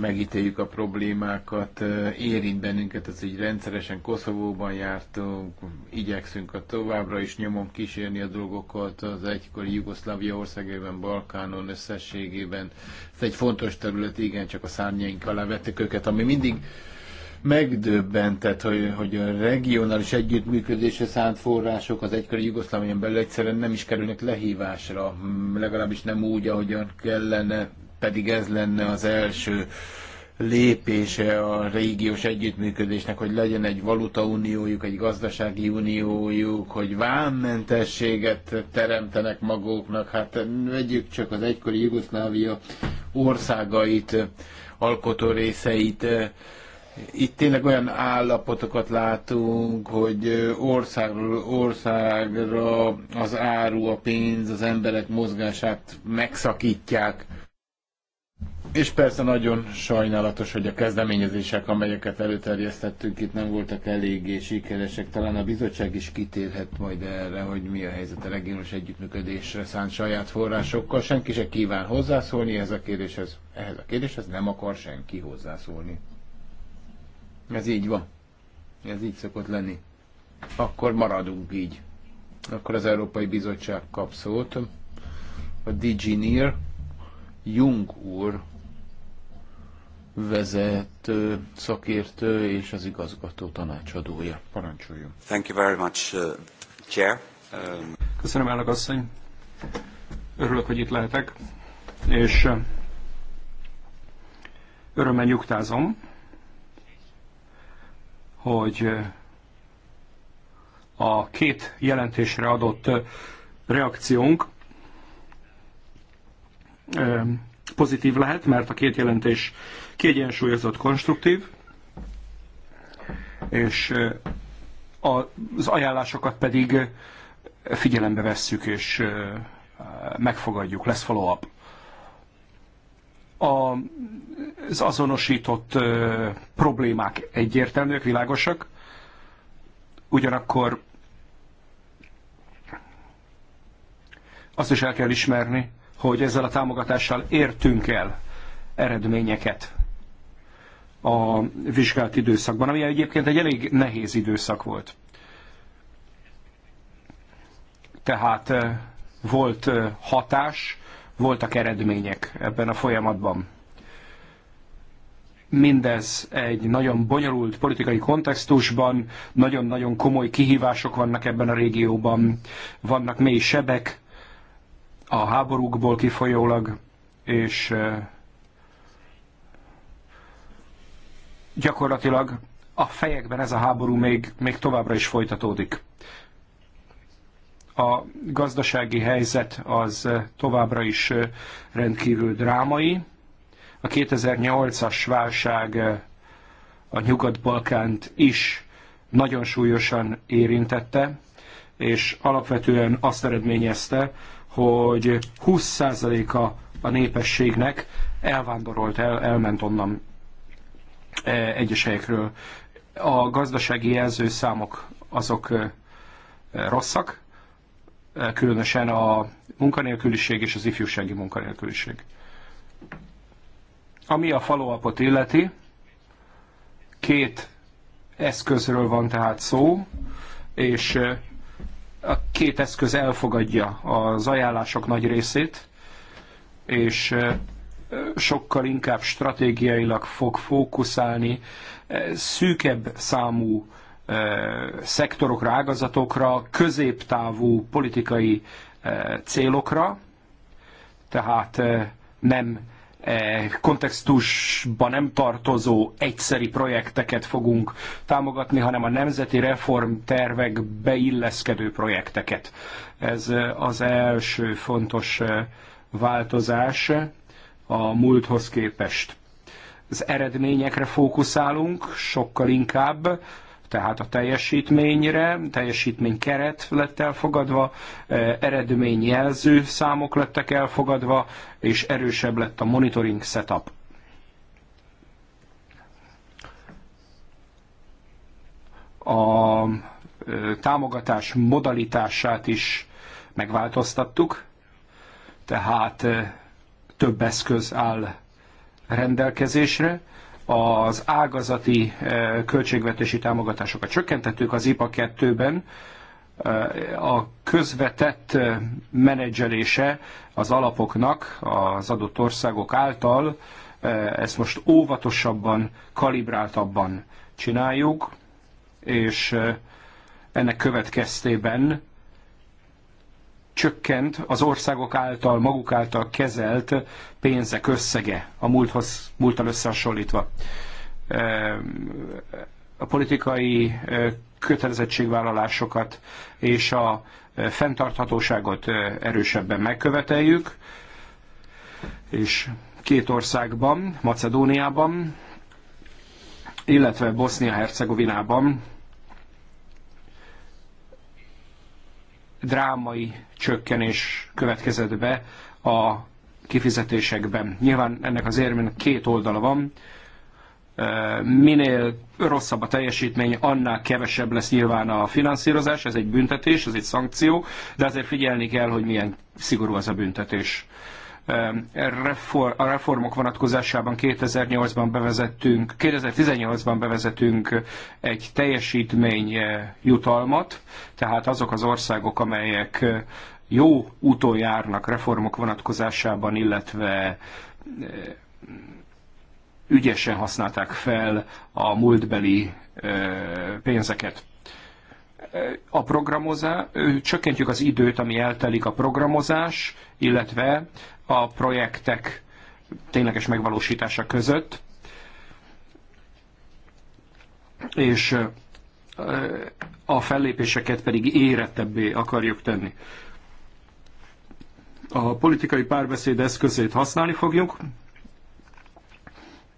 megítéljük a problémákat, érint bennünket, ez így rendszeresen Koszovóban jártunk, igyekszünk a továbbra is nyomon kísérni a dolgokat az egykori Jugoszlávia országében, Balkánon összességében. Ez egy fontos terület, igen, csak a szárnyaink alá vettük őket, ami mindig megdöbbentett, hogy, hogy a regionális együttműködésre szánt források az egykori Jugoszlávián belül egyszerűen nem is kerülnek lehívásra, legalábbis nem úgy, ahogyan kellene pedig ez lenne az első lépése a régiós együttműködésnek, hogy legyen egy valutauniójuk, egy gazdasági uniójuk, hogy vámmentességet teremtenek maguknak. Hát vegyük csak az egykori Jugoszlávia országait, alkotó részeit. Itt tényleg olyan állapotokat látunk, hogy országról országra az áru, a pénz, az emberek mozgását megszakítják. És persze nagyon sajnálatos, hogy a kezdeményezések, amelyeket előterjesztettünk itt, nem voltak eléggé sikeresek. Talán a bizottság is kitérhet majd erre, hogy mi a helyzet a regionális együttműködésre szánt saját forrásokkal. Senki se kíván hozzászólni ehhez a kérdéshez. Ehhez a kérdéshez nem akar senki hozzászólni. Ez így van. Ez így szokott lenni. Akkor maradunk így. Akkor az Európai Bizottság kap szót. A DG Jung úr vezető, szakértő és az igazgató tanácsadója. Parancsoljon. Thank you very much, uh, Chair. Um... Köszönöm, elnök asszony. Örülök, hogy itt lehetek, és uh, örömmel nyugtázom, hogy uh, a két jelentésre adott uh, reakciónk um, pozitív lehet, mert a két jelentés kiegyensúlyozott, konstruktív, és az ajánlásokat pedig figyelembe vesszük és megfogadjuk, lesz follow-up. Az azonosított problémák egyértelműek, világosak, ugyanakkor azt is el kell ismerni, hogy ezzel a támogatással értünk el eredményeket a vizsgált időszakban, ami egyébként egy elég nehéz időszak volt. Tehát eh, volt eh, hatás, voltak eredmények ebben a folyamatban. Mindez egy nagyon bonyolult politikai kontextusban, nagyon-nagyon komoly kihívások vannak ebben a régióban, vannak mély sebek a háborúkból kifolyólag, és eh, gyakorlatilag a fejekben ez a háború még, még továbbra is folytatódik. A gazdasági helyzet az továbbra is rendkívül drámai. A 2008-as válság a Nyugat-Balkánt is nagyon súlyosan érintette, és alapvetően azt eredményezte, hogy 20%-a a népességnek elvándorolt, el, elment onnan. E, egyes helyekről. A gazdasági jelzőszámok azok e, rosszak, e, különösen a munkanélküliség és az ifjúsági munkanélküliség. Ami a faluapot illeti, két eszközről van tehát szó, és a két eszköz elfogadja az ajánlások nagy részét, és sokkal inkább stratégiailag fog fókuszálni eh, szűkebb számú eh, szektorokra, ágazatokra, középtávú politikai eh, célokra, tehát nem kontextusba nem tartozó egyszeri projekteket fogunk támogatni, hanem a nemzeti reformtervek beilleszkedő projekteket. Ez az első fontos változás a múlthoz képest. Az eredményekre fókuszálunk sokkal inkább, tehát a teljesítményre, teljesítmény keret lett elfogadva, eh, eredményjelző számok lettek elfogadva, és erősebb lett a monitoring setup. A eh, támogatás modalitását is megváltoztattuk, tehát eh, több eszköz áll rendelkezésre. Az ágazati eh, költségvetési támogatásokat csökkentettük az IPA 2-ben, eh, a közvetett eh, menedzselése az alapoknak az adott országok által, ezt most óvatosabban, kalibráltabban csináljuk, és ennek következtében csökkent az országok által, maguk által kezelt pénzek összege a múlthoz, múlttal összehasonlítva. A politikai kötelezettségvállalásokat és a fenntarthatóságot erősebben megköveteljük, és két országban, Macedóniában, illetve Bosznia-Hercegovinában drámai csökkenés következett be a kifizetésekben. Nyilván ennek az érmének két oldala van, minél rosszabb a teljesítmény, annál kevesebb lesz nyilván a finanszírozás, ez egy büntetés, ez egy szankció, de azért figyelni kell, hogy milyen szigorú az a büntetés a reformok vonatkozásában 2008-ban bevezettünk, 2018-ban bevezetünk egy teljesítmény eh, jutalmat, tehát azok az országok, amelyek eh, jó úton járnak reformok vonatkozásában, illetve eh, ügyesen használták fel a múltbeli pénzeket a programozás, csökkentjük az időt, ami eltelik a programozás, illetve a projektek tényleges megvalósítása között. És a fellépéseket pedig érettebbé akarjuk tenni. A politikai párbeszéd eszközét használni fogjuk.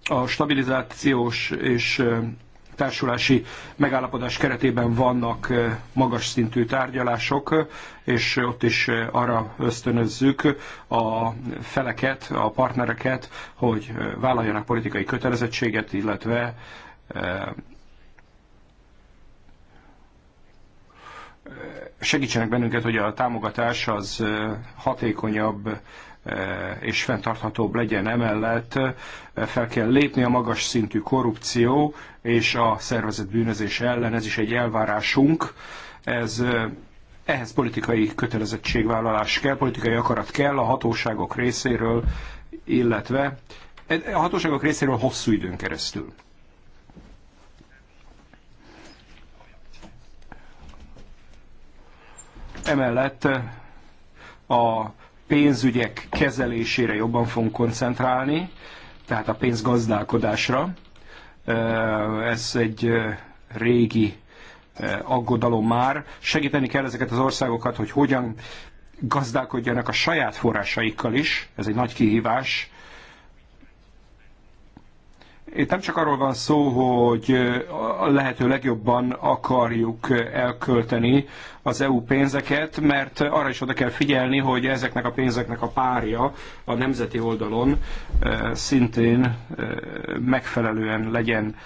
A stabilizációs és társulási megállapodás keretében vannak eh, magas szintű tárgyalások, eh, és ott is eh, arra ösztönözzük a feleket, a partnereket, hogy vállaljanak politikai kötelezettséget, illetve segítsenek bennünket, hogy a támogatás az hatékonyabb Eh, és fenntarthatóbb legyen. Emellett eh, fel kell lépni a magas szintű korrupció és a szervezett bűnözés ellen, ez is egy elvárásunk. Ez eh, ehhez politikai kötelezettségvállalás kell, politikai akarat kell a hatóságok részéről, illetve a hatóságok részéről hosszú időn keresztül. Emellett a pénzügyek kezelésére jobban fogunk koncentrálni, tehát a pénzgazdálkodásra. Ez egy régi aggodalom már. Segíteni kell ezeket az országokat, hogy hogyan gazdálkodjanak a saját forrásaikkal is. Ez egy nagy kihívás itt nem csak arról van szó, hogy a lehető legjobban akarjuk elkölteni az EU pénzeket, mert arra is oda kell figyelni, hogy ezeknek a pénzeknek a párja a nemzeti oldalon szintén megfelelően legyen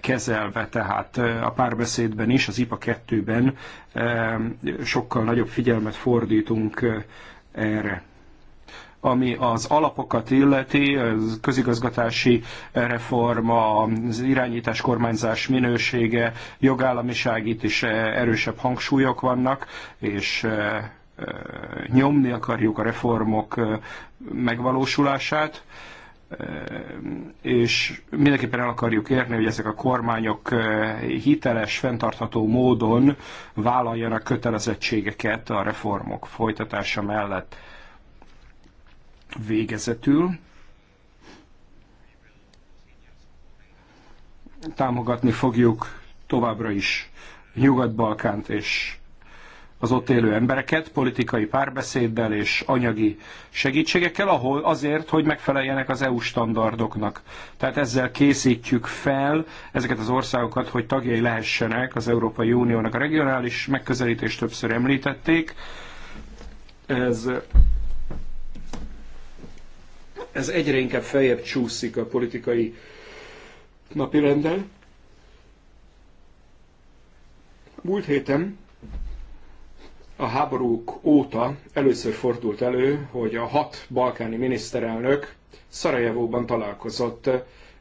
kezelve, tehát a párbeszédben is, az IPA 2-ben sokkal nagyobb figyelmet fordítunk erre ami az alapokat illeti, az közigazgatási reforma, az irányítás kormányzás minősége, jogállamiság, itt is erősebb hangsúlyok vannak, és e, e, nyomni akarjuk a reformok e, megvalósulását, és mindenképpen el akarjuk érni, hogy ezek a kormányok hiteles, fenntartható módon vállaljanak kötelezettségeket a reformok folytatása mellett Végezetül támogatni fogjuk továbbra is Nyugat-Balkánt és az ott élő embereket politikai párbeszéddel és anyagi segítségekkel, ahol azért, hogy megfeleljenek az EU standardoknak. Tehát ezzel készítjük fel ezeket az országokat, hogy tagjai lehessenek az Európai Uniónak. A regionális megközelítést többször említették. Ez ez egyre inkább feljebb csúszik a politikai napirenden. Múlt héten a háborúk óta először fordult elő, hogy a hat balkáni miniszterelnök Szarajevóban találkozott,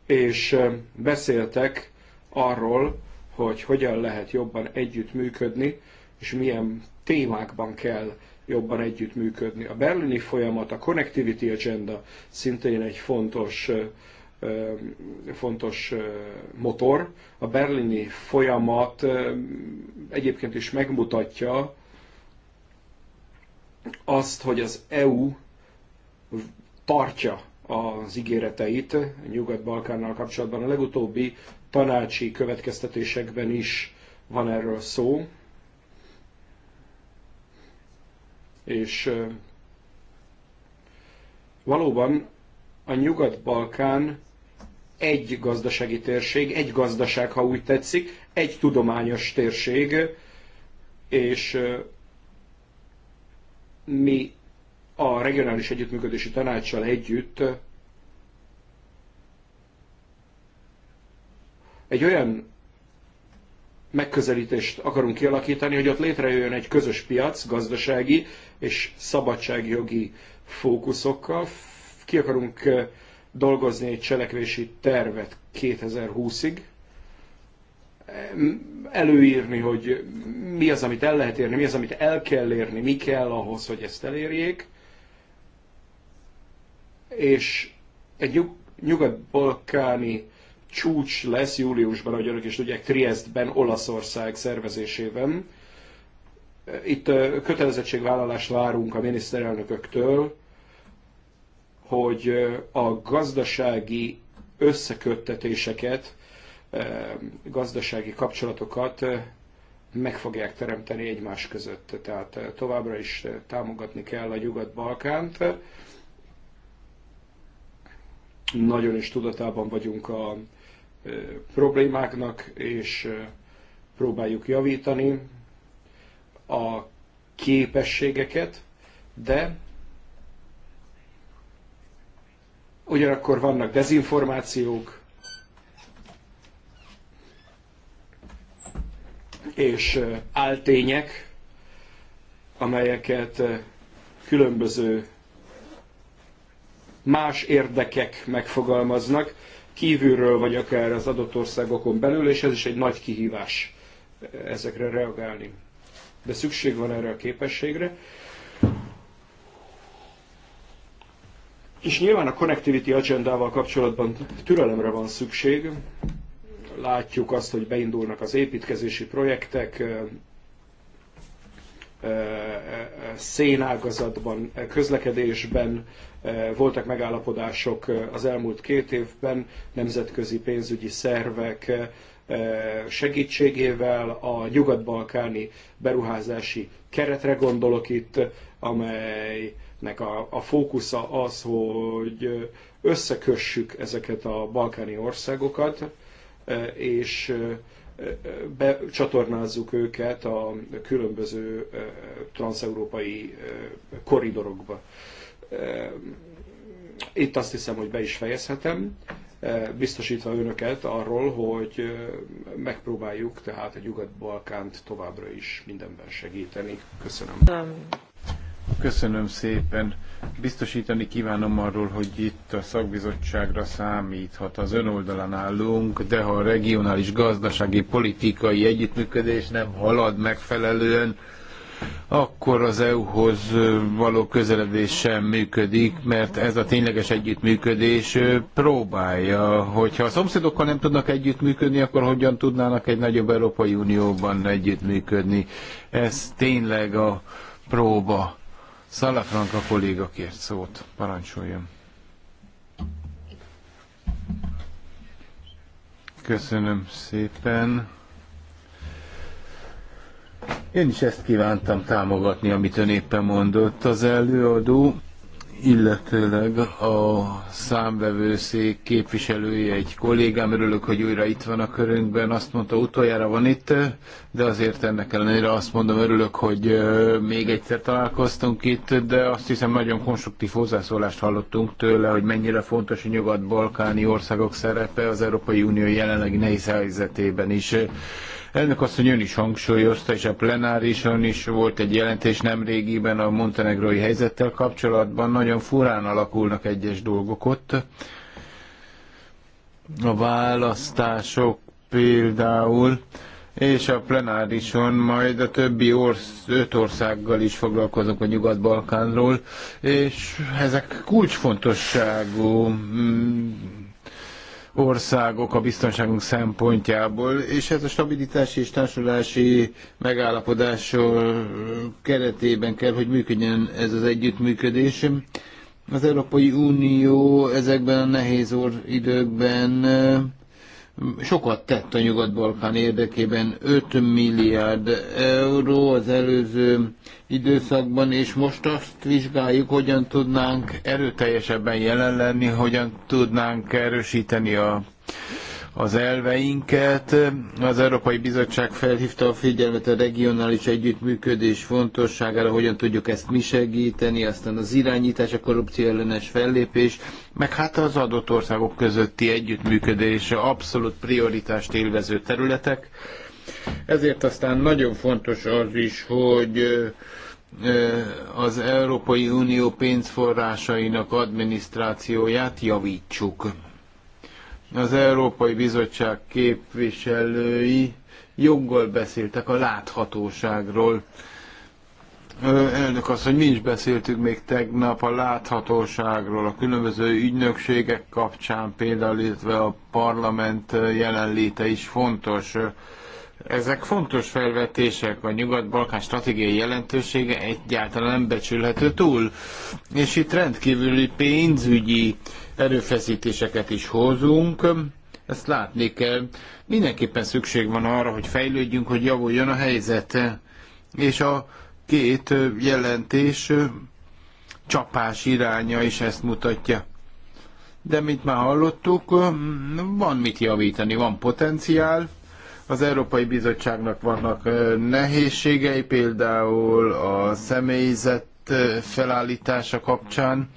és beszéltek arról, hogy hogyan lehet jobban együttműködni, és milyen témákban kell jobban együttműködni. A berlini folyamat, a Connectivity Agenda szintén egy fontos, fontos motor. A berlini folyamat egyébként is megmutatja azt, hogy az EU tartja az ígéreteit Nyugat-Balkánnal kapcsolatban. A legutóbbi tanácsi következtetésekben is van erről szó. És valóban a Nyugat-Balkán egy gazdasági térség, egy gazdaság, ha úgy tetszik, egy tudományos térség, és mi a regionális együttműködési tanácssal együtt egy olyan megközelítést akarunk kialakítani, hogy ott létrejöjjön egy közös piac, gazdasági és szabadságjogi fókuszokkal. Ki akarunk dolgozni egy cselekvési tervet 2020-ig, előírni, hogy mi az, amit el lehet érni, mi az, amit el kell érni, mi kell ahhoz, hogy ezt elérjék. És egy nyugat-balkáni csúcs lesz júliusban, ahogy önök is tudják, Triestben, Olaszország szervezésében. Itt kötelezettségvállalást várunk a miniszterelnököktől, hogy a gazdasági összeköttetéseket, gazdasági kapcsolatokat meg fogják teremteni egymás között. Tehát továbbra is támogatni kell a Nyugat-Balkánt, nagyon is tudatában vagyunk a problémáknak, és próbáljuk javítani a képességeket, de ugyanakkor vannak dezinformációk, és áltények, amelyeket különböző más érdekek megfogalmaznak, kívülről vagy akár az adott országokon belül, és ez is egy nagy kihívás eh, ezekre reagálni. De szükség van erre a képességre. És nyilván a connectivity agendával kapcsolatban türelemre van szükség. Látjuk azt, hogy beindulnak az építkezési projektek, eh, szénágazatban, közlekedésben voltak megállapodások az elmúlt két évben nemzetközi pénzügyi szervek segítségével a nyugat-balkáni beruházási keretre gondolok itt, amelynek a, a fókusza az, hogy összekössük ezeket a balkáni országokat, és becsatornázzuk őket a különböző transeurópai koridorokba. Itt azt hiszem, hogy be is fejezhetem, biztosítva önöket arról, hogy megpróbáljuk tehát a Nyugat-Balkánt továbbra is mindenben segíteni. Köszönöm. Um, Köszönöm szépen. Biztosítani kívánom arról, hogy itt a szakbizottságra számíthat, az ön oldalán állunk, de ha a regionális gazdasági politikai együttműködés nem halad megfelelően, akkor az EU-hoz való közeledés sem működik, mert ez a tényleges együttműködés próbálja, hogyha a szomszédokkal nem tudnak együttműködni, akkor hogyan tudnának egy nagyobb Európai Unióban együttműködni. Ez tényleg a próba. Szalafranka kolléga kért szót. Parancsoljon. Köszönöm szépen. Én is ezt kívántam támogatni, amit ön éppen mondott. Az előadó illetőleg a számvevőszék képviselője, egy kollégám, örülök, hogy újra itt van a körünkben, azt mondta, utoljára van itt, de azért ennek ellenére azt mondom, örülök, hogy még egyszer találkoztunk itt, de azt hiszem nagyon konstruktív hozzászólást hallottunk tőle, hogy mennyire fontos a nyugat-balkáni országok szerepe az Európai Unió jelenlegi nehéz helyzetében is. Elnök asszony ön is hangsúlyozta, és a plenárison is volt egy jelentés nemrégiben a montenegrói helyzettel kapcsolatban. Nagyon furán alakulnak egyes dolgok ott. A választások például, és a plenárison majd a többi orsz, öt országgal is foglalkozunk a Nyugat-Balkánról, és ezek kulcsfontosságú mm, országok a biztonságunk szempontjából, és ez a stabilitási és társulási megállapodásról keretében kell, hogy működjön ez az együttműködés. Az Európai Unió ezekben a nehéz időkben sokat tett a Nyugat-Balkán érdekében, 5 milliárd euró az előző időszakban, és most azt vizsgáljuk, hogyan tudnánk erőteljesebben jelen lenni, hogyan tudnánk erősíteni a az elveinket. Az Európai Bizottság felhívta a figyelmet a regionális együttműködés fontosságára, hogyan tudjuk ezt mi segíteni, aztán az irányítás, a korrupció ellenes fellépés, meg hát az adott országok közötti együttműködés, abszolút prioritást élvező területek. Ezért aztán nagyon fontos az is, hogy az Európai Unió pénzforrásainak adminisztrációját javítsuk az Európai Bizottság képviselői joggal beszéltek a láthatóságról. Elnök azt, hogy nincs beszéltük még tegnap a láthatóságról, a különböző ügynökségek kapcsán például, illetve a parlament jelenléte is fontos. Ezek fontos felvetések, a Nyugat-Balkán stratégiai jelentősége egyáltalán nem becsülhető túl. És itt rendkívüli pénzügyi erőfeszítéseket is hozunk. Ezt látni kell. Mindenképpen szükség van arra, hogy fejlődjünk, hogy javuljon a helyzet. És a két jelentés csapás iránya is ezt mutatja. De, mint már hallottuk, van mit javítani, van potenciál. Az Európai Bizottságnak vannak nehézségei, például a személyzet felállítása kapcsán,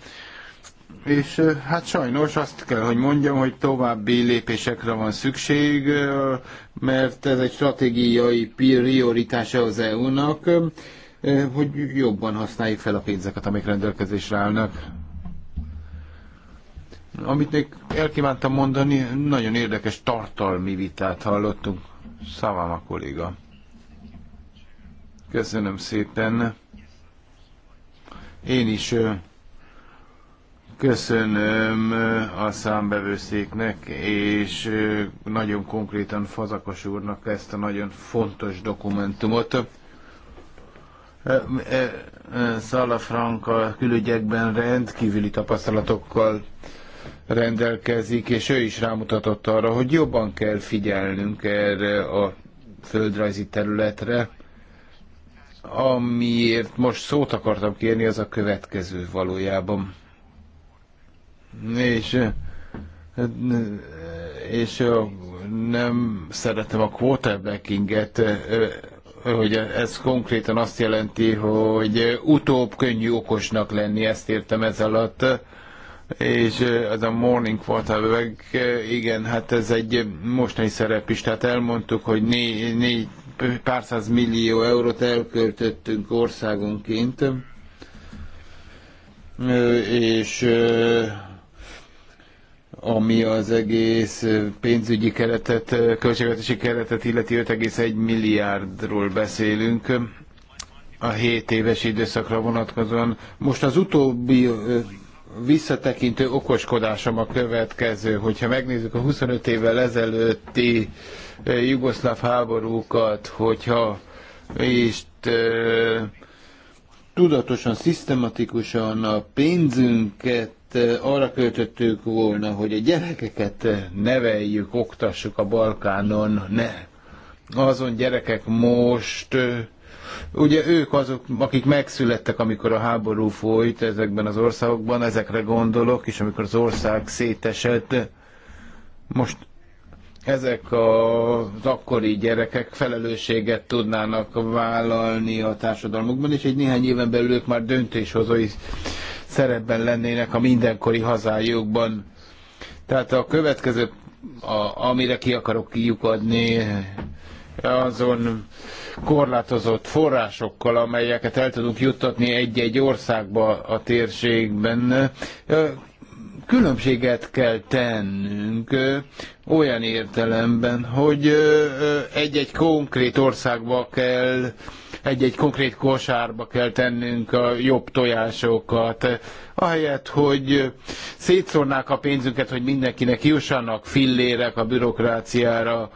és hát sajnos azt kell, hogy mondjam, hogy további lépésekre van szükség, mert ez egy stratégiai prioritása az EU-nak, hogy jobban használjuk fel a pénzeket, amik rendelkezésre állnak. Amit még elkívántam mondani, nagyon érdekes tartalmi vitát hallottunk. a kolléga. Köszönöm szépen. Én is Köszönöm eh, a számbevőszéknek, és eh, nagyon konkrétan Fazakas úrnak ezt a nagyon fontos dokumentumot. Eh, Szala a külügyekben rendkívüli tapasztalatokkal rendelkezik, és ő is rámutatott arra, hogy jobban kell figyelnünk erre a földrajzi területre. Amiért most szót akartam kérni, az a következő valójában és, és nem szeretem a quarterbackinget, hogy ez konkrétan azt jelenti, hogy utóbb könnyű okosnak lenni, ezt értem ez alatt és ez a Morning Quarterback, igen, hát ez egy mostani szerep is, tehát elmondtuk, hogy négy, négy pár száz millió eurót elköltöttünk országonként, és ami az egész pénzügyi keretet, költségvetési keretet illeti 5,1 milliárdról beszélünk a 7 éves időszakra vonatkozóan. Most az utóbbi visszatekintő okoskodásom a következő, hogyha megnézzük a 25 évvel ezelőtti jugoszláv háborúkat, hogyha és tudatosan, szisztematikusan a pénzünket arra költöttük volna, hogy a gyerekeket neveljük, oktassuk a Balkánon, ne. Azon gyerekek most, ugye ők azok, akik megszülettek, amikor a háború folyt ezekben az országokban, ezekre gondolok, és amikor az ország szétesett, most ezek az akkori gyerekek felelősséget tudnának vállalni a társadalmukban, és egy néhány éven belül ők már döntéshozói szerepben lennének a mindenkori hazájukban. Tehát a következő, a, amire ki akarok kiukadni, azon korlátozott forrásokkal, amelyeket el tudunk juttatni egy-egy országba a térségben különbséget kell tennünk olyan értelemben, hogy egy-egy konkrét országba kell, egy-egy konkrét kosárba kell tennünk a jobb tojásokat, ahelyett, hogy szétszórnák a pénzünket, hogy mindenkinek jussanak fillérek a bürokráciára,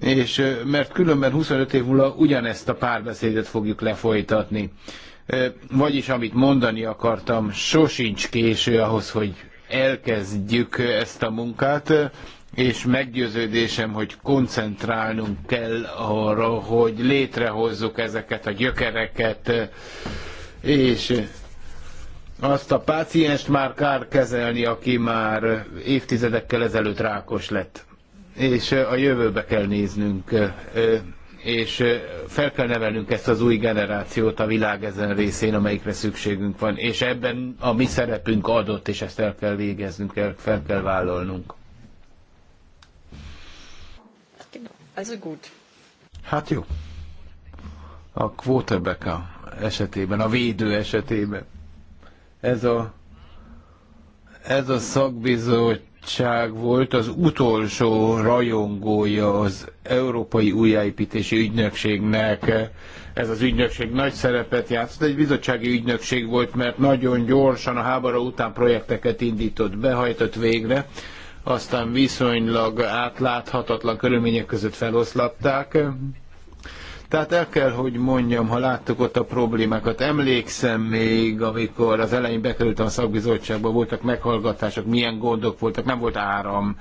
és mert különben 25 év múlva ugyanezt a párbeszédet fogjuk lefolytatni. Vagyis, amit mondani akartam, sosincs késő ahhoz, hogy elkezdjük ezt a munkát, és meggyőződésem, hogy koncentrálnunk kell arra, hogy létrehozzuk ezeket a gyökereket, és azt a pácienst már kár kezelni, aki már évtizedekkel ezelőtt rákos lett. És a jövőbe kell néznünk és fel kell nevelnünk ezt az új generációt a világ ezen részén, amelyikre szükségünk van, és ebben a mi szerepünk adott, és ezt el kell végeznünk, el, fel kell vállalnunk. gut. Hát jó. A quarterback esetében, a védő esetében. Ez a, ez a szakbizony, Bizottság volt az utolsó rajongója az Európai Újjáépítési Ügynökségnek. Ez az ügynökség nagy szerepet játszott, egy bizottsági ügynökség volt, mert nagyon gyorsan a háború után projekteket indított, behajtott végre, aztán viszonylag átláthatatlan körülmények között feloszlatták. Tehát el kell, hogy mondjam, ha láttuk ott a problémákat, emlékszem még, amikor az elején bekerültem a szakbizottságba, voltak meghallgatások, milyen gondok voltak, nem volt áram.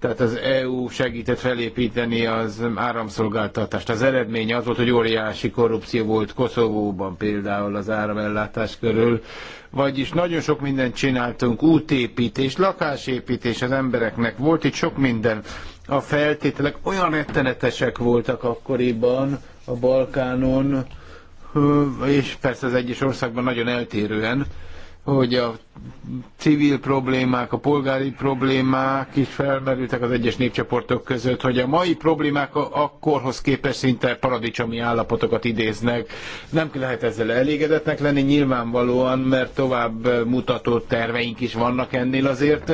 Tehát az EU segített felépíteni az áramszolgáltatást. Az eredménye az volt, hogy óriási korrupció volt Koszovóban például az áramellátás körül. Vagyis nagyon sok mindent csináltunk, útépítés, lakásépítés az embereknek, volt itt sok minden a feltételek olyan rettenetesek voltak akkoriban a Balkánon, és persze az egyes országban nagyon eltérően, hogy a civil problémák, a polgári problémák is felmerültek az egyes népcsoportok között, hogy a mai problémák akkorhoz képest szinte paradicsomi állapotokat idéznek. Nem lehet ezzel elégedetnek lenni nyilvánvalóan, mert tovább mutató terveink is vannak ennél azért,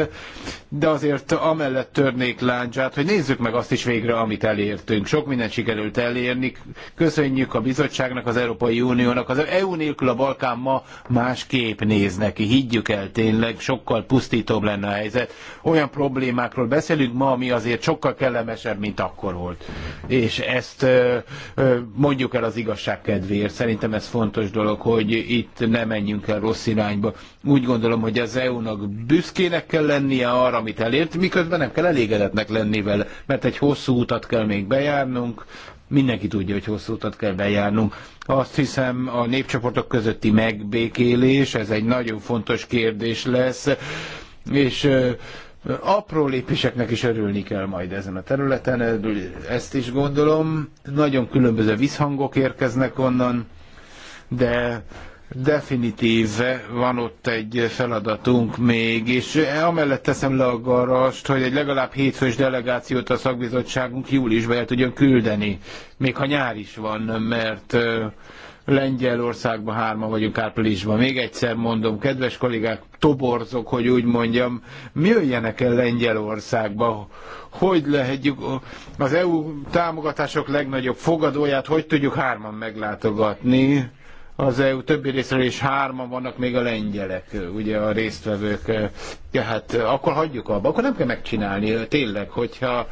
de azért amellett törnék láncsát, hogy nézzük meg azt is végre, amit elértünk. Sok mindent sikerült elérni. Köszönjük a bizottságnak, az Európai Uniónak. Az EU nélkül a Balkán ma másképp néz neki, higgyük el kell tényleg, sokkal pusztítóbb lenne a helyzet. Olyan problémákról beszélünk ma, ami azért sokkal kellemesebb, mint akkor volt. És ezt mondjuk el az igazság kedvéért. Szerintem ez fontos dolog, hogy itt ne menjünk el rossz irányba. Úgy gondolom, hogy az EU-nak büszkének kell lennie arra, amit elért, miközben nem kell elégedetnek lenni vele, mert egy hosszú utat kell még bejárnunk, Mindenki tudja, hogy hosszú utat kell bejárnunk. Azt hiszem, a népcsoportok közötti megbékélés, ez egy nagyon fontos kérdés lesz, és apró lépéseknek is örülni kell majd ezen a területen, ezt is gondolom. Nagyon különböző visszhangok érkeznek onnan, de Definitíve van ott egy feladatunk még, és amellett teszem le a garast, hogy egy legalább hétfős delegációt a szakbizottságunk júliusban el tudjon küldeni, még ha nyár is van, mert Lengyelországban hárman vagyunk áprilisban. Még egyszer mondom, kedves kollégák, toborzok, hogy úgy mondjam, mi jöjjenek el Lengyelországba, hogy lehetjük az EU támogatások legnagyobb fogadóját, hogy tudjuk hárman meglátogatni az EU többi részről is hárman vannak még a lengyelek, ugye a résztvevők. Ja, hát akkor hagyjuk abba, akkor nem kell megcsinálni, tényleg, hogyha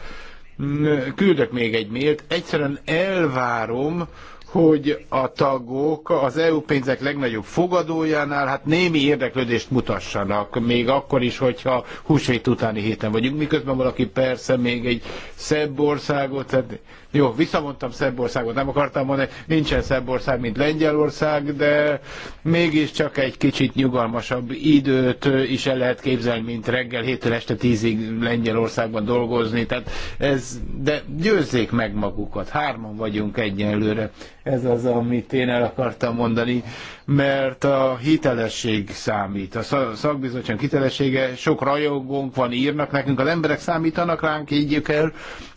küldök még egy mailt, egyszerűen elvárom, hogy a tagok az EU pénzek legnagyobb fogadójánál hát némi érdeklődést mutassanak, még akkor is, hogyha húsvét utáni héten vagyunk, miközben valaki persze még egy szebb országot, tehát jó, visszavontam Szebbországot, nem akartam mondani, nincsen Szebbország, mint Lengyelország, de mégiscsak egy kicsit nyugalmasabb időt is el lehet képzelni, mint reggel 7-től este 10-ig Lengyelországban dolgozni. Tehát ez, de győzzék meg magukat, hárman vagyunk egyenlőre. Ez az, amit én el akartam mondani, mert a hitelesség számít. A szakbizottság hitelessége, sok rajongónk van, írnak nekünk, az emberek számítanak ránk, így kell.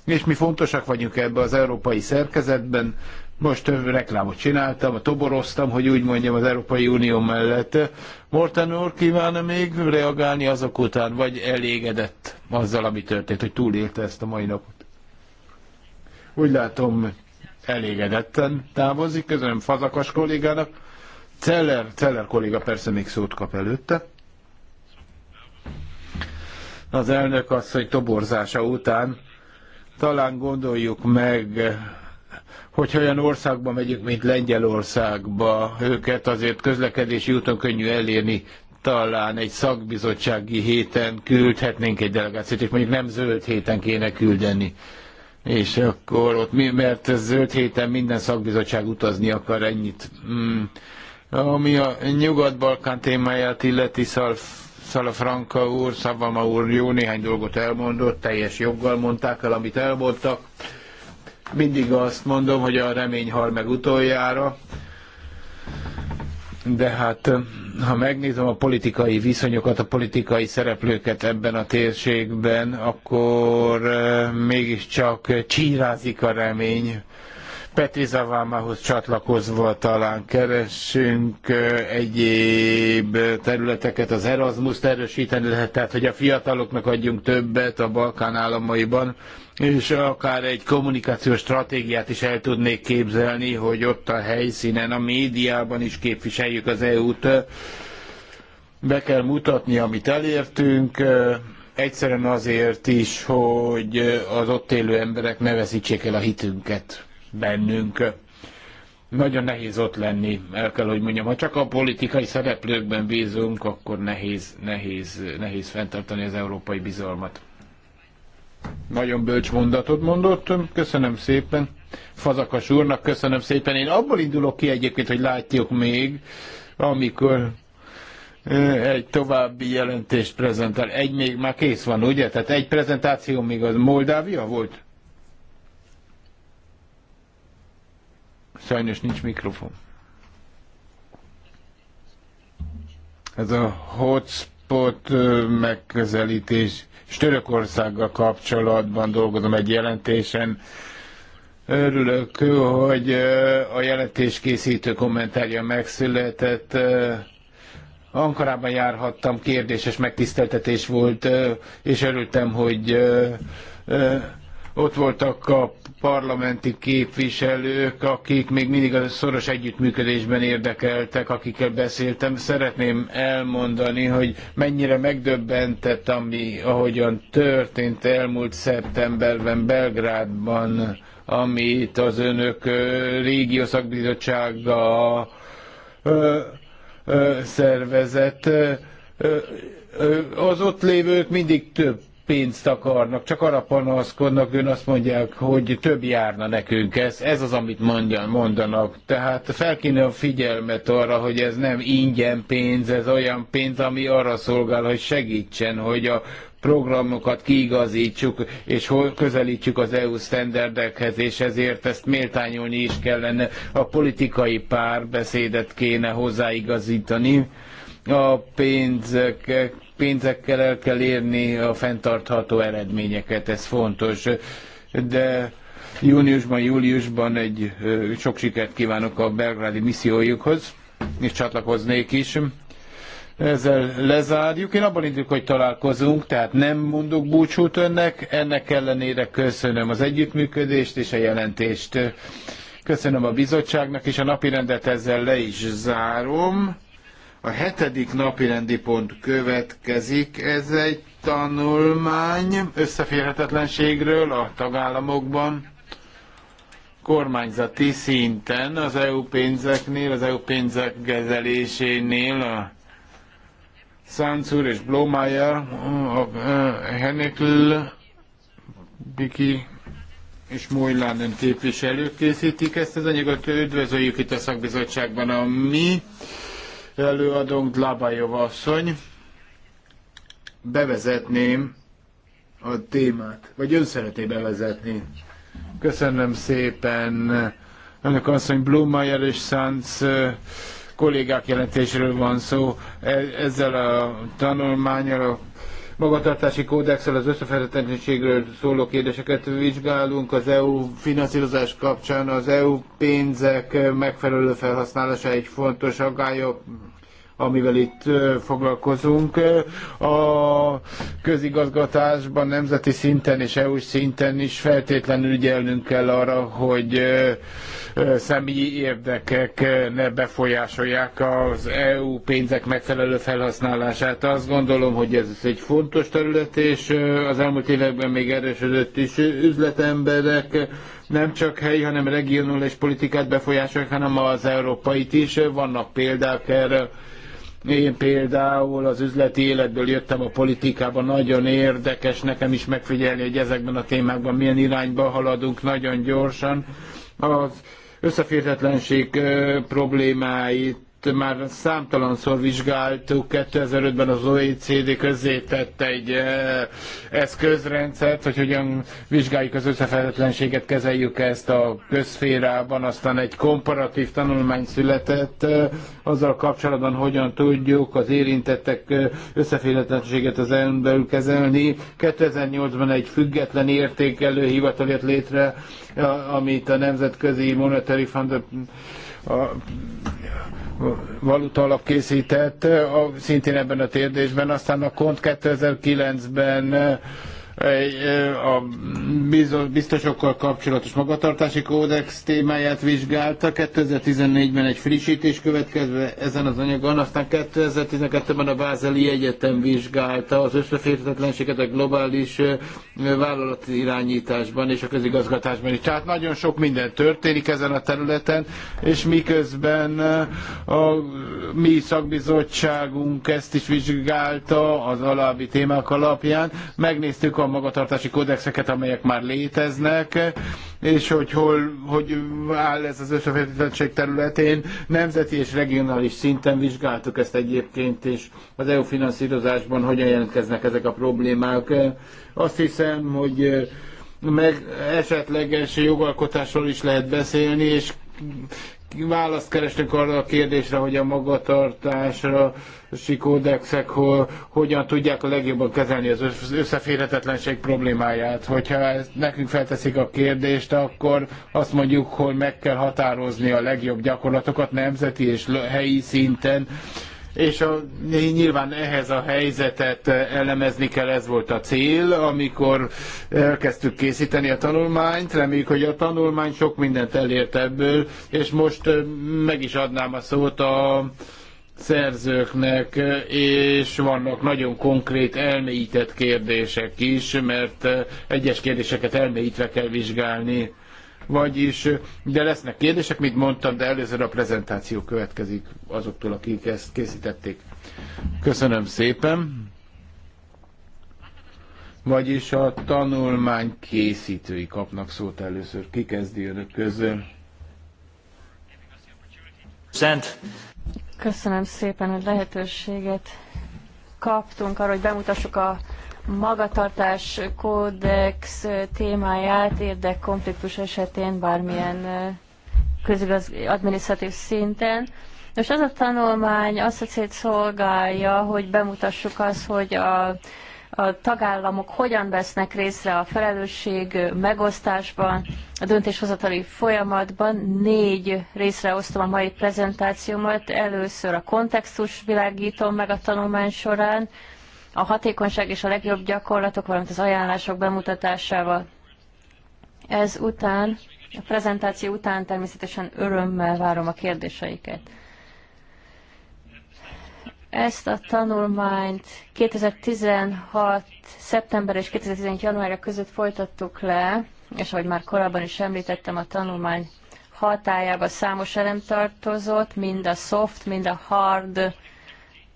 És mi fontosak vagyunk ebbe az európai szerkezetben. Most reklámot csináltam, toboroztam, hogy úgy mondjam, az Európai Unió mellett. Morten úr kívánna még reagálni azok után, vagy elégedett azzal, ami történt, hogy túlélte ezt a mai napot? Úgy látom, elégedetten távozik, közönöm Fazakas kollégának. Celler, Celler kolléga persze még szót kap előtte. Az elnök asszony toborzása után talán gondoljuk meg, hogyha olyan országba megyünk, mint Lengyelországba, őket azért közlekedési úton könnyű elérni, talán egy szakbizottsági héten küldhetnénk egy delegációt, és mondjuk nem zöld héten kéne küldeni. És akkor ott mi, mert zöld héten minden szakbizottság utazni akar ennyit. Mm. Ami a Nyugat-Balkán témáját illeti, szal Szalafranka úr, Szavama úr jó néhány dolgot elmondott, teljes joggal mondták el, amit elmondtak. Mindig azt mondom, hogy a remény hal meg utoljára, de hát ha megnézem a politikai viszonyokat, a politikai szereplőket ebben a térségben, akkor eh, mégiscsak csírázik a remény Petri Zavámához csatlakozva talán keresünk egyéb területeket, az Erasmus erősíteni lehet, tehát hogy a fiataloknak adjunk többet a Balkán államaiban, és akár egy kommunikációs stratégiát is el tudnék képzelni, hogy ott a helyszínen, a médiában is képviseljük az EU-t. Be kell mutatni, amit elértünk, egyszerűen azért is, hogy az ott élő emberek ne veszítsék el a hitünket bennünk. Nagyon nehéz ott lenni, el kell, hogy mondjam. Ha csak a politikai szereplőkben bízunk, akkor nehéz, nehéz, nehéz fenntartani az európai bizalmat. Nagyon bölcs mondatot mondott, köszönöm szépen. Fazakas úrnak köszönöm szépen. Én abból indulok ki egyébként, hogy látjuk még, amikor egy további jelentést prezentál. Egy még már kész van, ugye? Tehát egy prezentáció még az Moldávia volt? Sajnos nincs mikrofon. Ez a hotspot megközelítés, és Törökországgal kapcsolatban dolgozom egy jelentésen. Örülök, hogy a jelentés készítő kommentárja megszületett. Ankarában járhattam, kérdéses megtiszteltetés volt, és örültem, hogy ott voltak a parlamenti képviselők, akik még mindig a szoros együttműködésben érdekeltek, akikkel beszéltem. Szeretném elmondani, hogy mennyire megdöbbentett, ami ahogyan történt elmúlt szeptemberben Belgrádban, amit az önök régió szakbizottsága szervezett. Az ott lévők mindig több pénzt akarnak, csak arra panaszkodnak, ön azt mondják, hogy több járna nekünk ez, ez az, amit mondjan, mondanak. Tehát fel kéne a figyelmet arra, hogy ez nem ingyen pénz, ez olyan pénz, ami arra szolgál, hogy segítsen, hogy a programokat kiigazítsuk, és hol közelítsük az EU sztenderdekhez, és ezért ezt méltányolni is kellene. A politikai párbeszédet kéne hozzáigazítani a pénzek pénzekkel el kell érni a fenntartható eredményeket, ez fontos. De júniusban, júliusban egy sok sikert kívánok a belgrádi missziójukhoz, és csatlakoznék is. Ezzel lezárjuk. Én abban indulok, hogy találkozunk, tehát nem mondok búcsút önnek. Ennek ellenére köszönöm az együttműködést és a jelentést. Köszönöm a bizottságnak, és a napirendet ezzel le is zárom. A hetedik napi rendi pont következik. Ez egy tanulmány összeférhetetlenségről a tagállamokban kormányzati szinten, az EU pénzeknél, az EU pénzek kezelésénél a Sanzur és Blomayer, a Henekl, Biki és Mojlán képviselők készítik ezt az anyagot, üdvözöljük itt a szakbizottságban a mi előadónk Labajov asszony. Bevezetném a témát, vagy ön szeretné bevezetni. Köszönöm szépen. Önök asszony Blumeyer és Sanz kollégák jelentésről van szó. E- ezzel a tanulmányal a magatartási kódexel az összeférhetetlenségről szóló kérdéseket vizsgálunk az EU finanszírozás kapcsán. Az EU pénzek megfelelő felhasználása egy fontos aggályok amivel itt foglalkozunk. A közigazgatásban nemzeti szinten és EU-s szinten is feltétlenül ügyelnünk kell arra, hogy személyi érdekek ne befolyásolják az EU pénzek megfelelő felhasználását. Azt gondolom, hogy ez egy fontos terület, és az elmúlt években még erősödött is üzletemberek, nem csak helyi, hanem regionális politikát befolyásolják, hanem az európait is. Vannak példák erre én például az üzleti életből jöttem a politikába, nagyon érdekes nekem is megfigyelni, hogy ezekben a témákban milyen irányba haladunk nagyon gyorsan. Az összeférhetlenség problémáit már számtalanszor vizsgáltuk, 2005-ben az OECD közé tette egy eh, eszközrendszert, hogy hogyan vizsgáljuk az összefelelőtlenséget, kezeljük ezt a közférában, aztán egy komparatív tanulmány született eh, azzal kapcsolatban, hogyan tudjuk az érintettek eh, összefelelőtlenséget az emberül belül kezelni. 2008-ban egy független értékelő hivatal jött létre, amit a Nemzetközi Monetary Fund a valuta alap készített, szintén ebben a térdésben, aztán a Kont 2009-ben a biztosokkal kapcsolatos magatartási kódex témáját vizsgálta. 2014-ben egy frissítés következve ezen az anyagon, aztán 2012-ben a Bázeli Egyetem vizsgálta az összeférhetetlenséget a globális vállalati irányításban és a közigazgatásban is. Tehát nagyon sok minden történik ezen a területen, és miközben a mi szakbizottságunk ezt is vizsgálta az alábbi témák alapján, megnéztük a a magatartási kódexeket, amelyek már léteznek, és hogy hol hogy áll ez az összeférhetetlenség területén. Nemzeti és regionális szinten vizsgáltuk ezt egyébként, is az EU finanszírozásban hogyan jelentkeznek ezek a problémák. Azt hiszem, hogy meg esetleges jogalkotásról is lehet beszélni, és választ keresnek arra a kérdésre, hogy a magatartásra, sikódexek hogy hogyan tudják a legjobban kezelni az összeférhetetlenség problémáját. Hogyha ezt nekünk felteszik a kérdést, akkor azt mondjuk, hogy meg kell határozni a legjobb gyakorlatokat nemzeti és helyi szinten, és a, nyilván ehhez a helyzetet elemezni kell, ez volt a cél, amikor elkezdtük készíteni a tanulmányt, reméljük, hogy a tanulmány sok mindent elért ebből, és most meg is adnám a szót a szerzőknek, és vannak nagyon konkrét elmélyített kérdések is, mert egyes kérdéseket elmélyítve kell vizsgálni. Vagyis, de lesznek kérdések, mint mondtam, de először a prezentáció következik azoktól, akik ezt készítették. Köszönöm szépen. Vagyis a tanulmány készítői kapnak szót először. Ki kezdi önök közül? Szent. Köszönöm szépen, hogy lehetőséget kaptunk arra, hogy bemutassuk a magatartás kódex témáját érdekkonfliktus esetén bármilyen közigaz adminisztratív szinten. Most az a tanulmány azt a célt szolgálja, hogy bemutassuk azt, hogy a a tagállamok hogyan vesznek részre a felelősség megosztásban, a döntéshozatali folyamatban. Négy részre osztom a mai prezentációmat. Először a kontextus világítom meg a tanulmány során, a hatékonyság és a legjobb gyakorlatok, valamint az ajánlások bemutatásával. Ez után, a prezentáció után természetesen örömmel várom a kérdéseiket. Ezt a tanulmányt 2016. szeptember és 2017. januárja között folytattuk le, és ahogy már korábban is említettem, a tanulmány hatájába számos elem tartozott, mind a soft, mind a hard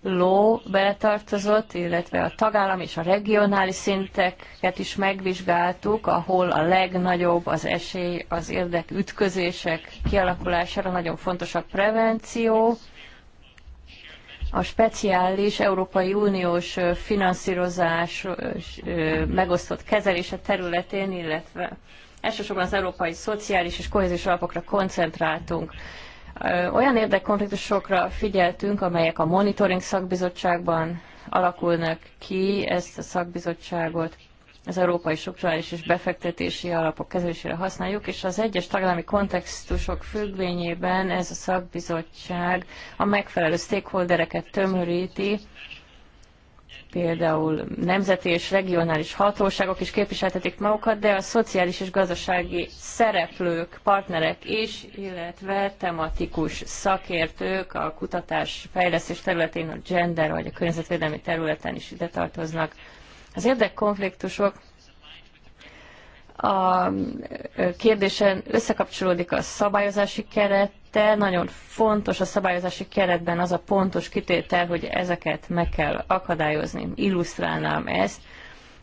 ló beletartozott, illetve a tagállam és a regionális szinteket is megvizsgáltuk, ahol a legnagyobb az esély az érdek ütközések kialakulására, nagyon fontos a prevenció, a speciális Európai Uniós finanszírozás megosztott kezelése területén, illetve elsősorban az európai szociális és kohéziós alapokra koncentráltunk olyan érdekkonfliktusokra figyeltünk, amelyek a monitoring szakbizottságban alakulnak ki, ezt a szakbizottságot az európai strukturális és befektetési alapok kezelésére használjuk, és az egyes tagállami kontextusok függvényében ez a szakbizottság a megfelelő stakeholdereket tömöríti, például nemzeti és regionális hatóságok is képviseltetik magukat, de a szociális és gazdasági szereplők, partnerek is, illetve tematikus szakértők a kutatás fejlesztés területén, a gender vagy a környezetvédelmi területen is ide tartoznak. Az érdekkonfliktusok a kérdésen összekapcsolódik a szabályozási kerettel. Nagyon fontos a szabályozási keretben az a pontos kitétel, hogy ezeket meg kell akadályozni. Illusztrálnám ezt.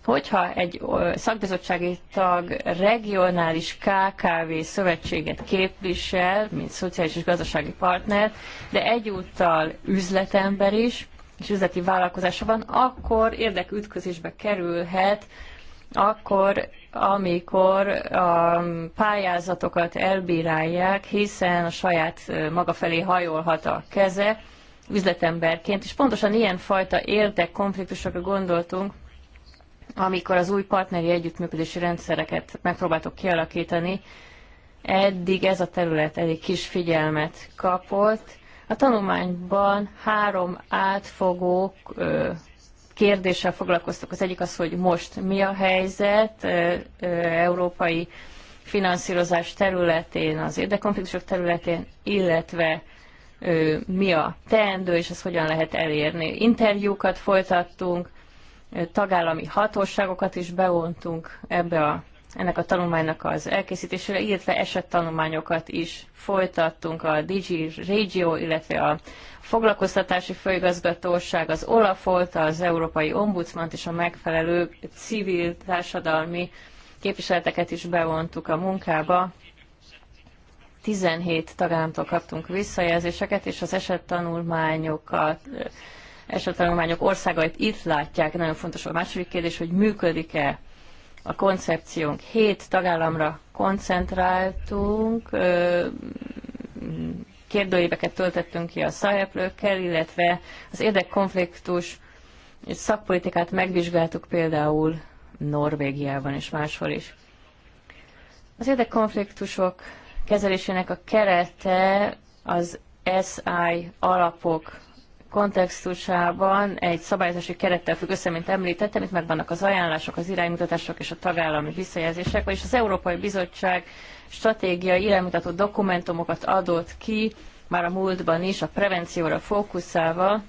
Hogyha egy szakbizottsági tag regionális KKV szövetséget képvisel, mint szociális és gazdasági partner, de egyúttal üzletember is, és üzleti vállalkozása van, akkor érdekütközésbe kerülhet, akkor amikor a pályázatokat elbírálják, hiszen a saját maga felé hajolhat a keze üzletemberként, és pontosan ilyen fajta konfliktusokra gondoltunk, amikor az új partneri együttműködési rendszereket megpróbáltuk kialakítani, eddig ez a terület elég kis figyelmet kapott. A tanulmányban három átfogó kérdéssel foglalkoztak. Az egyik az, hogy most mi a helyzet európai finanszírozás területén, az érdekonfliktusok területén, illetve mi a teendő, és ezt hogyan lehet elérni. Interjúkat folytattunk, tagállami hatóságokat is bevontunk ebbe a, ennek a tanulmánynak az elkészítésére, illetve esettanulmányokat is folytattunk a DG Regio, illetve a foglalkoztatási főigazgatóság, az Olaf, az Európai Ombudsmant és a megfelelő civil társadalmi képviseleteket is bevontuk a munkába. 17 tagállamtól kaptunk visszajelzéseket, és az esettanulmányokat esettanulmányok országait itt látják. Nagyon fontos a második kérdés, hogy működik-e a koncepciónk. Hét tagállamra koncentráltunk, kérdőíveket töltettünk ki a szereplőkkel, illetve az érdekkonfliktus szakpolitikát megvizsgáltuk például Norvégiában és máshol is. Az érdekkonfliktusok kezelésének a kerete az SI alapok kontextusában egy szabályozási kerettel függ össze, mint említettem, itt megvannak az ajánlások, az iránymutatások és a tagállami visszajelzések, vagyis az Európai Bizottság stratégiai iránymutató dokumentumokat adott ki, már a múltban is, a prevencióra fókuszálva.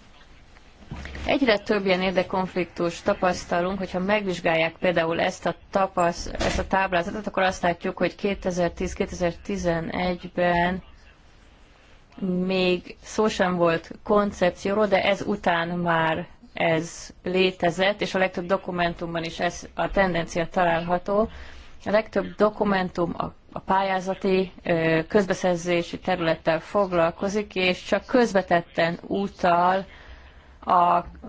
Egyre több ilyen érdekonfliktus tapasztalunk, hogyha megvizsgálják például ezt a, tapasz, ezt a táblázatot, akkor azt látjuk, hogy 2010-2011-ben még szó sem volt koncepcióról, de ez után már ez létezett, és a legtöbb dokumentumban is ez a tendencia található. A legtöbb dokumentum a a pályázati közbeszerzési területtel foglalkozik, és csak közvetetten utal a,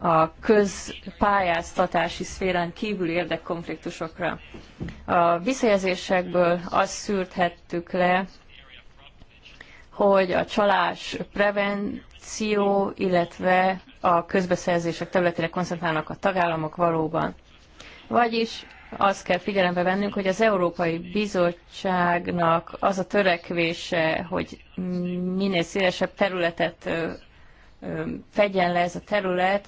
a közpályáztatási szférán kívül érdekkonfliktusokra. A visszajelzésekből azt szűrthettük le, hogy a csalás prevenció, illetve a közbeszerzések területére koncentrálnak a tagállamok valóban. Vagyis azt kell figyelembe vennünk, hogy az Európai Bizottságnak az a törekvése, hogy minél szélesebb területet fedjen le ez a terület,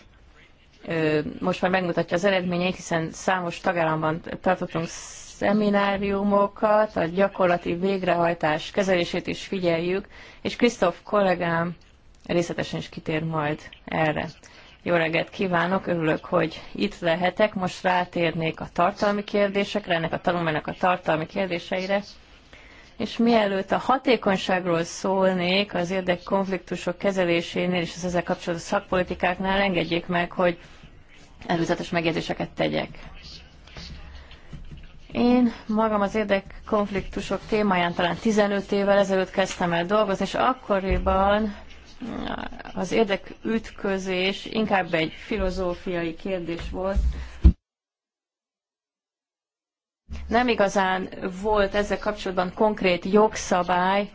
most már megmutatja az eredményeit, hiszen számos tagállamban tartottunk szemináriumokat, a gyakorlati végrehajtás kezelését is figyeljük, és Krisztof kollégám részletesen is kitér majd erre. Jó reggelt kívánok, örülök, hogy itt lehetek. Most rátérnék a tartalmi kérdésekre, ennek a tanulmánynak a tartalmi kérdéseire. És mielőtt a hatékonyságról szólnék az érdekkonfliktusok kezelésénél és az ezzel kapcsolatos szakpolitikáknál, engedjék meg, hogy előzetes megjegyzéseket tegyek. Én magam az érdekkonfliktusok témáján talán 15 évvel ezelőtt kezdtem el dolgozni, és akkoriban az érdekütközés inkább egy filozófiai kérdés volt. Nem igazán volt ezzel kapcsolatban konkrét jogszabály,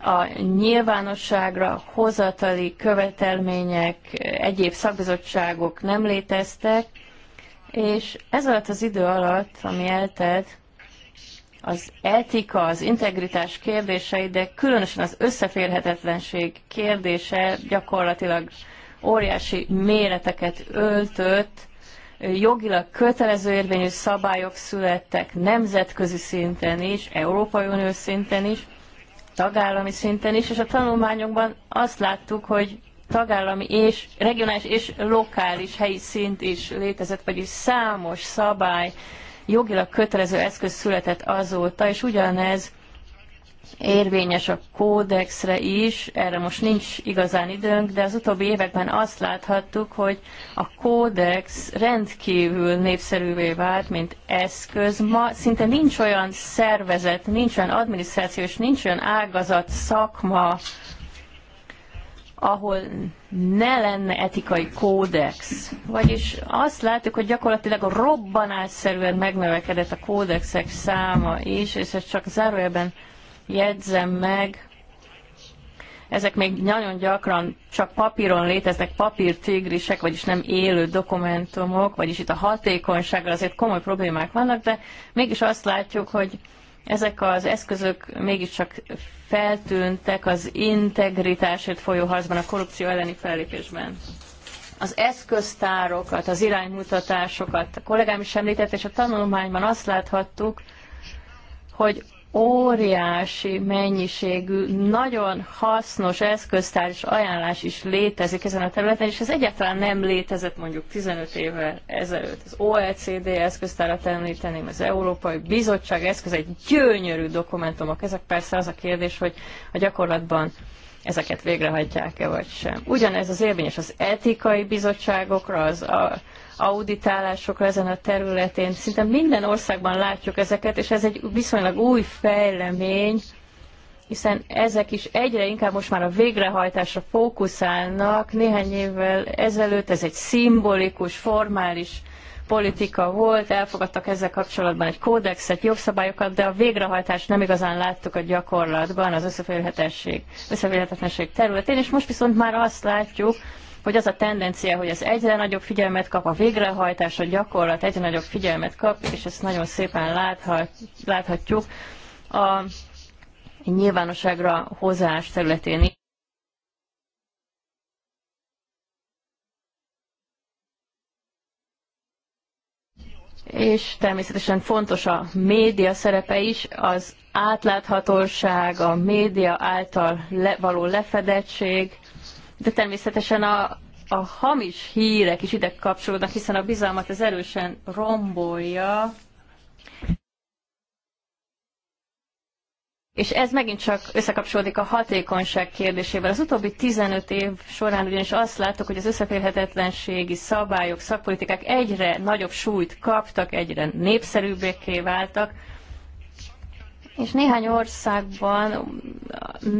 a nyilvánosságra hozatali követelmények, egyéb szakbizottságok nem léteztek, és ez alatt az idő alatt, ami eltelt, az etika, az integritás kérdései, de különösen az összeférhetetlenség kérdése gyakorlatilag óriási méreteket öltött, jogilag kötelező érvényű szabályok születtek nemzetközi szinten is, Európai Unió szinten is, tagállami szinten is, és a tanulmányokban azt láttuk, hogy tagállami és regionális és lokális helyi szint is létezett, vagyis számos szabály, jogilag kötelező eszköz született azóta, és ugyanez érvényes a kódexre is, erre most nincs igazán időnk, de az utóbbi években azt láthattuk, hogy a kódex rendkívül népszerűvé vált, mint eszköz. Ma szinte nincs olyan szervezet, nincs olyan adminisztráció, és nincs olyan ágazat, szakma, ahol ne lenne etikai kódex. Vagyis azt látjuk, hogy gyakorlatilag robbanásszerűen megnövekedett a kódexek száma is, és ezt csak zárójelben jegyzem meg. Ezek még nagyon gyakran csak papíron léteznek, papírtigrisek, vagyis nem élő dokumentumok, vagyis itt a hatékonysággal azért komoly problémák vannak, de mégis azt látjuk, hogy ezek az eszközök mégiscsak feltűntek az integritásért folyó harcban, a korrupció elleni fellépésben az eszköztárokat, az iránymutatásokat. A kollégám is említett, és a tanulmányban azt láthattuk, hogy óriási mennyiségű, nagyon hasznos eszköztár és ajánlás is létezik ezen a területen, és ez egyáltalán nem létezett mondjuk 15 évvel ezelőtt. Az OECD eszköztárat említeném, az Európai Bizottság eszköz, egy gyönyörű dokumentumok. Ezek persze az a kérdés, hogy a gyakorlatban ezeket végrehajtják-e vagy sem. Ugyanez az érvényes az etikai bizottságokra, az a, auditálásokra ezen a területén. Szinte minden országban látjuk ezeket, és ez egy viszonylag új fejlemény, hiszen ezek is egyre inkább most már a végrehajtásra fókuszálnak. Néhány évvel ezelőtt ez egy szimbolikus, formális politika volt, elfogadtak ezzel kapcsolatban egy kódexet, jogszabályokat, de a végrehajtást nem igazán láttuk a gyakorlatban az összeférhetetlenség területén, és most viszont már azt látjuk, hogy az a tendencia, hogy ez egyre nagyobb figyelmet kap, a végrehajtás, a gyakorlat egyre nagyobb figyelmet kap, és ezt nagyon szépen láthat, láthatjuk a nyilvánosságra hozás területén is. és természetesen fontos a média szerepe is, az átláthatóság, a média által le, való lefedettség, de természetesen a, a hamis hírek is ide kapcsolódnak, hiszen a bizalmat ez erősen rombolja. És ez megint csak összekapcsolódik a hatékonyság kérdésével. Az utóbbi 15 év során ugyanis azt láttuk, hogy az összeférhetetlenségi szabályok, szakpolitikák egyre nagyobb súlyt kaptak, egyre népszerűbbé váltak, és néhány országban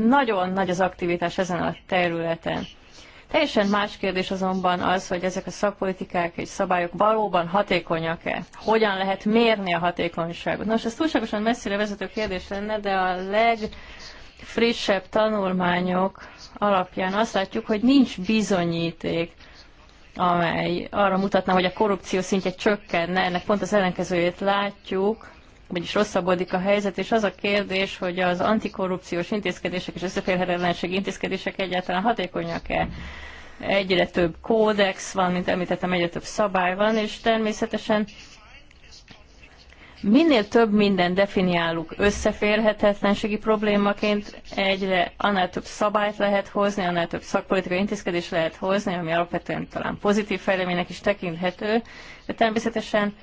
nagyon nagy az aktivitás ezen a területen. Teljesen más kérdés azonban az, hogy ezek a szakpolitikák és szabályok valóban hatékonyak-e? Hogyan lehet mérni a hatékonyságot? Nos, ez túlságosan messzire vezető kérdés lenne, de a legfrissebb tanulmányok alapján azt látjuk, hogy nincs bizonyíték, amely arra mutatna, hogy a korrupció szintje csökkenne, ennek pont az ellenkezőjét látjuk, vagyis rosszabbodik a helyzet, és az a kérdés, hogy az antikorrupciós intézkedések és összeférhetetlenség intézkedések egyáltalán hatékonyak-e? Egyre több kódex van, mint említettem, egyre több szabály van, és természetesen minél több minden definiáluk összeférhetetlenségi problémaként, egyre annál több szabályt lehet hozni, annál több szakpolitikai intézkedés lehet hozni, ami alapvetően talán pozitív fejleménynek is tekinthető, de természetesen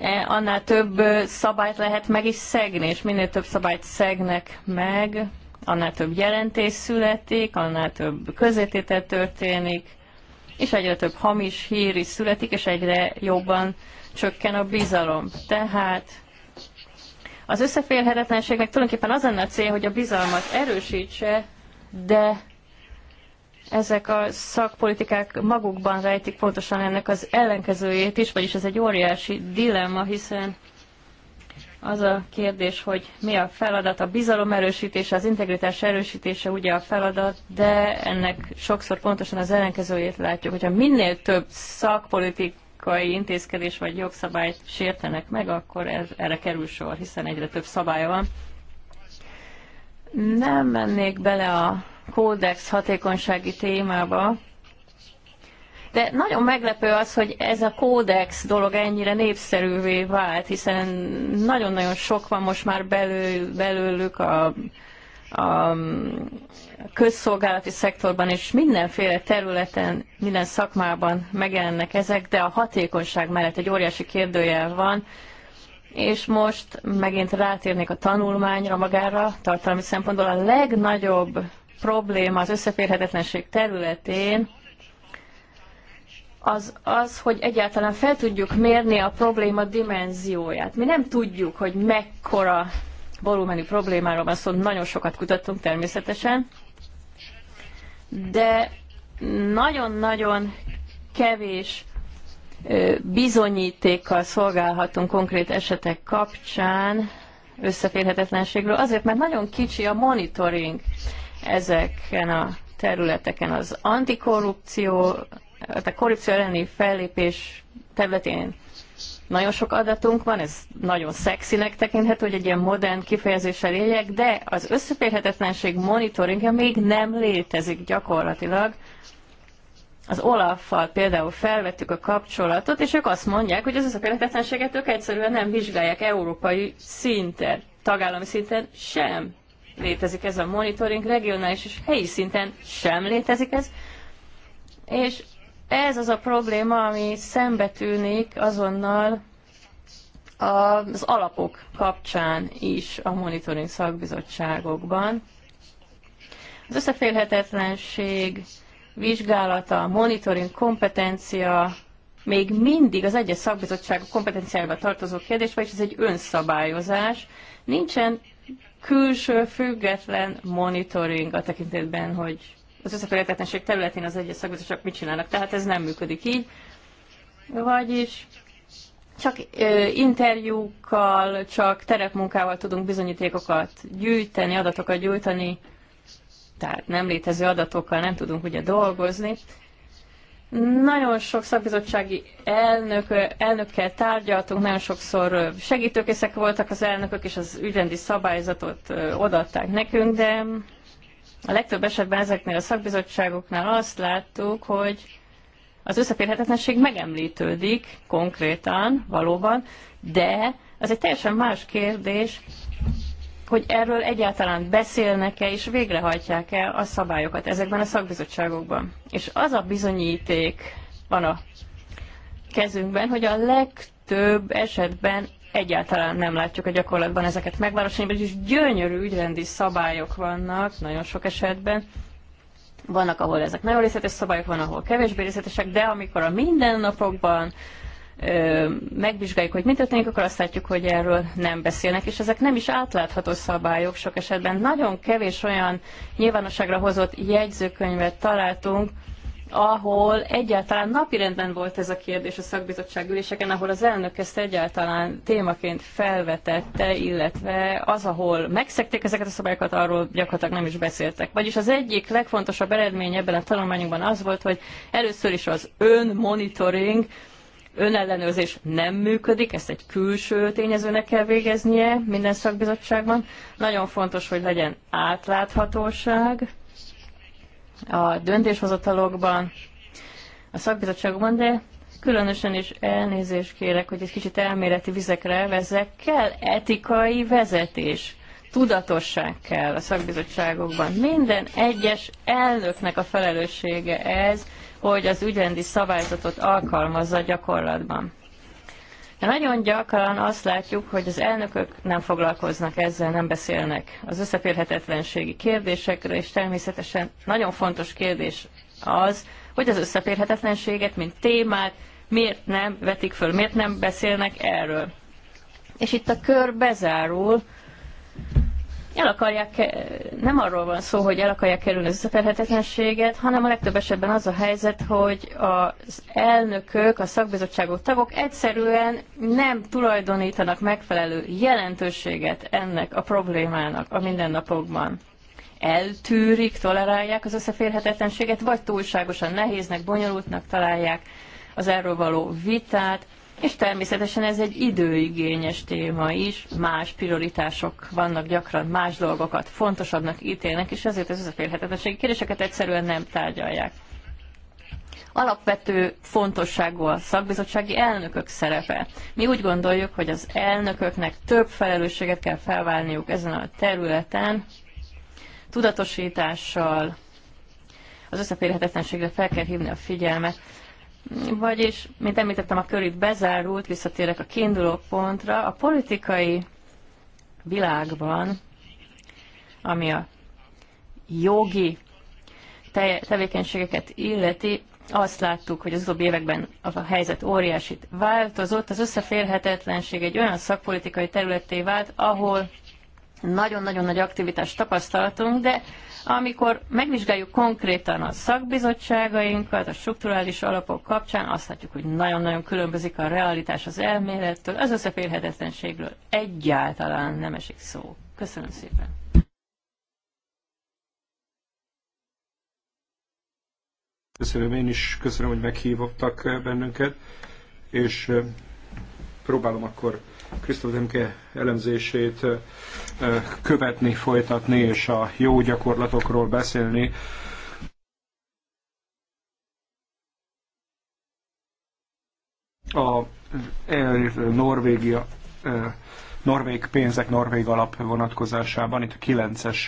E, annál több szabályt lehet meg is szegni, és minél több szabályt szegnek meg, annál több jelentés születik, annál több közététel történik, és egyre több hamis hír is születik, és egyre jobban csökken a bizalom. Tehát az összeférhetetlenségnek tulajdonképpen az lenne a cél, hogy a bizalmat erősítse, de ezek a szakpolitikák magukban rejtik pontosan ennek az ellenkezőjét is, vagyis ez egy óriási dilemma, hiszen az a kérdés, hogy mi a feladat, a bizalom erősítése, az integritás erősítése ugye a feladat, de ennek sokszor pontosan az ellenkezőjét látjuk, hogyha minél több szakpolitikai intézkedés vagy jogszabályt sértenek meg, akkor ez, erre kerül sor, hiszen egyre több szabálya van. Nem mennék bele a kódex hatékonysági témába. De nagyon meglepő az, hogy ez a kódex dolog ennyire népszerűvé vált, hiszen nagyon-nagyon sok van most már belő, belőlük a, a közszolgálati szektorban és mindenféle területen, minden szakmában megjelennek ezek, de a hatékonyság mellett egy óriási kérdőjel van, és most megint rátérnék a tanulmányra magára, tartalmi szempontból a legnagyobb probléma az összeférhetetlenség területén, az az, hogy egyáltalán fel tudjuk mérni a probléma dimenzióját. Mi nem tudjuk, hogy mekkora volumenű problémáról van szó, szóval nagyon sokat kutattunk természetesen, de nagyon-nagyon kevés bizonyítékkal szolgálhatunk konkrét esetek kapcsán összeférhetetlenségről, azért mert nagyon kicsi a monitoring ezeken a területeken az antikorrupció, a korrupció elleni fellépés területén nagyon sok adatunk van, ez nagyon szexinek tekinthető, hogy egy ilyen modern kifejezéssel éljek, de az összeférhetetlenség monitoringja még nem létezik gyakorlatilag. Az Olaffal például felvettük a kapcsolatot, és ők azt mondják, hogy az összeférhetetlenséget ők egyszerűen nem vizsgálják európai szinten, tagállami szinten sem létezik ez a monitoring, regionális és helyi szinten sem létezik ez, és ez az a probléma, ami szembetűnik azonnal az alapok kapcsán is a monitoring szakbizottságokban. Az összeférhetetlenség vizsgálata, monitoring kompetencia még mindig az egyes szakbizottságok kompetenciájába tartozó kérdés, vagyis ez egy önszabályozás. Nincsen külső független monitoring a tekintetben, hogy az összeférhetetlenség területén az egyes szakbizottságok mit csinálnak. Tehát ez nem működik így. Vagyis csak ö, interjúkkal, csak terepmunkával tudunk bizonyítékokat gyűjteni, adatokat gyűjteni, tehát nem létező adatokkal nem tudunk ugye dolgozni. Nagyon sok szakbizottsági elnök, elnökkel tárgyaltunk, nagyon sokszor segítőkészek voltak az elnökök, és az ügyrendi szabályzatot odaadták nekünk, de a legtöbb esetben ezeknél a szakbizottságoknál azt láttuk, hogy az összeférhetetlenség megemlítődik konkrétan, valóban, de az egy teljesen más kérdés, hogy erről egyáltalán beszélnek-e és végrehajtják-e a szabályokat ezekben a szakbizottságokban. És az a bizonyíték van a kezünkben, hogy a legtöbb esetben egyáltalán nem látjuk a gyakorlatban ezeket megvalósítani, vagyis gyönyörű ügyrendi szabályok vannak nagyon sok esetben. Vannak, ahol ezek nagyon részletes szabályok, van, ahol kevésbé részletesek, de amikor a mindennapokban megvizsgáljuk, hogy mi történik, akkor azt látjuk, hogy erről nem beszélnek, és ezek nem is átlátható szabályok sok esetben. Nagyon kevés olyan nyilvánosságra hozott jegyzőkönyvet találtunk, ahol egyáltalán napirenden volt ez a kérdés a szakbizottság üléseken, ahol az elnök ezt egyáltalán témaként felvetette, illetve az, ahol megszekték ezeket a szabályokat, arról gyakorlatilag nem is beszéltek. Vagyis az egyik legfontosabb eredmény ebben a tanulmányunkban az volt, hogy először is az önmonitoring, önellenőrzés nem működik, ezt egy külső tényezőnek kell végeznie minden szakbizottságban. Nagyon fontos, hogy legyen átláthatóság a döntéshozatalokban, a szakbizottságokban, de különösen is elnézést kérek, hogy egy kicsit elméleti vizekre vezek, kell etikai vezetés tudatosság kell a szakbizottságokban. Minden egyes elnöknek a felelőssége ez, hogy az ügyrendi szabályzatot alkalmazza gyakorlatban. De nagyon gyakran azt látjuk, hogy az elnökök nem foglalkoznak ezzel, nem beszélnek az összeférhetetlenségi kérdésekről, és természetesen nagyon fontos kérdés az, hogy az összeférhetetlenséget, mint témát miért nem vetik föl, miért nem beszélnek erről. És itt a kör bezárul, el akarják, nem arról van szó, hogy el akarják kerülni az összeférhetetlenséget, hanem a legtöbb esetben az a helyzet, hogy az elnökök, a szakbizottságok tagok egyszerűen nem tulajdonítanak megfelelő jelentőséget ennek a problémának a mindennapokban. Eltűrik, tolerálják az összeférhetetlenséget, vagy túlságosan nehéznek, bonyolultnak találják az erről való vitát, és természetesen ez egy időigényes téma is, más prioritások vannak gyakran, más dolgokat fontosabbnak ítélnek, és ezért az összeférhetetlenségi kérdéseket egyszerűen nem tárgyalják. Alapvető fontosságú a szakbizottsági elnökök szerepe. Mi úgy gondoljuk, hogy az elnököknek több felelősséget kell felválniuk ezen a területen, tudatosítással, az összeférhetetlenségre fel kell hívni a figyelmet, vagyis, mint említettem, a körük bezárult, visszatérek a kiinduló pontra. A politikai világban, ami a jogi te tevékenységeket illeti, azt láttuk, hogy az utóbbi években a helyzet óriásit változott, az összeférhetetlenség egy olyan szakpolitikai területté vált, ahol nagyon-nagyon nagy aktivitást tapasztaltunk, de amikor megvizsgáljuk konkrétan a szakbizottságainkat, a strukturális alapok kapcsán, azt látjuk, hogy nagyon-nagyon különbözik a realitás az elmélettől, az összeférhetetlenségről egyáltalán nem esik szó. Köszönöm szépen! Köszönöm én is, köszönöm, hogy meghívottak bennünket, és próbálom akkor Krisztof Demke elemzését követni, folytatni és a jó gyakorlatokról beszélni. A Norvégia norvég pénzek, norvég alap vonatkozásában, itt a 9-es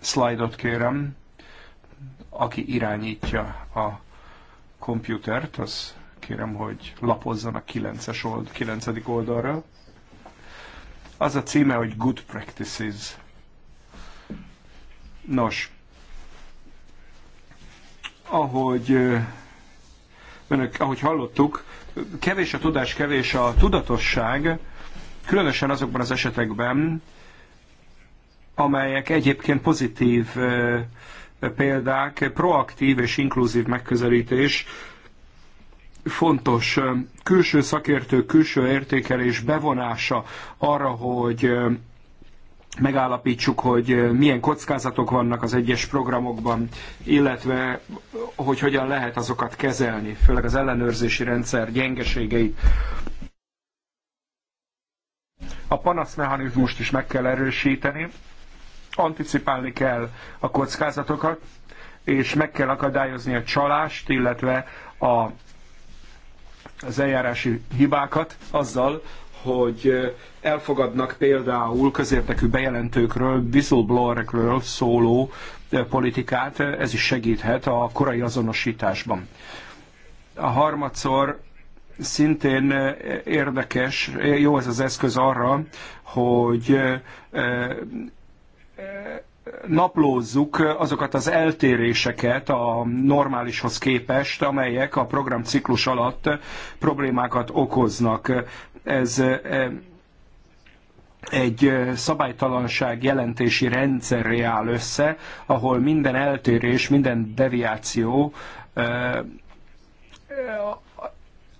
szlájdot kérem, aki irányítja a komputert, az kérem, hogy lapozzon a 9-es old, 9. oldalra. Az a címe, hogy Good Practices. Nos, ahogy önök, ahogy hallottuk, kevés a tudás, kevés a tudatosság, különösen azokban az esetekben, amelyek egyébként pozitív példák, proaktív és inkluzív megközelítés fontos külső szakértő külső értékelés bevonása arra, hogy megállapítsuk, hogy milyen kockázatok vannak az egyes programokban, illetve hogy hogyan lehet azokat kezelni, főleg az ellenőrzési rendszer gyengeségeit. A panaszmechanizmust is meg kell erősíteni, anticipálni kell a kockázatokat, és meg kell akadályozni a csalást, illetve a az eljárási hibákat azzal, hogy elfogadnak például közértekű bejelentőkről, whistleblowerekről szóló politikát, ez is segíthet a korai azonosításban. A harmadszor szintén érdekes, jó ez az eszköz arra, hogy naplózzuk azokat az eltéréseket a normálishoz képest, amelyek a programciklus alatt problémákat okoznak. Ez eh, egy eh, szabálytalanság jelentési rendszerré áll össze, ahol minden eltérés, minden deviáció eh,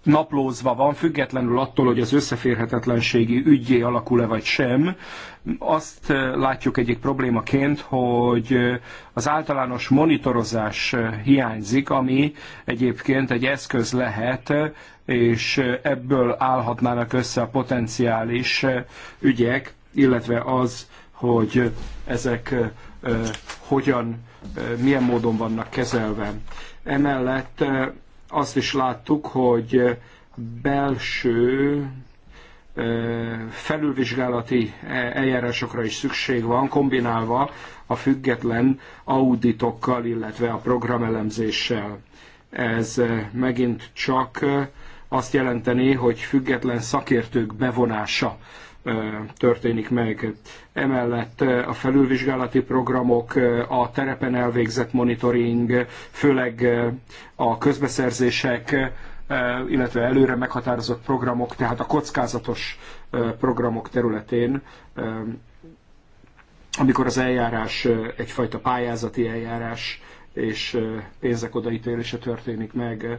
naplózva van, függetlenül attól, hogy az összeférhetetlenségi ügyé alakul-e vagy sem. Azt látjuk egyik problémaként, hogy az általános monitorozás hiányzik, ami egyébként egy eszköz lehet, és ebből állhatnának össze a potenciális ügyek, illetve az, hogy ezek hogyan, milyen módon vannak kezelve. Emellett azt is láttuk, hogy belső felülvizsgálati e, eljárásokra is szükség van, kombinálva a független auditokkal, illetve a programelemzéssel. Ez megint csak azt jelenteni, hogy független szakértők bevonása történik meg. Emellett a felülvizsgálati programok, a terepen elvégzett monitoring, főleg a közbeszerzések, illetve előre meghatározott programok, tehát a kockázatos programok területén, amikor az eljárás egyfajta pályázati eljárás és pénzek odaítélése történik meg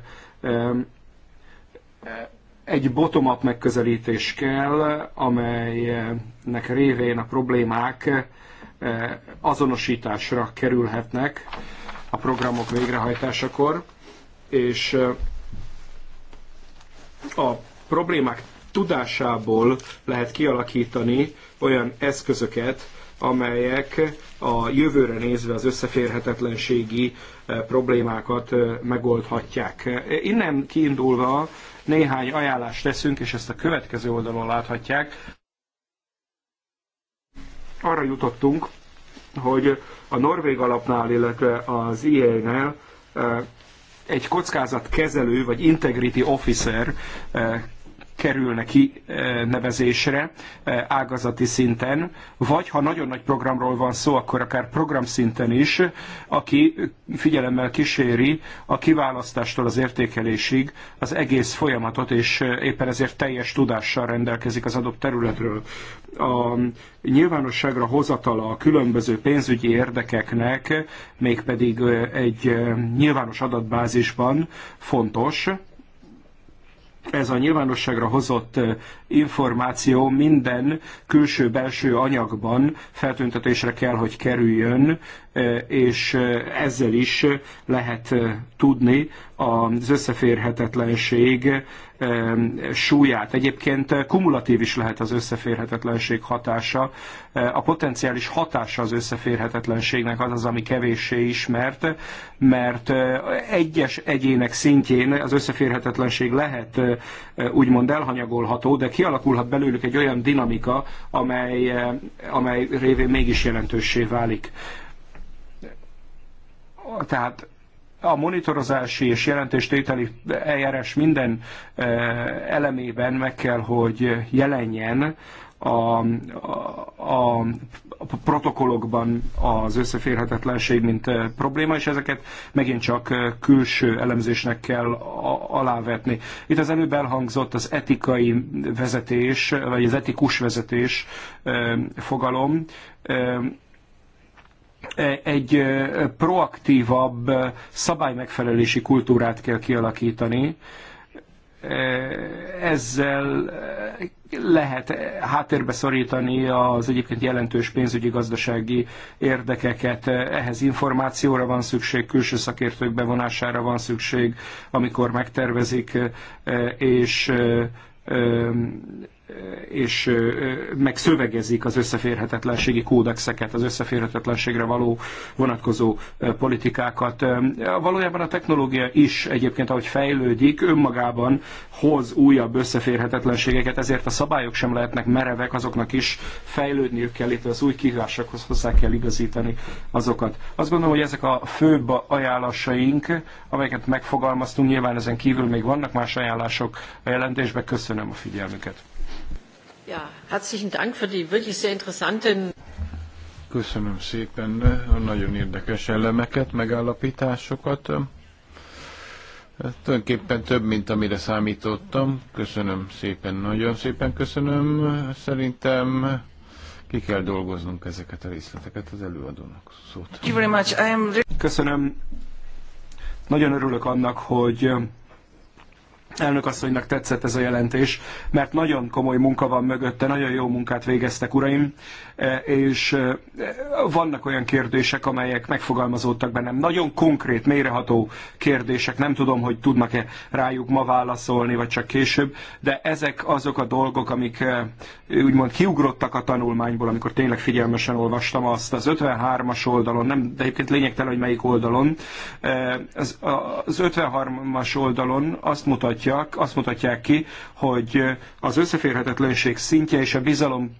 egy bottom-up megközelítés kell, amelynek révén a problémák eh, azonosításra kerülhetnek a programok végrehajtásakor, és eh, a problémák tudásából lehet kialakítani olyan eszközöket, amelyek a jövőre nézve az összeférhetetlenségi eh, problémákat eh, megoldhatják. Eh, innen kiindulva néhány ajánlást teszünk, és ezt a következő oldalon láthatják. Arra jutottunk, hogy a Norvég alapnál, illetve az IA-nál egy kockázatkezelő vagy integrity officer kerülne ki eh, nevezésre eh, ágazati szinten, vagy ha nagyon nagy programról van szó, akkor akár programszinten is, aki figyelemmel kíséri a kiválasztástól az értékelésig az egész folyamatot, és eh, éppen ezért teljes tudással rendelkezik az adott területről. A nyilvánosságra hozatala a különböző pénzügyi érdekeknek, mégpedig egy nyilvános adatbázisban fontos, ez a nyilvánosságra hozott információ minden külső-belső anyagban feltüntetésre kell, hogy kerüljön, és ezzel is lehet tudni az összeférhetetlenség súlyát. Egyébként eh, kumulatív is lehet az összeférhetetlenség hatása. Eh, a potenciális hatása az összeférhetetlenségnek az az, ami kevéssé ismert, mert eh, egyes egyének szintjén az összeférhetetlenség lehet úgymond elhanyagolható, de kialakulhat belőlük egy olyan dinamika, amely, amely révén mégis jelentőssé válik. Tehát a monitorozási és jelentéstételi eljárás minden e, elemében meg kell, hogy jelenjen a, a, a protokollokban az összeférhetetlenség, mint e, probléma, és ezeket megint csak e, külső elemzésnek kell alávetni. Itt az előbb elhangzott az etikai vezetés, vagy az etikus vezetés fogalom egy proaktívabb szabálymegfelelési kultúrát kell kialakítani. Ezzel lehet háttérbe szorítani az egyébként jelentős pénzügyi gazdasági érdekeket. Ehhez információra van szükség, külső szakértők bevonására van szükség, amikor megtervezik, és és megszövegezik az összeférhetetlenségi kódexeket, az összeférhetetlenségre való vonatkozó politikákat. Valójában a technológia is egyébként, ahogy fejlődik, önmagában hoz újabb összeférhetetlenségeket, ezért a szabályok sem lehetnek merevek, azoknak is fejlődniük kell, illetve az új kihívásokhoz hozzá kell igazítani azokat. Azt gondolom, hogy ezek a főbb ajánlásaink, amelyeket megfogalmaztunk, nyilván ezen kívül még vannak más ajánlások a jelentésben. Köszönöm a figyelmüket. Ja, herzlichen Dank für die wirklich sehr interessanten Köszönöm szépen a nagyon érdekes elemeket, megállapításokat. Hát tulajdonképpen több, mint amire számítottam. Köszönöm szépen, nagyon szépen köszönöm. Szerintem ki kell dolgoznunk ezeket a részleteket az előadónak szót. Köszönöm. Nagyon örülök annak, hogy Elnök asszonynak tetszett ez a jelentés, mert nagyon komoly munka van mögötte, nagyon jó munkát végeztek, uraim. E, és e, vannak olyan kérdések, amelyek megfogalmazódtak bennem. Nagyon konkrét, mélyreható kérdések, nem tudom, hogy tudnak-e rájuk ma válaszolni, vagy csak később, de ezek azok a dolgok, amik e, úgymond kiugrottak a tanulmányból, amikor tényleg figyelmesen olvastam azt az 53-as oldalon, nem, de egyébként lényegtelen, hogy melyik oldalon, az, az 53-as oldalon azt mutatják, azt mutatják ki, hogy az összeférhetetlenség szintje és a bizalom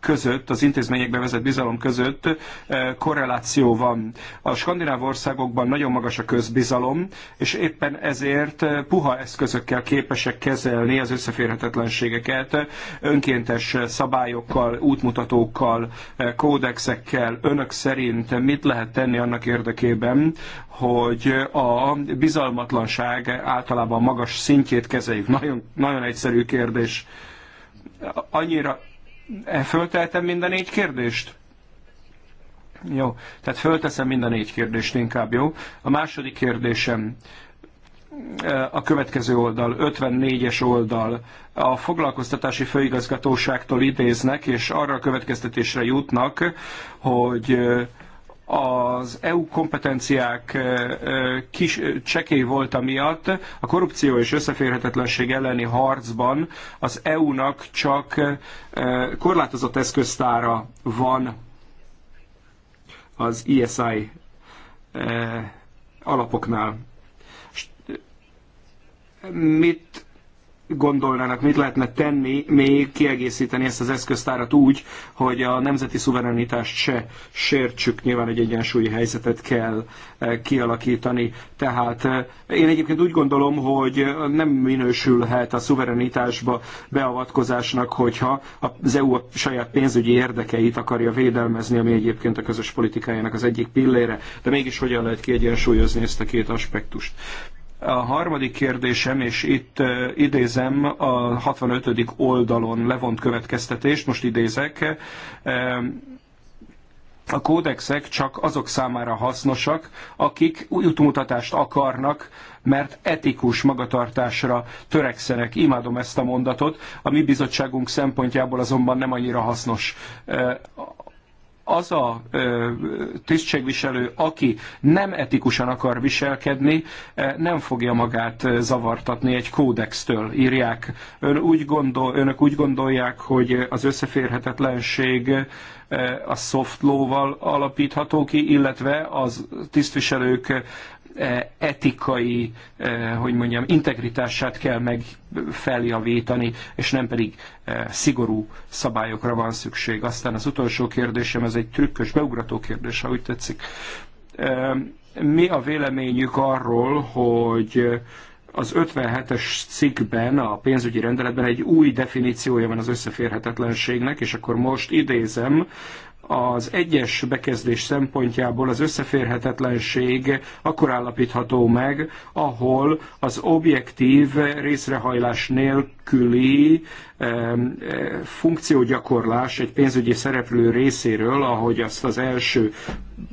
között, az intézményekbe vezet bizalom között eh, korreláció van. A skandináv országokban nagyon magas a közbizalom, és éppen ezért eh, puha eszközökkel képesek kezelni az összeférhetetlenségeket, eh, önkéntes szabályokkal, útmutatókkal, kódexekkel, önök szerint mit lehet tenni annak érdekében, hogy a bizalmatlanság általában magas szintjét kezeljük. Nagyon, nagyon egyszerű kérdés. Annyira E, Fölteltem mind a négy kérdést? Jó, tehát fölteszem mind a négy kérdést inkább, jó? A második kérdésem e, a következő oldal, 54-es oldal. A foglalkoztatási főigazgatóságtól idéznek, és arra a következtetésre jutnak, hogy e, az EU kompetenciák kis csekély volt miatt a korrupció és összeférhetetlenség elleni harcban az EU-nak csak korlátozott eszköztára van az ISI alapoknál. Mit gondolnának, mit lehetne tenni, még kiegészíteni ezt az eszköztárat úgy, hogy a nemzeti szuverenitást se sértsük, nyilván egy egyensúlyi helyzetet kell eh, kialakítani. Tehát eh, én egyébként úgy gondolom, hogy nem minősülhet a szuverenitásba beavatkozásnak, hogyha az EU a saját pénzügyi érdekeit akarja védelmezni, ami egyébként a közös politikájának az egyik pillére, de mégis hogyan lehet kiegyensúlyozni ezt a két aspektust. A harmadik kérdésem, és itt idézem a 65. oldalon levont következtetést, most idézek, a kódexek csak azok számára hasznosak, akik útmutatást akarnak, mert etikus magatartásra törekszenek. Imádom ezt a mondatot, a mi bizottságunk szempontjából azonban nem annyira hasznos az a tisztségviselő, aki nem etikusan akar viselkedni, nem fogja magát zavartatni egy kódextől, írják. Ön úgy gondol, önök úgy gondolják, hogy az összeférhetetlenség a soft law-val alapítható ki, illetve az tisztviselők E, etikai, e, hogy mondjam, integritását kell meg feljavítani, és nem pedig e, szigorú szabályokra van szükség. Aztán az utolsó kérdésem, ez egy trükkös, beugrató kérdés, ha úgy tetszik. Mi a véleményük arról, hogy az 57-es cikkben, a pénzügyi rendeletben egy új definíciója van az összeférhetetlenségnek, és akkor most idézem, az egyes bekezdés szempontjából az összeférhetetlenség akkor állapítható meg, ahol az objektív részrehajlás nélküli E, funkciógyakorlás egy pénzügyi szereplő részéről, ahogy azt az első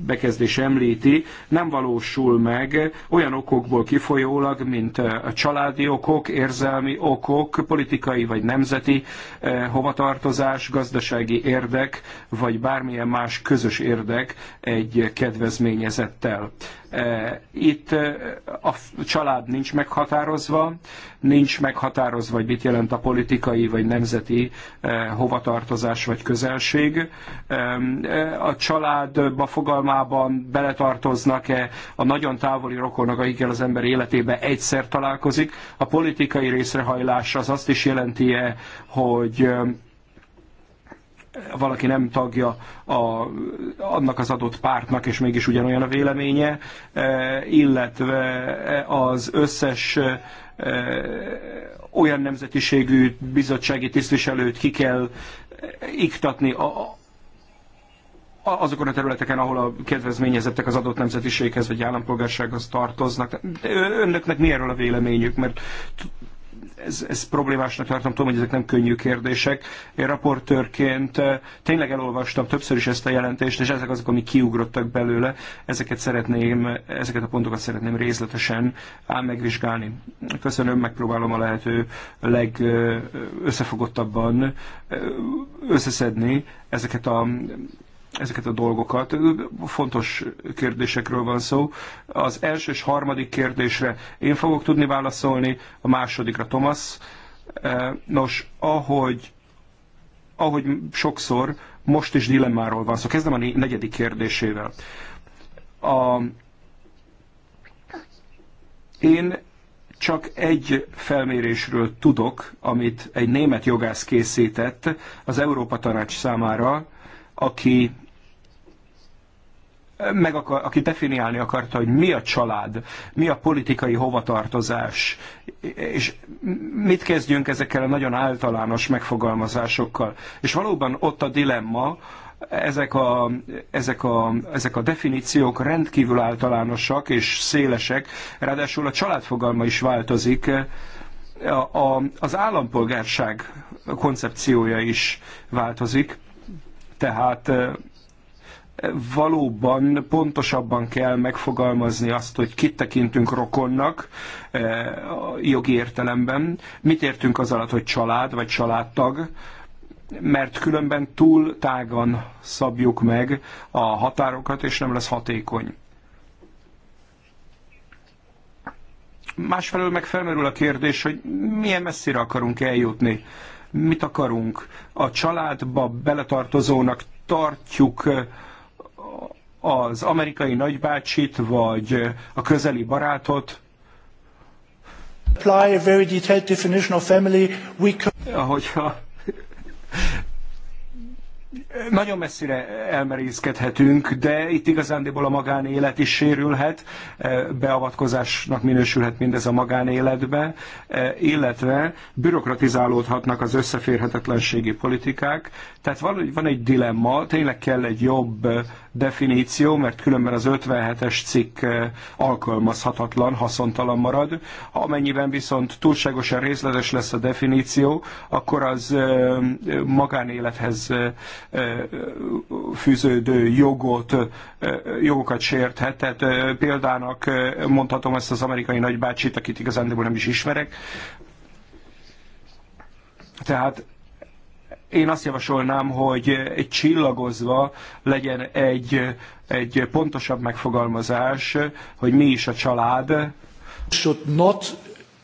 bekezdés említi, nem valósul meg olyan okokból kifolyólag, mint e, a családi okok, érzelmi okok, politikai vagy nemzeti e, hovatartozás, gazdasági érdek, vagy bármilyen más közös érdek egy kedvezményezettel. Itt a család nincs meghatározva, nincs meghatározva, hogy mit jelent a politikai vagy nemzeti hovatartozás vagy közelség. A családba fogalmában beletartoznak-e a nagyon távoli rokonok, akikkel az ember életébe egyszer találkozik. A politikai részrehajlás az azt is jelenti-e, hogy valaki nem tagja a, annak az adott pártnak, és mégis ugyanolyan a véleménye, e, illetve az összes e, olyan nemzetiségű bizottsági tisztviselőt ki kell iktatni a, azokon a területeken, ahol a kedvezményezettek az adott nemzetiséghez vagy állampolgársághoz tartoznak. Önöknek mi erről a véleményük? Mert ez, ez problémásnak tartom, tudom, hogy ezek nem könnyű kérdések. Én raportőrként eh, tényleg elolvastam többször is ezt a jelentést, és ezek azok, amik kiugrottak belőle. Ezeket szeretném, ezeket a pontokat szeretném részletesen ám megvizsgálni. Köszönöm, megpróbálom a lehető legösszefogottabban eh, összeszedni ezeket a ezeket a dolgokat. Fontos kérdésekről van szó. Az első és harmadik kérdésre én fogok tudni válaszolni, a másodikra Thomas. E, nos, ahogy, ahogy sokszor, most is dilemmáról van szó. Szóval kezdem a negyedik kérdésével. A, én csak egy felmérésről tudok, amit egy német jogász készített az Európa Tanács számára, aki meg akar, aki definiálni akarta, hogy mi a család, mi a politikai hovatartozás, és mit kezdjünk ezekkel a nagyon általános megfogalmazásokkal. És valóban ott a dilemma, ezek a, ezek, a, ezek a definíciók rendkívül általánosak és szélesek, ráadásul a családfogalma is változik, a, a, az állampolgárság koncepciója is változik, tehát valóban pontosabban kell megfogalmazni azt, hogy kit tekintünk rokonnak eh, jogi értelemben, mit értünk az alatt, hogy család vagy családtag, mert különben túl tágan szabjuk meg a határokat, és nem lesz hatékony. Másfelől meg felmerül a kérdés, hogy milyen messzire akarunk eljutni. Mit akarunk? A családba beletartozónak tartjuk eh, az amerikai nagybácsit, vagy a közeli barátot, apply a very detailed definition of family, we Hogyha nagyon messzire elmerészkedhetünk, de itt igazándiból a magánélet is sérülhet, beavatkozásnak minősülhet mindez a magánéletbe, illetve bürokratizálódhatnak az összeférhetetlenségi politikák. Tehát van egy dilemma, tényleg kell egy jobb definíció, mert különben az 57-es cikk eh, alkalmazhatatlan, haszontalan marad. Amennyiben viszont túlságosan részletes lesz a definíció, akkor az eh, magánélethez eh, fűződő jogot, jogokat sérthet. Tehát példának mondhatom ezt az amerikai nagybácsit, akit igazándiból nem is ismerek. Tehát én azt javasolnám, hogy egy csillagozva legyen egy, egy pontosabb megfogalmazás, hogy mi is a család. Should not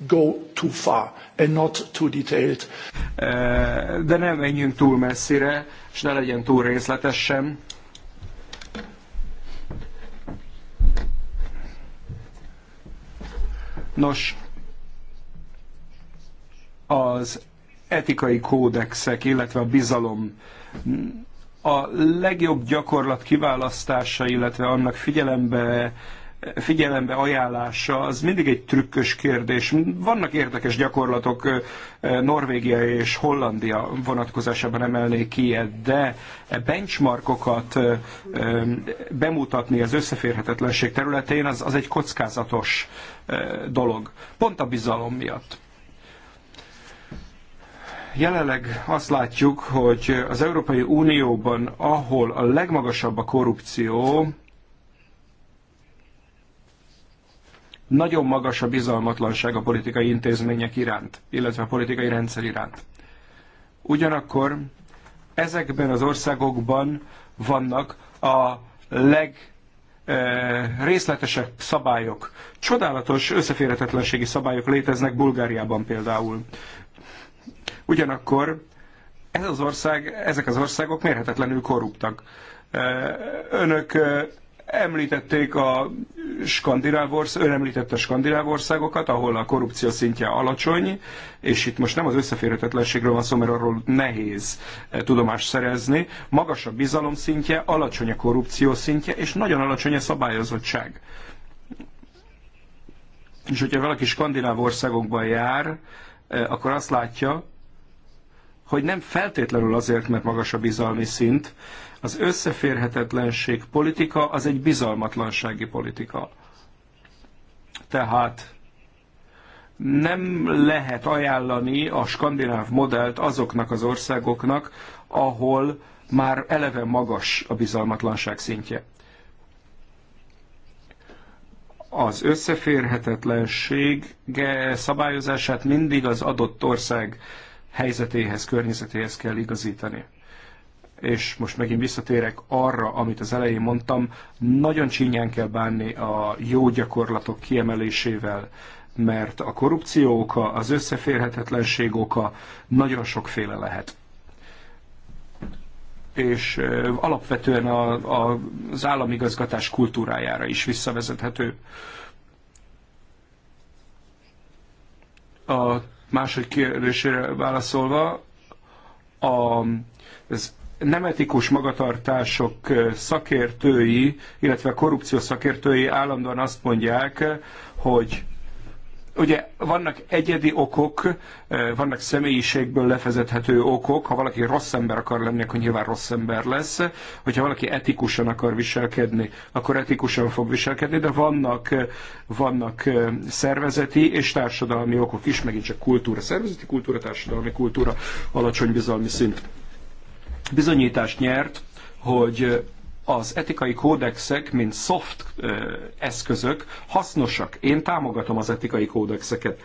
go too far and not too detailed. De ne menjünk túl messzire, és ne legyen túl részletes sem. Nos, az etikai kódexek, illetve a bizalom a legjobb gyakorlat kiválasztása, illetve annak figyelembe figyelembe ajánlása, az mindig egy trükkös kérdés. Vannak érdekes gyakorlatok, Norvégia és Hollandia vonatkozásában emelnék ki ilyet, de e benchmarkokat bemutatni az összeférhetetlenség területén, az, az egy kockázatos dolog. Pont a bizalom miatt. Jelenleg azt látjuk, hogy az Európai Unióban, ahol a legmagasabb a korrupció, nagyon magas a bizalmatlanság a politikai intézmények iránt, illetve a politikai rendszer iránt. Ugyanakkor ezekben az országokban vannak a leg eh, részletesebb szabályok. Csodálatos összeférhetetlenségi szabályok léteznek Bulgáriában például. Ugyanakkor ez az ország, ezek az országok mérhetetlenül korruptak. Önök említették a skandináv országokat, ön említette a skandináv országokat, ahol a korrupció szintje alacsony, és itt most nem az összeférhetetlenségről van szó, mert arról nehéz tudomást szerezni. Magas a bizalom szintje, alacsony a korrupció szintje, és nagyon alacsony a szabályozottság. És hogyha valaki skandináv országokban jár, akkor azt látja, hogy nem feltétlenül azért, mert magas a bizalmi szint, az összeférhetetlenség politika az egy bizalmatlansági politika. Tehát nem lehet ajánlani a skandináv modellt azoknak az országoknak, ahol már eleve magas a bizalmatlanság szintje. Az összeférhetetlenség szabályozását mindig az adott ország helyzetéhez, környezetéhez kell igazítani. És most megint visszatérek arra, amit az elején mondtam, nagyon csínyán kell bánni a jó gyakorlatok kiemelésével, mert a korrupció oka, az összeférhetetlenség oka nagyon sokféle lehet és alapvetően a, a, az államigazgatás kultúrájára is visszavezethető. A Második kérdésére válaszolva, a, ez nem etikus magatartások szakértői, illetve korrupció szakértői állandóan azt mondják, hogy ugye vannak egyedi okok, vannak személyiségből lefezethető okok, ha valaki rossz ember akar lenni, akkor nyilván rossz ember lesz, hogyha valaki etikusan akar viselkedni, akkor etikusan fog viselkedni, de vannak, vannak szervezeti és társadalmi okok is, megint csak kultúra, szervezeti kultúra, társadalmi kultúra, alacsony bizalmi szint. Bizonyítást nyert, hogy az etikai kódexek, mint soft eszközök hasznosak. Én támogatom az etikai kódexeket.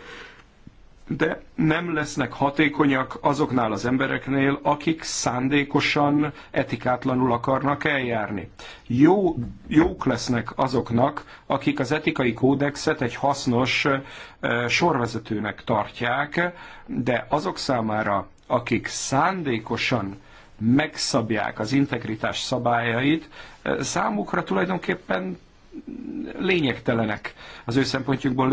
De nem lesznek hatékonyak azoknál az embereknél, akik szándékosan, etikátlanul akarnak eljárni. Jó, jók lesznek azoknak, akik az etikai kódexet egy hasznos sorvezetőnek tartják, de azok számára, akik szándékosan megszabják az integritás szabályait, számukra tulajdonképpen lényegtelenek, az ő szempontjukból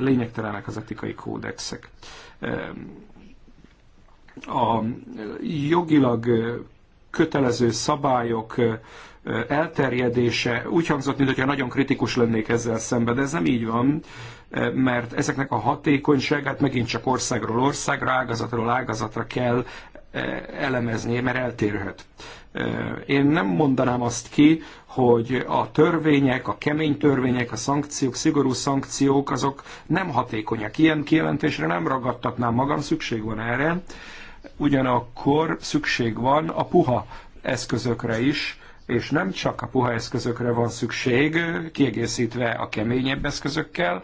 lényegtelenek az etikai kódexek. A jogilag kötelező szabályok elterjedése úgy hangzott, mintha nagyon kritikus lennék ezzel szemben, de ez nem így van, mert ezeknek a hatékonyságát megint csak országról országra, ágazatról ágazatra kell elemezni, mert eltérhet. Én nem mondanám azt ki, hogy a törvények, a kemény törvények, a szankciók, szigorú szankciók, azok nem hatékonyak. Ilyen kijelentésre nem ragadtatnám magam, szükség van erre. Ugyanakkor szükség van a puha eszközökre is, és nem csak a puha eszközökre van szükség, kiegészítve a keményebb eszközökkel,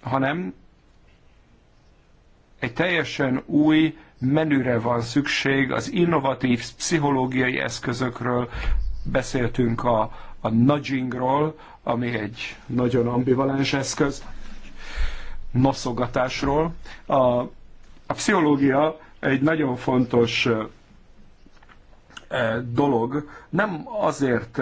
hanem egy teljesen új menüre van szükség, az innovatív pszichológiai eszközökről beszéltünk a, a nudgingról, ami egy nagyon ambivalens eszköz, noszogatásról. A, a pszichológia egy nagyon fontos dolog, nem azért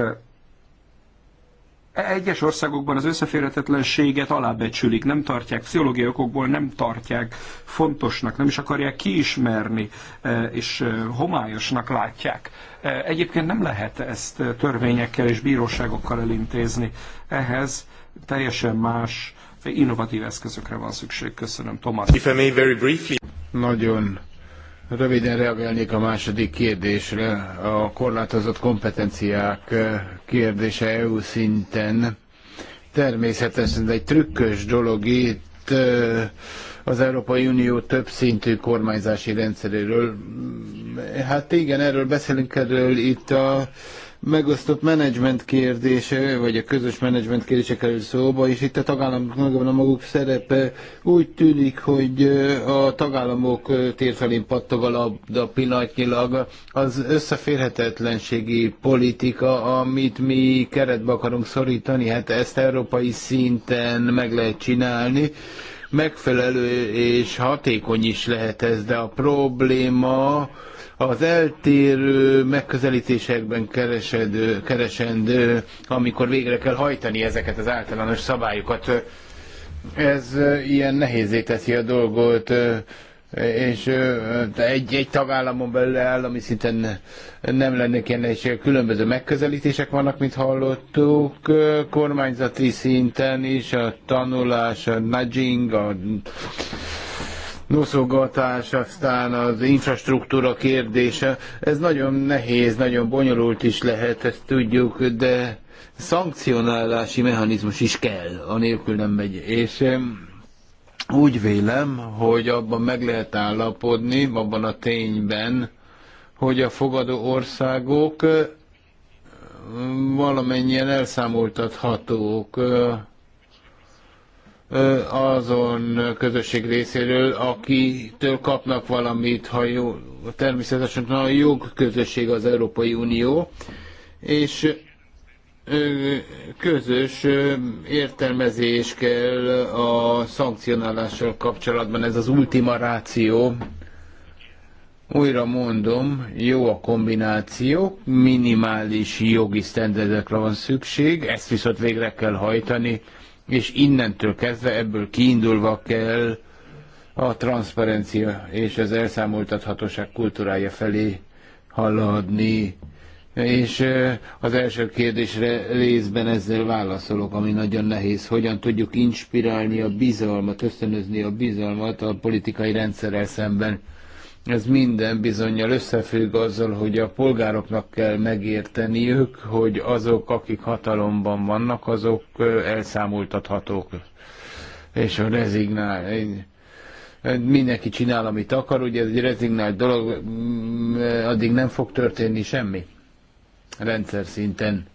egyes országokban az összeférhetetlenséget alábecsülik, nem tartják, pszichológiai okokból nem tartják fontosnak, nem is akarják kiismerni, e, és e, homályosnak látják. E, egyébként nem lehet ezt törvényekkel és bíróságokkal elintézni. Ehhez teljesen más innovatív eszközökre van szükség. Köszönöm, Tomás. If I may very briefly. Nagyon Röviden reagálnék a második kérdésre, a korlátozott kompetenciák kérdése EU szinten. Természetesen egy trükkös dolog itt az Európai Unió több szintű kormányzási rendszeréről. Hát igen, erről beszélünk, erről itt a megosztott menedzsment kérdése, vagy a közös menedzsment kérdése kerül szóba, és itt a tagállamok nagyon a maguk szerepe úgy tűnik, hogy a tagállamok térfelén pattog a labda pillanatnyilag az összeférhetetlenségi politika, amit mi keretbe akarunk szorítani, hát ezt európai szinten meg lehet csinálni, megfelelő és hatékony is lehet ez, de a probléma, az eltérő megközelítésekben keresedő, keresendő, amikor végre kell hajtani ezeket az általános szabályokat. Ez ilyen nehézé teszi a dolgot, és egy, egy tagállamon belül állami szinten nem lennek ilyen és különböző megközelítések vannak, mint hallottuk, kormányzati szinten is, a tanulás, a nudging, a noszogatás, aztán az infrastruktúra kérdése. Ez nagyon nehéz, nagyon bonyolult is lehet, ezt tudjuk, de szankcionálási mechanizmus is kell, anélkül nem megy. És úgy vélem, hogy abban meg lehet állapodni, abban a tényben, hogy a fogadó országok valamennyien elszámoltathatók azon közösség részéről, akitől kapnak valamit, ha jó, természetesen a jogközösség az Európai Unió, és közös értelmezés kell a szankcionálással kapcsolatban, ez az ultima ráció. Újra mondom, jó a kombináció, minimális jogi sztenderdekre van szükség, ezt viszont végre kell hajtani és innentől kezdve ebből kiindulva kell a transzparencia és az elszámoltathatóság kultúrája felé haladni. És az első kérdésre részben ezzel válaszolok, ami nagyon nehéz. Hogyan tudjuk inspirálni a bizalmat, ösztönözni a bizalmat a politikai rendszerrel szemben? Ez minden bizonyal összefügg azzal, hogy a polgároknak kell megérteniük, hogy azok, akik hatalomban vannak, azok elszámoltathatók. És a rezignál. Mindenki csinál, amit akar, ugye ez egy rezignált dolog, mm, addig nem fog történni semmi. Rendszer szinten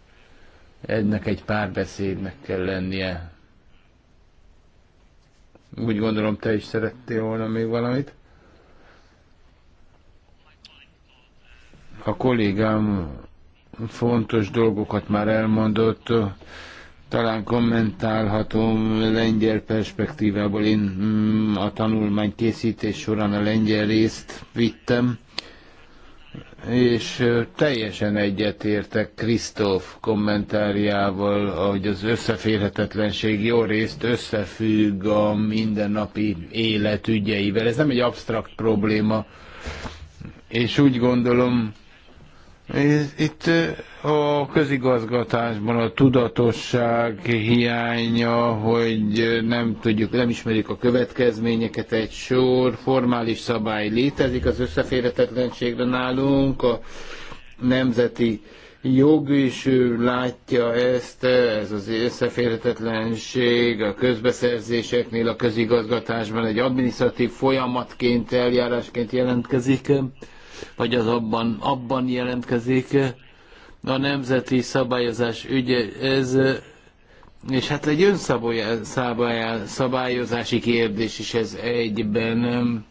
ennek egy párbeszédnek kell lennie. Úgy gondolom, te is szerettél volna még valamit. A kollégám fontos dolgokat már elmondott, talán kommentálhatom lengyel perspektívából. Én mm, a tanulmány készítés során a lengyel részt vittem, és teljesen egyetértek Krisztóf kommentárjával, hogy az összeférhetetlenség jó részt összefügg a mindennapi élet ügyeivel. Ez nem egy absztrakt probléma, és úgy gondolom, itt a közigazgatásban a tudatosság hiánya, hogy nem tudjuk, nem ismerjük a következményeket, egy sor formális szabály létezik az összeférhetetlenségre nálunk, a nemzeti jog is látja ezt, ez az összeférhetetlenség a közbeszerzéseknél, a közigazgatásban egy adminisztratív folyamatként, eljárásként jelentkezik vagy az abban, abban jelentkezik. A nemzeti szabályozás ügye, ez és hát egy önszabályozási kérdés is ez egyben.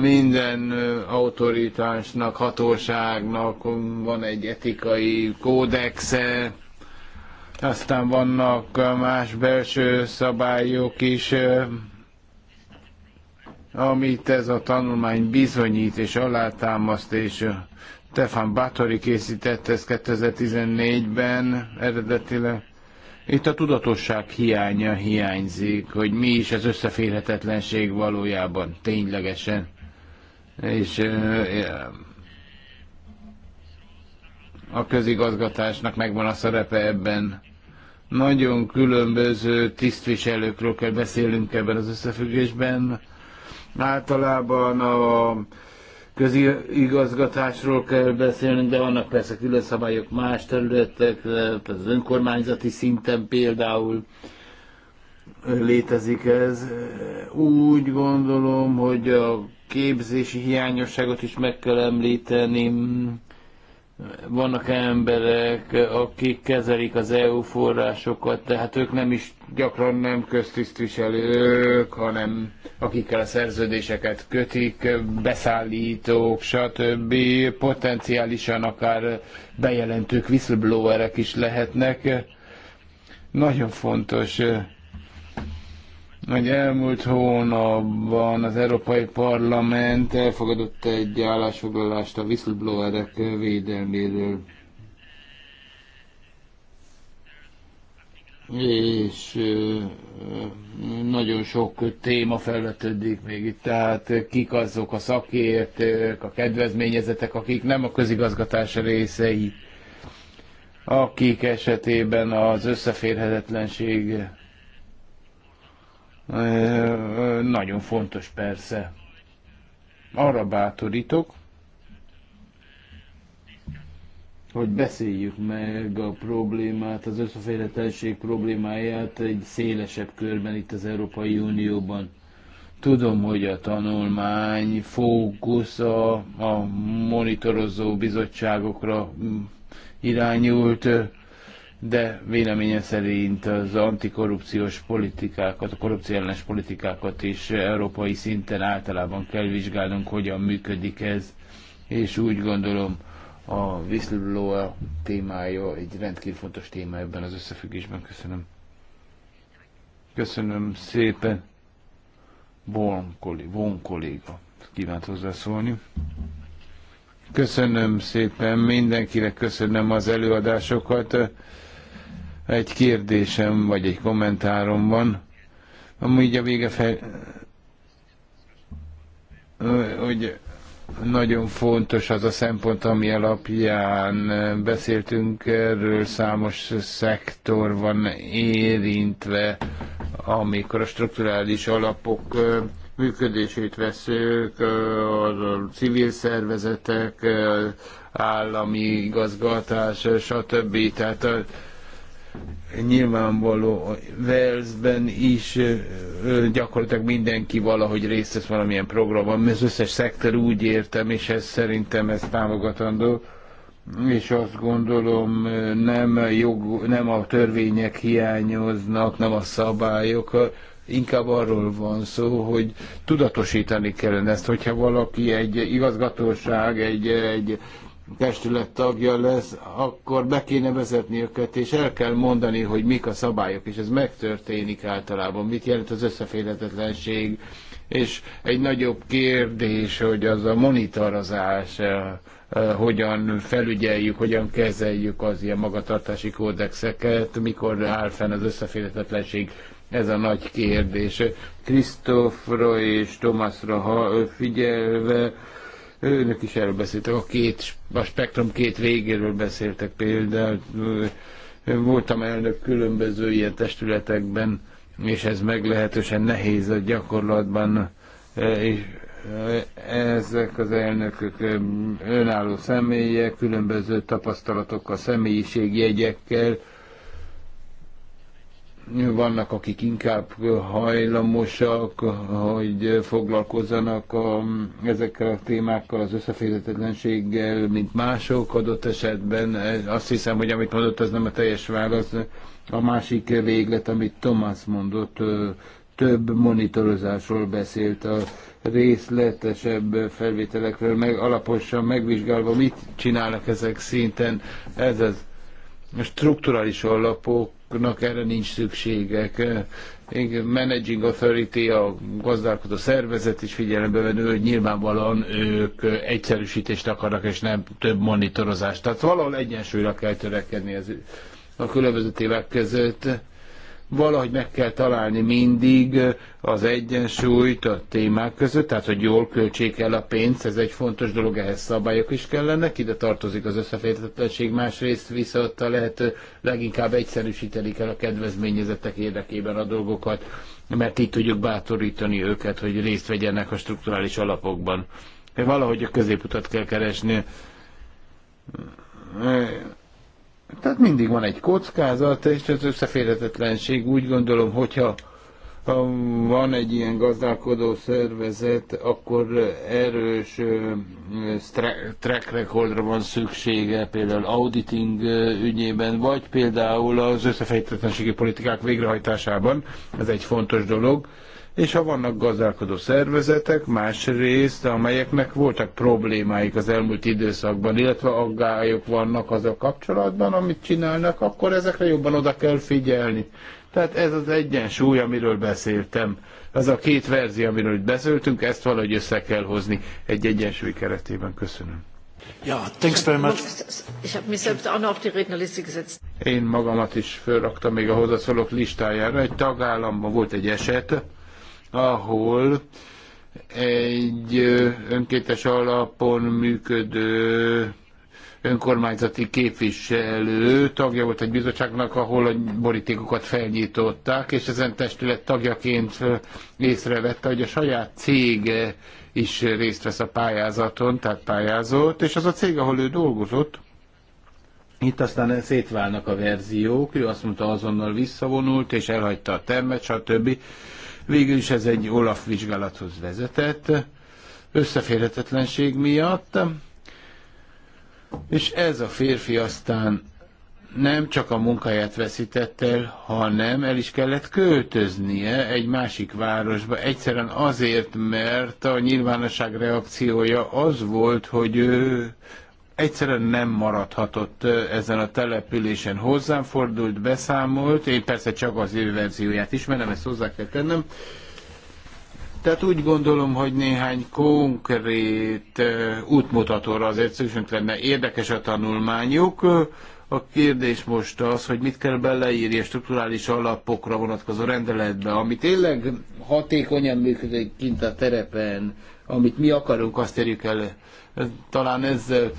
Minden autoritásnak, hatóságnak van egy etikai kódexe, aztán vannak más belső szabályok is, amit ez a tanulmány bizonyít és alátámaszt, és Stefan Bátori készített ezt 2014-ben eredetileg. Itt a tudatosság hiánya hiányzik, hogy mi is az összeférhetetlenség valójában, ténylegesen. És a közigazgatásnak megvan a szerepe ebben. Nagyon különböző tisztviselőkről kell beszélünk ebben az összefüggésben Általában a közigazgatásról kell beszélni, de vannak persze külön szabályok más területek, az önkormányzati szinten például létezik ez. Úgy gondolom, hogy a képzési hiányosságot is meg kell említeni, vannak emberek, akik kezelik az EU forrásokat, tehát ők nem is gyakran nem köztisztviselők, hanem akikkel a szerződéseket kötik, beszállítók, stb. potenciálisan akár bejelentők, whistleblowerek is lehetnek. Nagyon fontos hogy elmúlt hónapban az Európai Parlament elfogadott egy állásfoglalást a whistleblowerek védelméről. És nagyon sok téma felvetődik még itt, tehát kik azok a szakértők, a kedvezményezetek, akik nem a közigazgatás részei, akik esetében az összeférhetetlenség nagyon fontos persze. Arra bátorítok, hogy beszéljük meg a problémát, az összeférhetetlenség problémáját egy szélesebb körben itt az Európai Unióban. Tudom, hogy a tanulmány fókusz a, a monitorozó bizottságokra mm, irányult, de véleményem szerint az antikorrupciós politikákat, a korrupció politikákat is európai szinten általában kell vizsgálnunk, hogyan működik ez, és úgy gondolom a whistleblower témája egy rendkívül fontos téma ebben az összefüggésben. Köszönöm. Köszönöm szépen. Von kolléga, von kolléga kívánt hozzászólni. Köszönöm szépen mindenkinek, köszönöm az előadásokat egy kérdésem, vagy egy kommentárom van, amúgy a vége fel, hogy nagyon fontos az a szempont, ami alapján beszéltünk erről, számos szektor van érintve, amikor a strukturális alapok működését veszük, a civil szervezetek, állami igazgatás, stb. Tehát nyilvánvaló Velszben is gyakorlatilag mindenki valahogy részt vesz valamilyen programban, az összes szektor úgy értem, és ez szerintem ez támogatandó, és azt gondolom nem, jog, nem a törvények hiányoznak, nem a szabályok, inkább arról van szó, hogy tudatosítani kellene ezt, hogyha valaki egy igazgatóság, egy, egy testület tagja lesz, akkor be kéne vezetni őket, és el kell mondani, hogy mik a szabályok, és ez megtörténik általában. Mit jelent az összeférhetetlenség? És egy nagyobb kérdés, hogy az a monitorozás, eh, eh, hogyan felügyeljük, hogyan kezeljük az ilyen magatartási kódexeket, mikor áll fenn az összeférhetetlenség, ez a nagy kérdés. Krisztófra és Tomaszra figyelve, Önök is erről beszéltek, a, két, a spektrum két végéről beszéltek például. Voltam elnök különböző ilyen testületekben, és ez meglehetősen nehéz a gyakorlatban, e, és e, ezek az elnökök e, önálló személyek, különböző tapasztalatokkal, személyiségjegyekkel, vannak, akik inkább hajlamosak, hogy foglalkozzanak a, ezekkel a témákkal, az összeférhetetlenséggel, mint mások adott esetben. Eh, azt hiszem, hogy amit mondott, az nem a teljes válasz. A másik véglet, amit Tomás mondott, eh, több monitorozásról beszélt a részletesebb felvételekről, meg alaposan megvizsgálva, mit csinálnak ezek szinten. Ez az a strukturális alapok banknak erre nincs szükségek. Igen, Managing Authority, a gazdálkodó szervezet is figyelembe venő, hogy nyilvánvalóan ők egyszerűsítést akarnak, és nem több monitorozást. Tehát valahol egyensúlyra kell törekedni ez a különböző tévek között. Valahogy meg kell találni mindig az egyensúlyt a témák között, tehát hogy jól költsék el a pénzt, ez egy fontos dolog, ehhez szabályok is kellenek, ide tartozik az összeférhetetlenség, másrészt viszont a lehető leginkább egyszerűsíteni kell a kedvezményezettek érdekében a dolgokat, mert így tudjuk bátorítani őket, hogy részt vegyenek a strukturális alapokban. Valahogy a középutat kell keresni tehát mindig van egy kockázat, és az összeférhetetlenség. Úgy gondolom, hogyha ha van egy ilyen gazdálkodó szervezet, akkor erős track recordra van szüksége, például auditing ügyében, vagy például az összefejtetlenségi politikák végrehajtásában. Ez egy fontos dolog és ha vannak gazdálkodó szervezetek, másrészt, amelyeknek voltak problémáik az elmúlt időszakban, illetve aggályok vannak azzal kapcsolatban, amit csinálnak, akkor ezekre jobban oda kell figyelni. Tehát ez az egyensúly, amiről beszéltem. Az a két verzió, amiről beszéltünk, ezt valahogy össze kell hozni egy egyensúly keretében. Köszönöm. Ja, thanks very much. Én magamat is fölraktam még a hozzászólók listájára. Egy tagállamban volt egy eset, ahol egy önkétes alapon működő önkormányzati képviselő tagja volt egy bizottságnak, ahol a borítékokat felnyitották, és ezen testület tagjaként észrevette, hogy a saját cége is részt vesz a pályázaton, tehát pályázott, és az a cég, ahol ő dolgozott, itt aztán szétválnak a verziók, ő azt mondta azonnal visszavonult, és elhagyta a termet, stb. Végül is ez egy Olaf vizsgálathoz vezetett, összeférhetetlenség miatt, és ez a férfi aztán nem csak a munkáját veszített el, hanem el is kellett költöznie egy másik városba. Egyszerűen azért, mert a nyilvánosság reakciója az volt, hogy ő egyszerűen nem maradhatott ezen a településen. Hozzám fordult, beszámolt, én persze csak az ő verzióját ismerem, ezt hozzá kell tennem. Tehát úgy gondolom, hogy néhány konkrét útmutatóra azért szükségünk lenne. Érdekes a tanulmányuk. A kérdés most az, hogy mit kell beleírni a strukturális alapokra vonatkozó rendeletbe, ami tényleg hatékonyan működik kint a terepen, amit mi akarunk, azt érjük el talán ezzel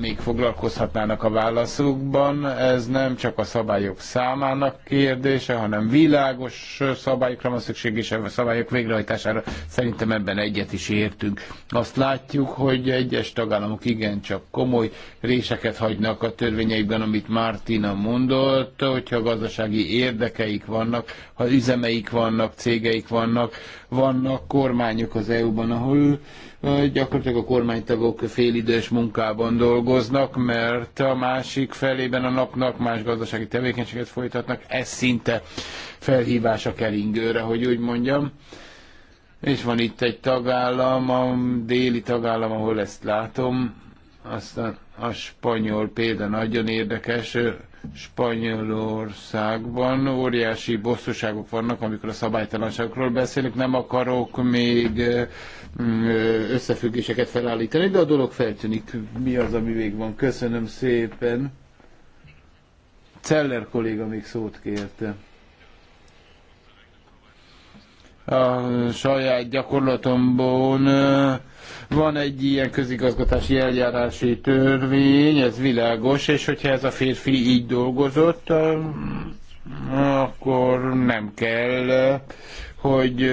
még foglalkozhatnának a válaszukban. Ez nem csak a szabályok számának kérdése, hanem világos szabályokra van szükség, és a szabályok végrehajtására szerintem ebben egyet is értünk. Azt látjuk, hogy egyes tagállamok igencsak komoly réseket hagynak a törvényeikben, amit Martina mondott, hogyha gazdasági érdekeik vannak, ha üzemeik vannak, cégeik vannak, vannak kormányok az EU-ban, ahol gyakorlatilag a kormánytagok félidős munkában dolgoznak, mert a másik felében a napnak más gazdasági tevékenységet folytatnak. Ez szinte felhívás a keringőre, hogy úgy mondjam. És van itt egy tagállam, a déli tagállam, ahol ezt látom. Aztán a spanyol példa nagyon érdekes. Spanyolországban óriási bosszúságok vannak, amikor a szabálytalanságokról beszélünk. Nem akarok még összefüggéseket felállítani, de a dolog feltűnik, mi az, ami még van. Köszönöm szépen. Celler kolléga még szót kérte a saját gyakorlatomból van egy ilyen közigazgatási eljárási törvény, ez világos, és hogyha ez a férfi így dolgozott, akkor nem kell, hogy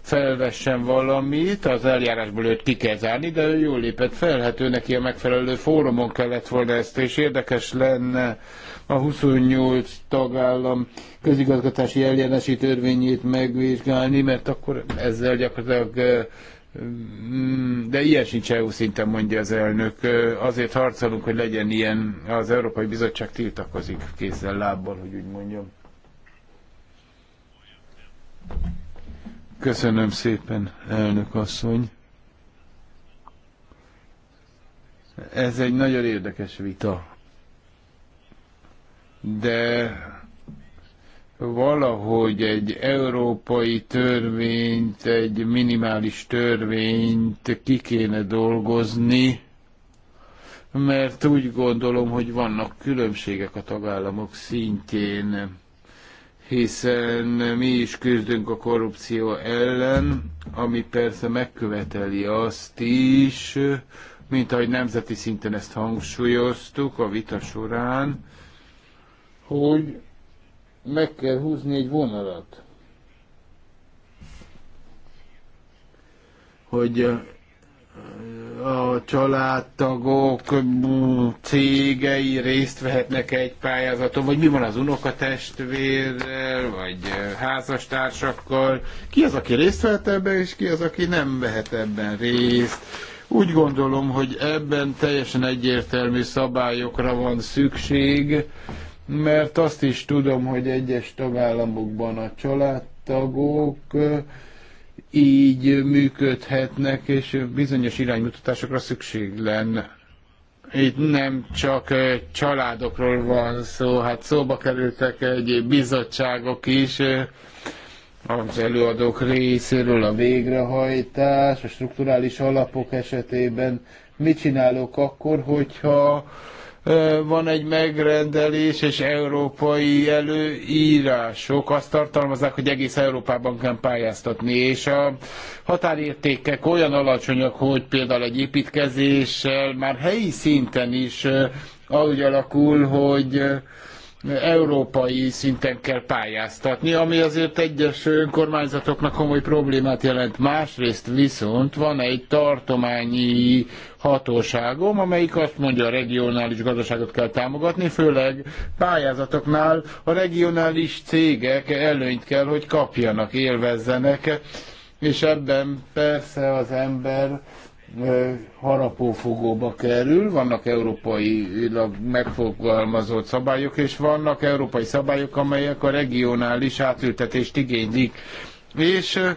felvessen valamit, az eljárásból őt ki kell zárni, de ő jól lépett fel, hát ő neki a megfelelő fórumon kellett volna ezt, és érdekes lenne a 28 tagállam közigazgatási eljárási törvényét megvizsgálni, mert akkor ezzel gyakorlatilag mm, de ilyen sincs EU szinten, mondja az elnök. Azért harcolunk, hogy legyen ilyen. Az Európai Bizottság tiltakozik kézzel, lábbal, hogy úgy mondjam. Köszönöm szépen, elnök asszony. Ez egy nagyon érdekes vita de valahogy egy európai törvényt, egy minimális törvényt ki kéne dolgozni, mert úgy gondolom, hogy vannak különbségek a tagállamok szintjén, hiszen mi is küzdünk a korrupció ellen, ami persze megköveteli azt is, mint ahogy nemzeti szinten ezt hangsúlyoztuk a vita során, hogy meg kell húzni egy vonalat. Hogy a családtagok cégei részt vehetnek egy pályázaton, vagy mi van az unokatestvérrel, vagy házastársakkal. Ki az, aki részt vehet ebben, és ki az, aki nem vehet ebben részt. Úgy gondolom, hogy ebben teljesen egyértelmű szabályokra van szükség, mert azt is tudom, hogy egyes tagállamokban a családtagok így működhetnek, és bizonyos iránymutatásokra szükség lenne. Itt nem csak családokról van szó, hát szóba kerültek egy bizottságok is, az előadók részéről a végrehajtás, a strukturális alapok esetében mit csinálok akkor, hogyha van egy megrendelés, és európai előírások azt tartalmazzák, hogy egész Európában kell pályáztatni, és a határértékek olyan alacsonyak, hogy például egy építkezéssel már helyi szinten is ahogy alakul, hogy európai szinten kell pályáztatni, ami azért egyes önkormányzatoknak komoly problémát jelent. Másrészt viszont van egy tartományi hatóságom, amelyik azt mondja, a regionális gazdaságot kell támogatni, főleg pályázatoknál a regionális cégek előnyt kell, hogy kapjanak, élvezzenek, és ebben persze az ember harapófogóba kerül, vannak európai megfogalmazott szabályok, és vannak európai szabályok, amelyek a regionális átültetést igénylik. És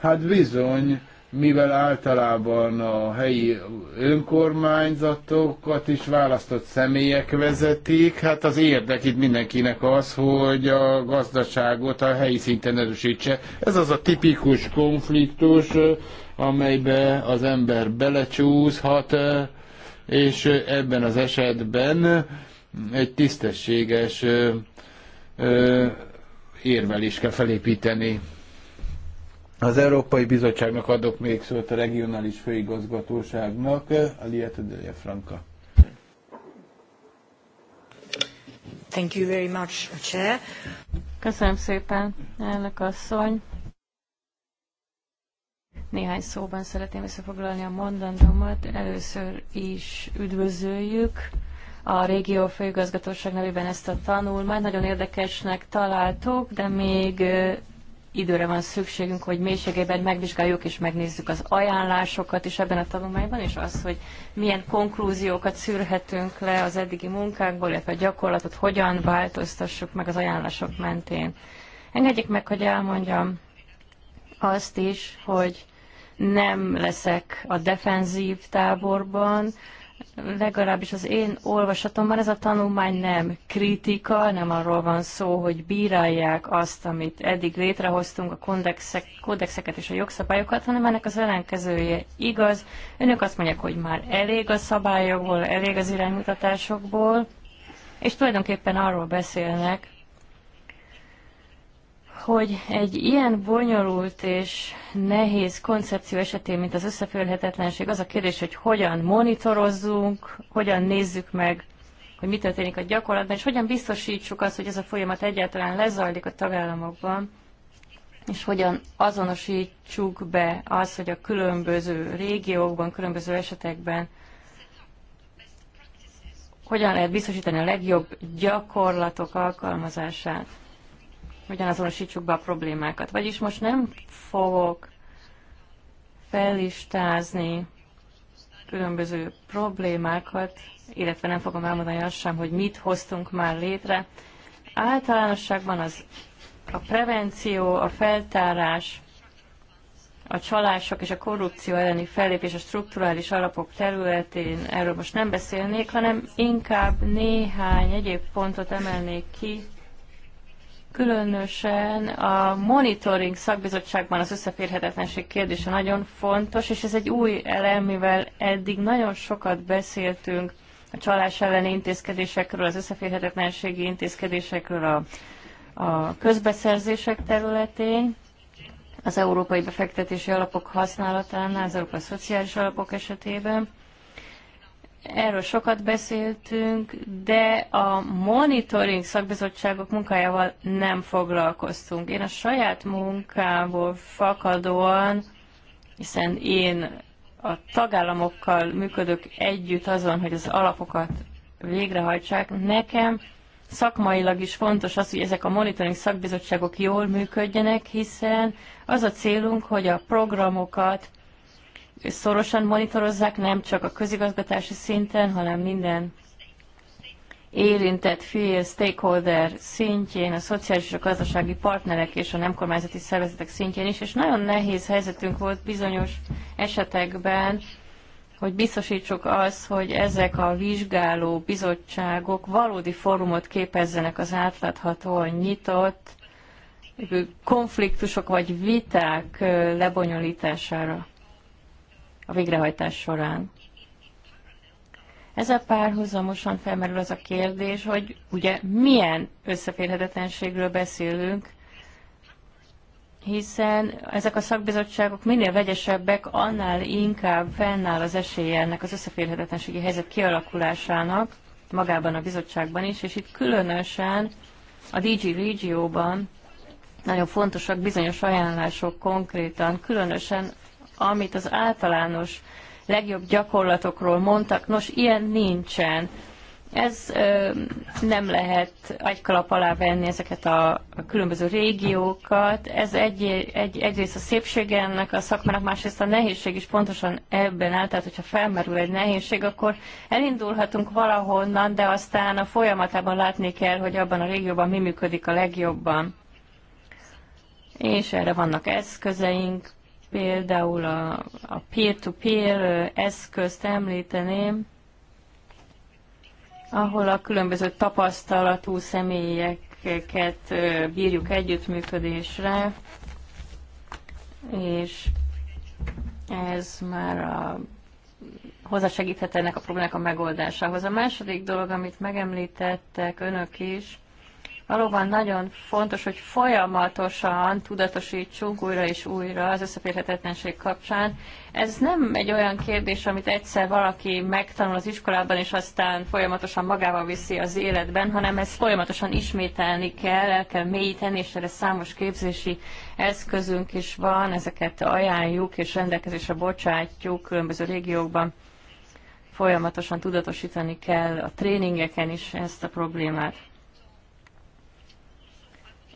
hát bizony, mivel általában a helyi önkormányzatokat is választott személyek vezetik, hát az érdek itt mindenkinek az, hogy a gazdaságot a helyi szinten erősítse. Ez az a tipikus konfliktus, amelybe az ember belecsúszhat, és ebben az esetben egy tisztességes érvelést kell felépíteni. Az Európai Bizottságnak adok még szót a regionális főigazgatóságnak, Alieta Delia Franca. Thank you very much, Chair. Köszönöm szépen, elnök asszony. Néhány szóban szeretném összefoglalni a mondandómat. Először is üdvözöljük a régió főigazgatóság nevében ezt a tanulmányt. Nagyon érdekesnek találtuk, de még időre van szükségünk, hogy mélységében megvizsgáljuk és megnézzük az ajánlásokat is ebben a tanulmányban, és az, hogy milyen konklúziókat szűrhetünk le az eddigi munkánkból, illetve a gyakorlatot hogyan változtassuk meg az ajánlások mentén. Engedjék meg, hogy elmondjam azt is, hogy nem leszek a defenzív táborban, legalábbis az én olvasatomban ez a tanulmány nem kritika, nem arról van szó, hogy bírálják azt, amit eddig létrehoztunk, a kódexek, kódexeket és a jogszabályokat, hanem ennek az ellenkezője igaz. Önök azt mondják, hogy már elég a szabályokból, elég az iránymutatásokból, és tulajdonképpen arról beszélnek, hogy egy ilyen bonyolult és nehéz koncepció esetén, mint az összeférhetetlenség, az a kérdés, hogy hogyan monitorozzunk, hogyan nézzük meg, hogy mi történik a gyakorlatban, és hogyan biztosítsuk azt, hogy ez a folyamat egyáltalán lezajlik a tagállamokban, és hogyan azonosítsuk be azt, hogy a különböző régiókban, különböző esetekben hogyan lehet biztosítani a legjobb gyakorlatok alkalmazását hogyan azonosítsuk be a problémákat. Vagyis most nem fogok felistázni különböző problémákat, illetve nem fogom elmondani azt sem, hogy mit hoztunk már létre. Általánosságban az a prevenció, a feltárás, a csalások és a korrupció elleni fellépés a strukturális alapok területén, erről most nem beszélnék, hanem inkább néhány egyéb pontot emelnék ki, Különösen a monitoring szakbizottságban az összeférhetetlenség kérdése nagyon fontos, és ez egy új elem, mivel eddig nagyon sokat beszéltünk a csalás elleni intézkedésekről, az összeférhetetlenségi intézkedésekről a, a közbeszerzések területén, az európai befektetési alapok használatánál, az európai szociális alapok esetében. Erről sokat beszéltünk, de a monitoring szakbizottságok munkájával nem foglalkoztunk. Én a saját munkából fakadóan, hiszen én a tagállamokkal működök együtt azon, hogy az alapokat végrehajtsák. Nekem szakmailag is fontos az, hogy ezek a monitoring szakbizottságok jól működjenek, hiszen az a célunk, hogy a programokat szorosan monitorozzák, nem csak a közigazgatási szinten, hanem minden érintett fél, stakeholder szintjén, a szociális és a gazdasági partnerek és a nem kormányzati szervezetek szintjén is, és nagyon nehéz helyzetünk volt bizonyos esetekben, hogy biztosítsuk az, hogy ezek a vizsgáló bizottságok valódi fórumot képezzenek az átláthatóan nyitott konfliktusok vagy viták lebonyolítására a végrehajtás során. Ezzel párhuzamosan felmerül az a kérdés, hogy ugye milyen összeférhetetlenségről beszélünk, hiszen ezek a szakbizottságok minél vegyesebbek, annál inkább fennáll az esélye ennek az összeférhetetlenségi helyzet kialakulásának magában a bizottságban is, és itt különösen a DG régióban nagyon fontosak bizonyos ajánlások konkrétan, különösen amit az általános legjobb gyakorlatokról mondtak. Nos, ilyen nincsen. Ez ö, nem lehet egy kalap alá venni ezeket a, a különböző régiókat. Ez egy, egy, egyrészt a szépsége ennek a szakmának, másrészt a nehézség is pontosan ebben áll. Tehát, hogyha felmerül egy nehézség, akkor elindulhatunk valahonnan, de aztán a folyamatában látni kell, hogy abban a régióban mi működik a legjobban. És erre vannak eszközeink, Például a peer-to-peer -peer eszközt említeném, ahol a különböző tapasztalatú személyeket bírjuk együttműködésre, és ez már a, hozzásegíthet ennek a problémák a megoldásához. A második dolog, amit megemlítettek önök is, Valóban nagyon fontos, hogy folyamatosan tudatosítsunk újra és újra az összeférhetetlenség kapcsán. Ez nem egy olyan kérdés, amit egyszer valaki megtanul az iskolában, és aztán folyamatosan magával viszi az életben, hanem ezt folyamatosan ismételni kell, el kell mélyíteni, és erre számos képzési eszközünk is van, ezeket ajánljuk és rendelkezésre bocsátjuk különböző régiókban folyamatosan tudatosítani kell a tréningeken is ezt a problémát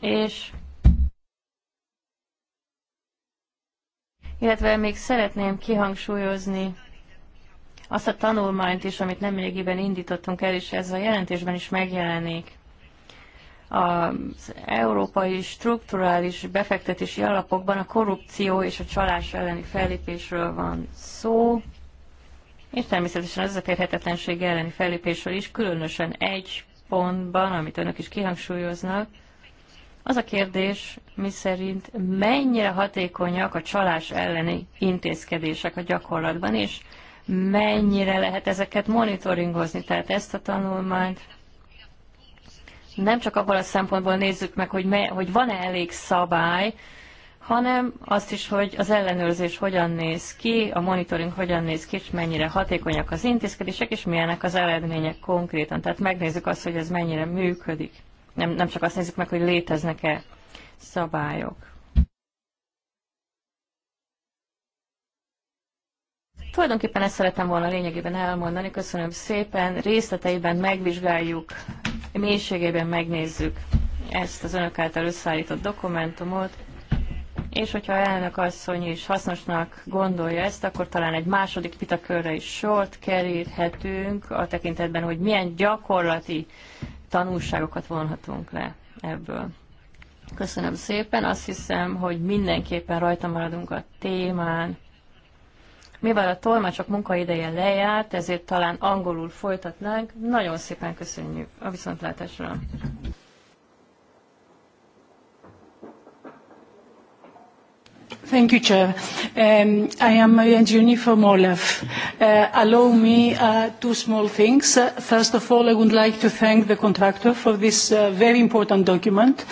és illetve még szeretném kihangsúlyozni azt a tanulmányt is, amit nemrégiben indítottunk el, és ez a jelentésben is megjelenik. Az európai strukturális befektetési alapokban a korrupció és a csalás elleni fellépésről van szó, és természetesen az a férhetetlenség elleni fellépésről is, különösen egy pontban, amit önök is kihangsúlyoznak, az a kérdés, mi szerint mennyire hatékonyak a csalás elleni intézkedések a gyakorlatban, és mennyire lehet ezeket monitoringozni. Tehát ezt a tanulmányt nem csak abban a szempontból nézzük meg, hogy, me, hogy van-e elég szabály, hanem azt is, hogy az ellenőrzés hogyan néz ki, a monitoring hogyan néz ki, és mennyire hatékonyak az intézkedések, és milyenek az eredmények konkrétan. Tehát megnézzük azt, hogy ez mennyire működik nem, nem csak azt nézzük meg, hogy léteznek-e szabályok. Tulajdonképpen ezt szeretem volna lényegében elmondani. Köszönöm szépen. Részleteiben megvizsgáljuk, mélységében megnézzük ezt az önök által összeállított dokumentumot, és hogyha elnök asszony is hasznosnak gondolja ezt, akkor talán egy második vitakörre is sort keríthetünk a tekintetben, hogy milyen gyakorlati tanulságokat vonhatunk le ebből. Köszönöm szépen, azt hiszem, hogy mindenképpen rajta maradunk a témán. Mivel a tolmácsok munkaideje lejárt, ezért talán angolul folytatnánk. Nagyon szépen köszönjük a viszontlátásra! Thank you, Chair. Um, I am Maria from OLAF. Uh, allow me uh, two small things. Uh, first of all, I would like to thank the contractor for this uh, very important document.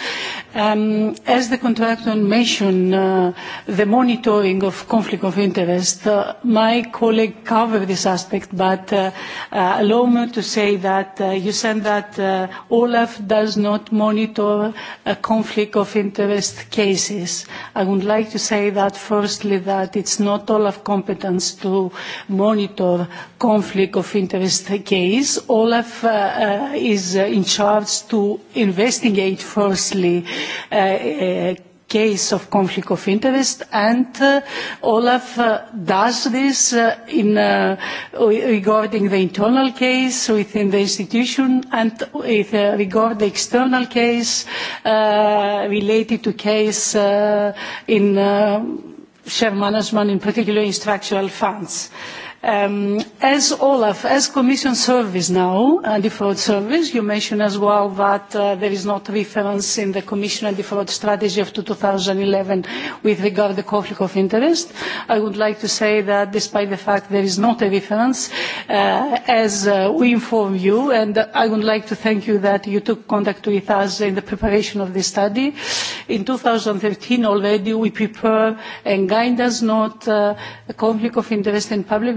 Um, as the contractor mentioned, uh, the monitoring of conflict of interest, uh, my colleague covered this aspect, but uh, uh, allow me to say that uh, you said that uh, OLAF does not monitor uh, conflict of interest cases. I would like to say that firstly that it's not Olaf competence to monitor conflict of interest case. Olaf uh, uh is in charge to investigate firstly uh, uh case of conflict of interest and uh, Olaf uh, does this uh, in, uh, regarding the internal case within the institution and with, uh, regard the external case uh, related to case uh, in uh, share management, in particular in structural funds. Uh, Um, as Olaf, as Commission Service now, a uh, default Service, you mentioned as well that uh, there is not reference in the Commission and default Strategy of 2011 with regard to the conflict of interest. I would like to say that despite the fact there is not a reference, uh, as uh, we inform you, and I would like to thank you that you took contact with us in the preparation of this study. In 2013 already we prepared uh, a guidance note, uh, conflict of interest in public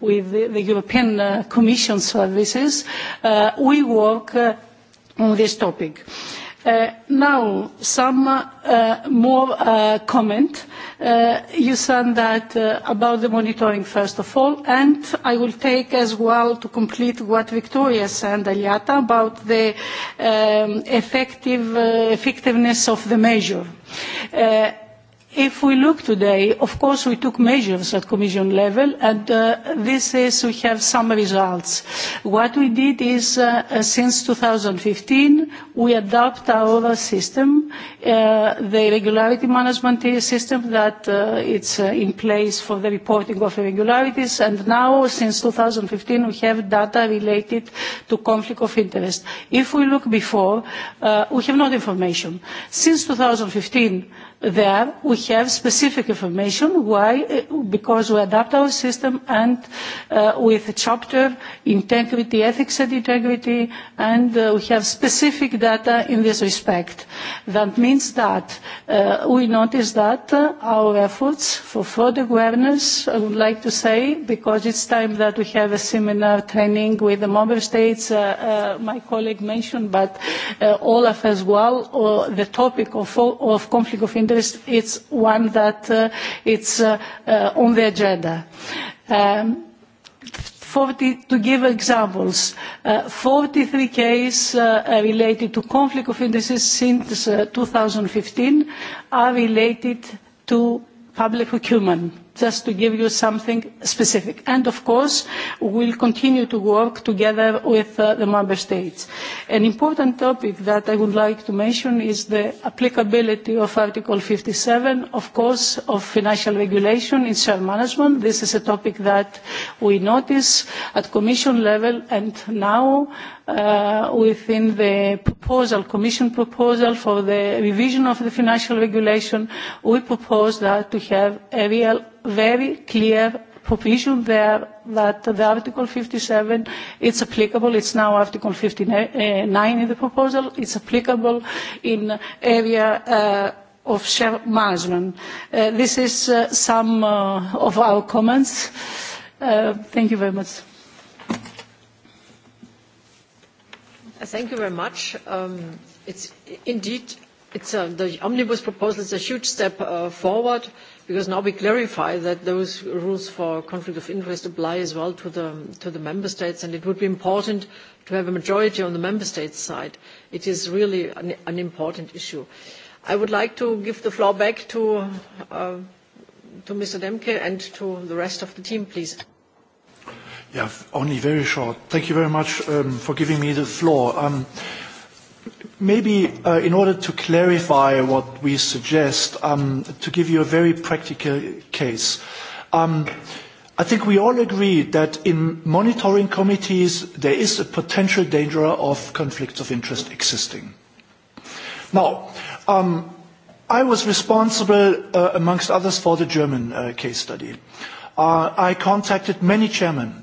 with the, the European uh, Commission services, uh, we work uh, on this topic. Uh, now, some uh, more uh, comment. Uh, you said that uh, about the monitoring, first of all, and I will take as well to complete what Victoria said, Aliata, about the um, effective, uh, effectiveness of the measure. Uh, If we look today, of course, we took measures at Commission level, and uh, this is we have some results. What we did is, uh, uh since 2015, we adopt our system, uh, the regularity management system that uh, it's uh, in place for the reporting of irregularities, and now, since 2015, we have data related to conflict of interest. If we look before, uh, we have not information. Since 2015, there we have specific information why uh, because we adapt our system and uh, with a chapter integrity ethics and integrity and uh, we have specific data in this respect that means that uh, we notice that uh, our efforts for fraud awareness i would like to say because it's time that we have a seminar training with the member states uh, uh, my colleague mentioned but uh, olaf as well uh, the topic of, of conflict of interest interest, it's one that uh, it's uh, uh, on the agenda. Um, 40, to give examples, uh, 43 cases uh, uh, related to conflict of interests since uh, 2015 are related to public procurement just to give you something specific. And of course, we'll continue to work together with uh, the member states. An important topic that I would like to mention is the applicability of Article 57, of course, of financial regulation in share management. This is a topic that we notice at Commission level and now uh, within the proposal, Commission proposal for the revision of the financial regulation, we propose that to have a real, very clear provision there that the Article 57 it's applicable. It's now Article 59 in the proposal. It's applicable in area uh, of share management. Uh, this is uh, some uh, of our comments. Uh, thank you very much. Thank you very much. Um, it's indeed it's a, uh, the omnibus proposal is a huge step uh, forward because now we clarify that those rules for conflict of interest apply as well to the, to the member states and it would be important to have a majority on the member states side. It is really an, an important issue. I would like to give the floor back to, uh, to Mr. Demke and to the rest of the team, please. Yeah, only very short. Thank you very much um, for giving me the floor. Um, maybe uh, in order to clarify what we suggest, um, to give you a very practical case. Um, I think we all agree that in monitoring committees, there is a potential danger of conflicts of interest existing. Now, um, I was responsible, uh, amongst others, for the German uh, case study. Uh, I contacted many chairmen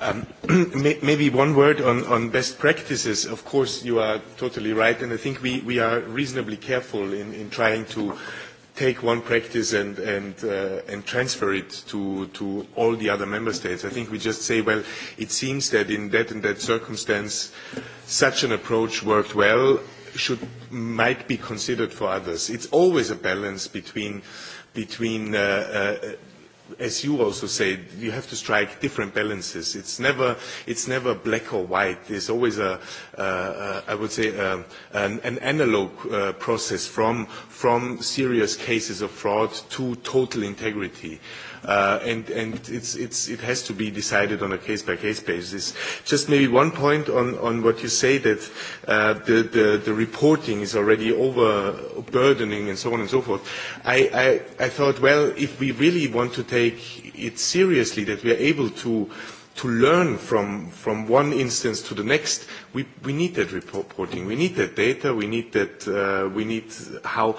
Um, maybe one word on, on best practices. Of course, you are totally right, and I think we, we are reasonably careful in, in trying to take one practice and, and, uh, and transfer it to, to all the other member states. I think we just say, well, it seems that in that and that circumstance, such an approach worked well, should, might be considered for others. It's always a balance between, between uh, uh, as you also said, you have to strike different balances. It's never, it's never black or white. There's always a, uh, I would say, a, um, an, an analog uh, process from, from serious cases of fraud to total integrity. Uh, Uh, and and it's, it's, it has to be decided on a case-by-case basis. Just maybe one point on, on what you say that uh, the, the, the reporting is already overburdening and so on and so forth. I, I, I thought, well, if we really want to take it seriously, that we are able to to learn from, from one instance to the next, we, we need that reporting. We need that data. We need, that, uh, we need how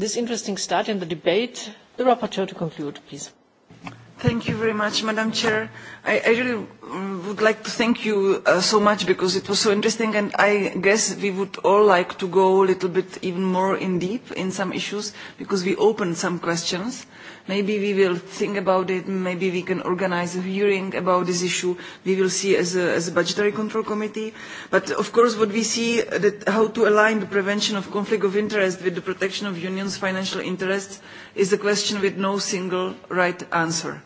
this interesting start in the debate. The rapporteur to conclude, please. Thank you very much, Madam Chair. I, I really mm, would like to thank you uh, so much because it was so interesting and I guess we would all like to go a little bit even more in deep in some issues because we opened some questions Maybe we will think about it. Maybe we can organize a hearing about this issue. We will see as a, as a budgetary control committee. But of course, what we see that how to align the prevention of conflict of interest with the protection of unions' financial interests is a question with no single right answer.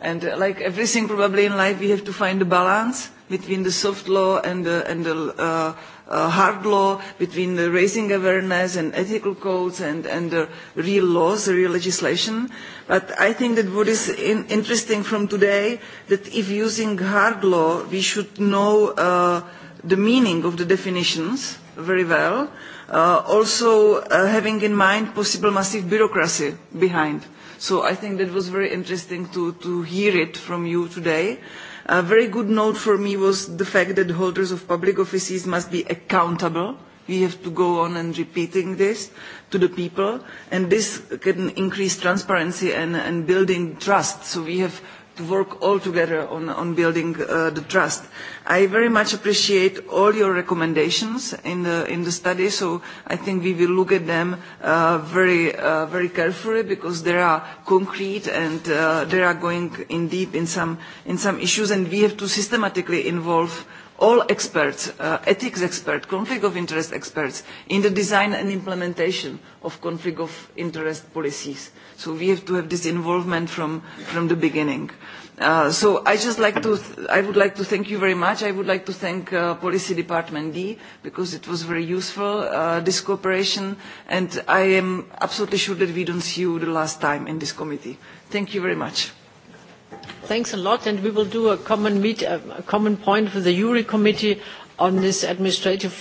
And uh, like everything probably in life, we have to find a balance between the soft law and the, and the uh, uh, hard law, between the raising awareness and ethical codes and, and the real laws, the real legislation. But I think that what is in interesting from today, that if using hard law, we should know uh, the meaning of the definitions very well, uh, also uh, having in mind possible massive bureaucracy behind. So I think that was very interesting to, to hear it from you today. A very good note for me was the fact that holders of public offices must be accountable we have to go on and repeating this to the people and this can increase transparency and, and building trust so we have to work all together on, on building uh, the trust. I very much appreciate all your recommendations in the, in the study, so I think we will look at them uh, very, uh, very carefully because they are concrete and uh, they are going in deep in some, in some issues and we have to systematically involve all experts, uh, ethics experts, conflict of interest experts, in the design and implementation of conflict of interest policies. So we have to have this involvement from, from the beginning. Uh, so I just like to, th I would like to thank you very much. I would like to thank uh, Policy Department D because it was very useful, uh, this cooperation, and I am absolutely sure that we don't see you the last time in this committee. Thank you very much thanks a lot, and we will do a common meet, a common point with the URI committee on this administrative,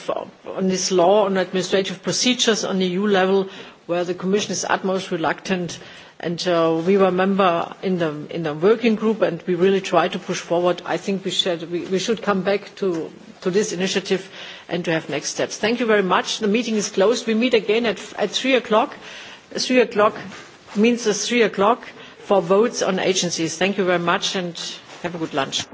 on this law on administrative procedures on the EU level, where the Commission is utmost reluctant. And uh, we were a member in the in the working group, and we really try to push forward. I think we should we, we should come back to to this initiative and to have next steps. Thank you very much. The meeting is closed. We meet again at at three o'clock. Three o'clock means it's three o'clock for votes on agencies. Thank you very much and have a good lunch.